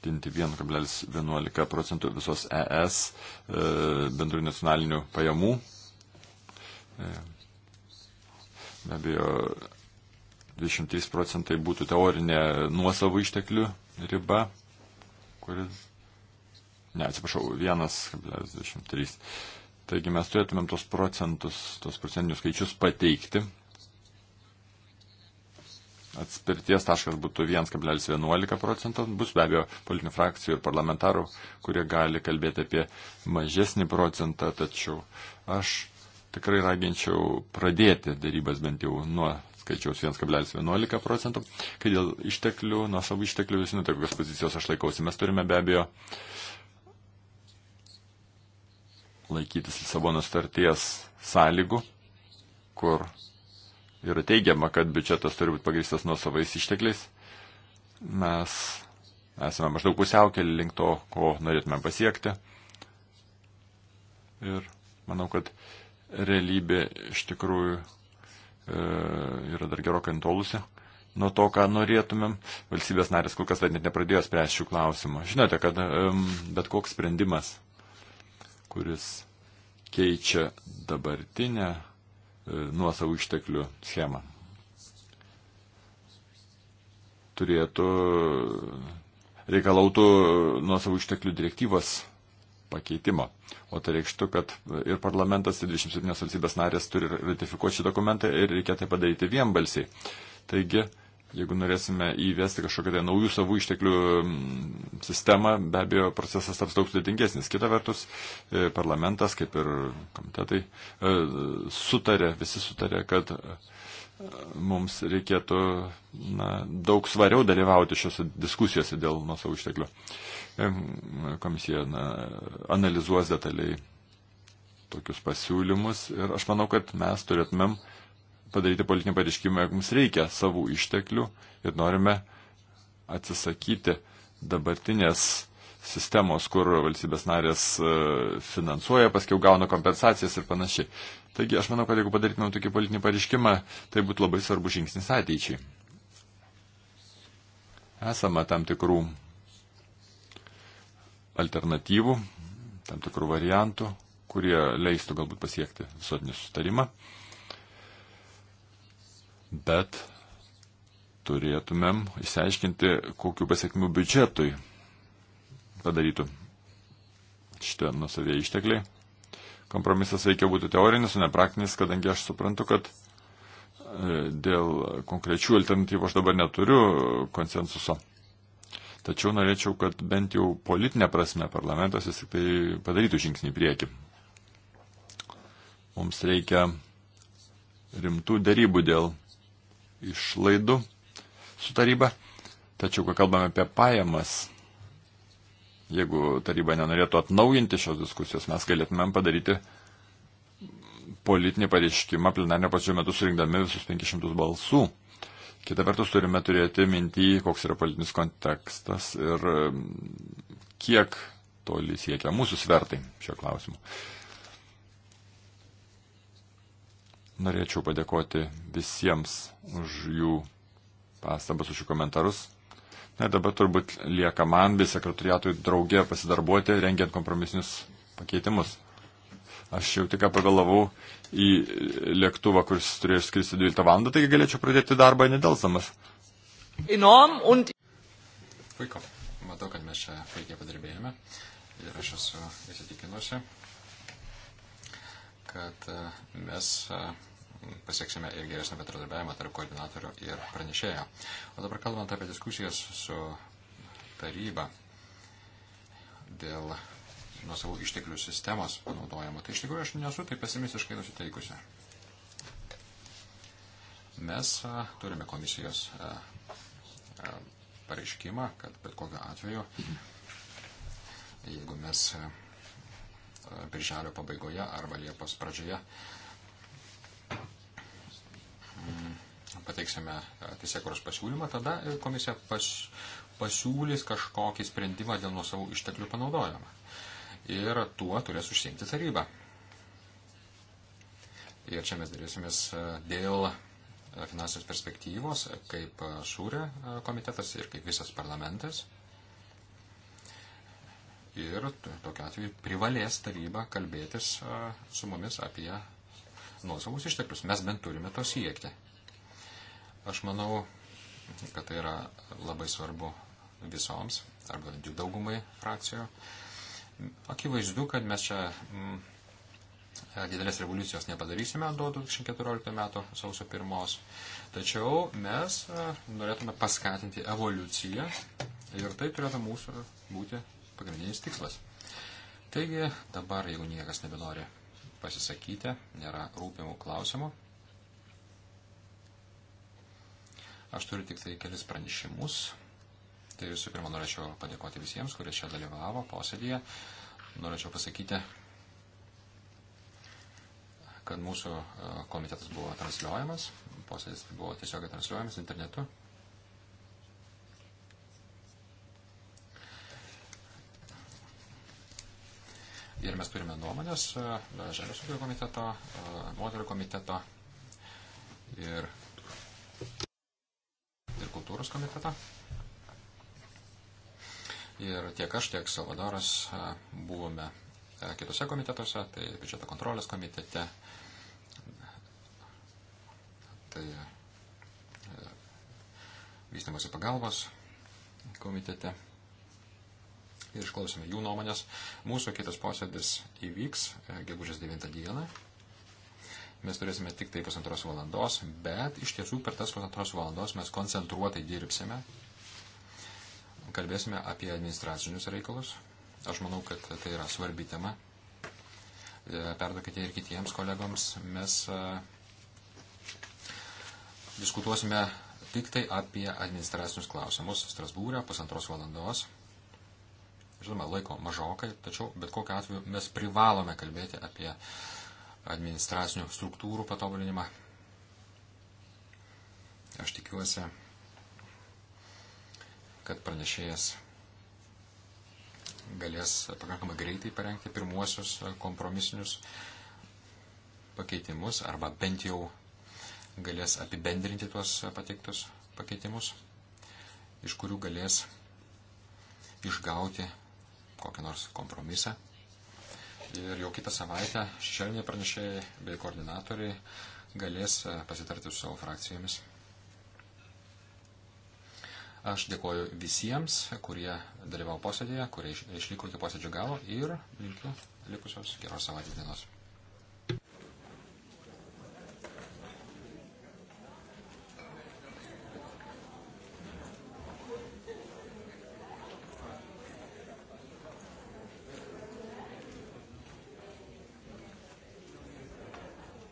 tinti 1,11 procentų visos ES e, bendrų nacionalinių pajamų. E, be abejo, 23 procentai būtų teorinė nuosavų išteklių riba, kuris. Ne, atsiprašau, 1,23. Taigi mes turėtumėm tos procentus, tos procentinius skaičius pateikti atspirties taškas būtų 1,11 procento. Bus be abejo politinių frakcijų ir parlamentarų, kurie gali kalbėti apie mažesnį procentą, tačiau aš tikrai raginčiau pradėti darybas bent jau nuo skaičiaus 1,11 procentų, kai dėl išteklių, nuo savo išteklių visi nutaikos pozicijos aš laikausi. Mes turime be abejo laikytis Lisabono starties sąlygų, kur yra teigiama, kad biudžetas turi būti pagristas nuo savais ištekliais. Mes esame maždaug pusiaukelį link to, ko norėtume pasiekti. Ir manau, kad realybė iš tikrųjų e, yra dar gerokai antolusi nuo to, ką norėtumėm. Valstybės narės kol kas dar net nepradėjo spręsti šių klausimų. Žinote, kad e, bet koks sprendimas, kuris keičia dabartinę E, nuosavų išteklių schemą. Turėtų reikalautų nuosavų išteklių direktyvos pakeitimo. O tai reikštų, kad ir parlamentas, ir 27 valstybės narės turi ratifikuoti šį dokumentą ir reikia tai padaryti vienbalsiai. Taigi, Jeigu norėsime įvesti kažkokią tai naujų savų išteklių mm, sistemą, be abejo, procesas taps daug sudėtingesnis. Kita vertus, e, parlamentas, kaip ir komitetai, e, sutarė, visi sutarė, kad e, mums reikėtų na, daug svariau dalyvauti šiuose diskusijose dėl nuosavų išteklių. Komisija na, analizuos detaliai tokius pasiūlymus ir aš manau, kad mes turėtumėm uh, padaryti politinį pareiškimą, jog mums reikia savų išteklių ir norime atsisakyti dabartinės sistemos, kur valstybės narės e, finansuoja, paskiau gauna kompensacijas ir panašiai. Taigi aš manau, kad jeigu padarytumėm tokį politinį pareiškimą, tai būtų labai svarbu žingsnis ateičiai. Esama tam tikrų alternatyvų, tam tikrų variantų, kurie leistų galbūt pasiekti visuotinį sustarimą bet turėtumėm išsiaiškinti, kokiu pasiekmiu biudžetui padarytų šitie nusavie ištekliai. Kompromisas veikia būti teorinis, o ne praktinis, kadangi aš suprantu, kad e, dėl konkrečių alternatyvų aš dabar neturiu konsensuso. Tačiau norėčiau, kad bent jau politinė prasme parlamentas vis tik tai padarytų žingsnį į priekį. Mums reikia rimtų darybų dėl išlaidų su taryba. Tačiau, kai kalbame apie pajamas, jeigu taryba nenorėtų atnaujinti šios diskusijos, mes galėtumėm padaryti politinį pareiškimą plenarnio pačiu metu surinkdami visus 500 balsų. Kita vertus turime turėti mintį, koks yra politinis kontekstas ir mm, kiek toli siekia mūsų svertai šio klausimu. Norėčiau padėkoti visiems už jų pastabas, už jų komentarus. Na ir dabar turbūt lieka man bei sekretariatui draugė pasidarbuoti, rengiant kompromisinius pakeitimus. Aš jau tik pavėlavau į lėktuvą, kuris turėjo skristi 12 val. taigi galėčiau pradėti darbą nedelsamas. Enorm und. Puiku. Matau, kad mes čia puikiai padirbėjome. Ir aš esu įsitikinusi, kad e, mes e, pasieksime ir geresnio bendradarbiavimo tarp koordinatorių ir pranešėjo. O dabar kalbant apie diskusijas su taryba dėl nuo savo išteklių sistemos panaudojimo, tai iš tikrųjų aš nesu taip pesimistiškai nusiteikusi. Mes a, turime komisijos a, a, pareiškimą, kad bet kokiu atveju, jeigu mes a, birželio pabaigoje arba liepos pradžioje a, Mm, pateiksime e, teisėkuros pasiūlymą, tada e, komisija pas, pasiūlys kažkokį sprendimą dėl nuo savo išteklių panaudojimą. Ir tuo turės užsiimti taryba. Ir čia mes darysimės e, dėl finansinės perspektyvos, kaip sūrė komitetas ir kaip visas parlamentas. Ir tokiu atveju privalės taryba kalbėtis su mumis apie nuosavus išteklius. Mes bent turime to siekti. Aš manau, kad tai yra labai svarbu visoms, arba jų daugumai frakcijų. Akivaizdu, kad mes čia m, mm, didelės revoliucijos nepadarysime nuo 2014 metų sausio pirmos, tačiau mes a, e, norėtume paskatinti evoliuciją ir tai turėtų mūsų būti pagrindinis tikslas. Taigi dabar, jeigu niekas nebenori pasisakyti, nėra rūpimų klausimų. Aš turiu tik tai kelis pranešimus. Tai visų pirma, norėčiau padėkoti visiems, kurie čia dalyvavo posėdėje. Norėčiau pasakyti, kad mūsų e, komitetas buvo transliuojamas, posėdis buvo tiesiogiai transliuojamas internetu. Ir mes turime nuomonės e, Žemės ūkio komiteto, e, moterio komiteto ir, ir kultūros komiteto. Ir tiek aš, tiek Salvadoras e, buvome kitose komitetuose, tai biudžeto kontrolės komitete, tai vystimosi pagalbos komitete ir išklausime jų nuomonės. Mūsų kitas posėdis įvyks e, gegužės 9 dieną. Mes turėsime tik tai pusantros valandos, bet iš tiesų per tas pusantros valandos mes koncentruotai dirbsime. Kalbėsime apie administracinius reikalus. Aš manau, kad tai yra svarbi tema. E, perduokite ir kitiems kolegoms. Mes e, diskutuosime tik tai apie administracinius klausimus Strasbūrė pusantros valandos. Žinoma, laiko mažokai, tačiau bet kokiu atveju mes privalome kalbėti apie administracinių struktūrų patobulinimą. Aš tikiuosi, kad pranešėjas galės pakankamai greitai parengti pirmuosius kompromisinius pakeitimus arba bent jau galės apibendrinti tuos pateiktus pakeitimus, iš kurių galės išgauti kokį nors kompromisą. Ir jau kitą savaitę šešėliniai pranešėjai bei koordinatoriai galės e, pasitarti su savo frakcijomis. Aš dėkoju visiems, kurie dalyvavo posėdėje, kurie išliko iki posėdžio galo ir linkiu likusios geros savaitės dienos.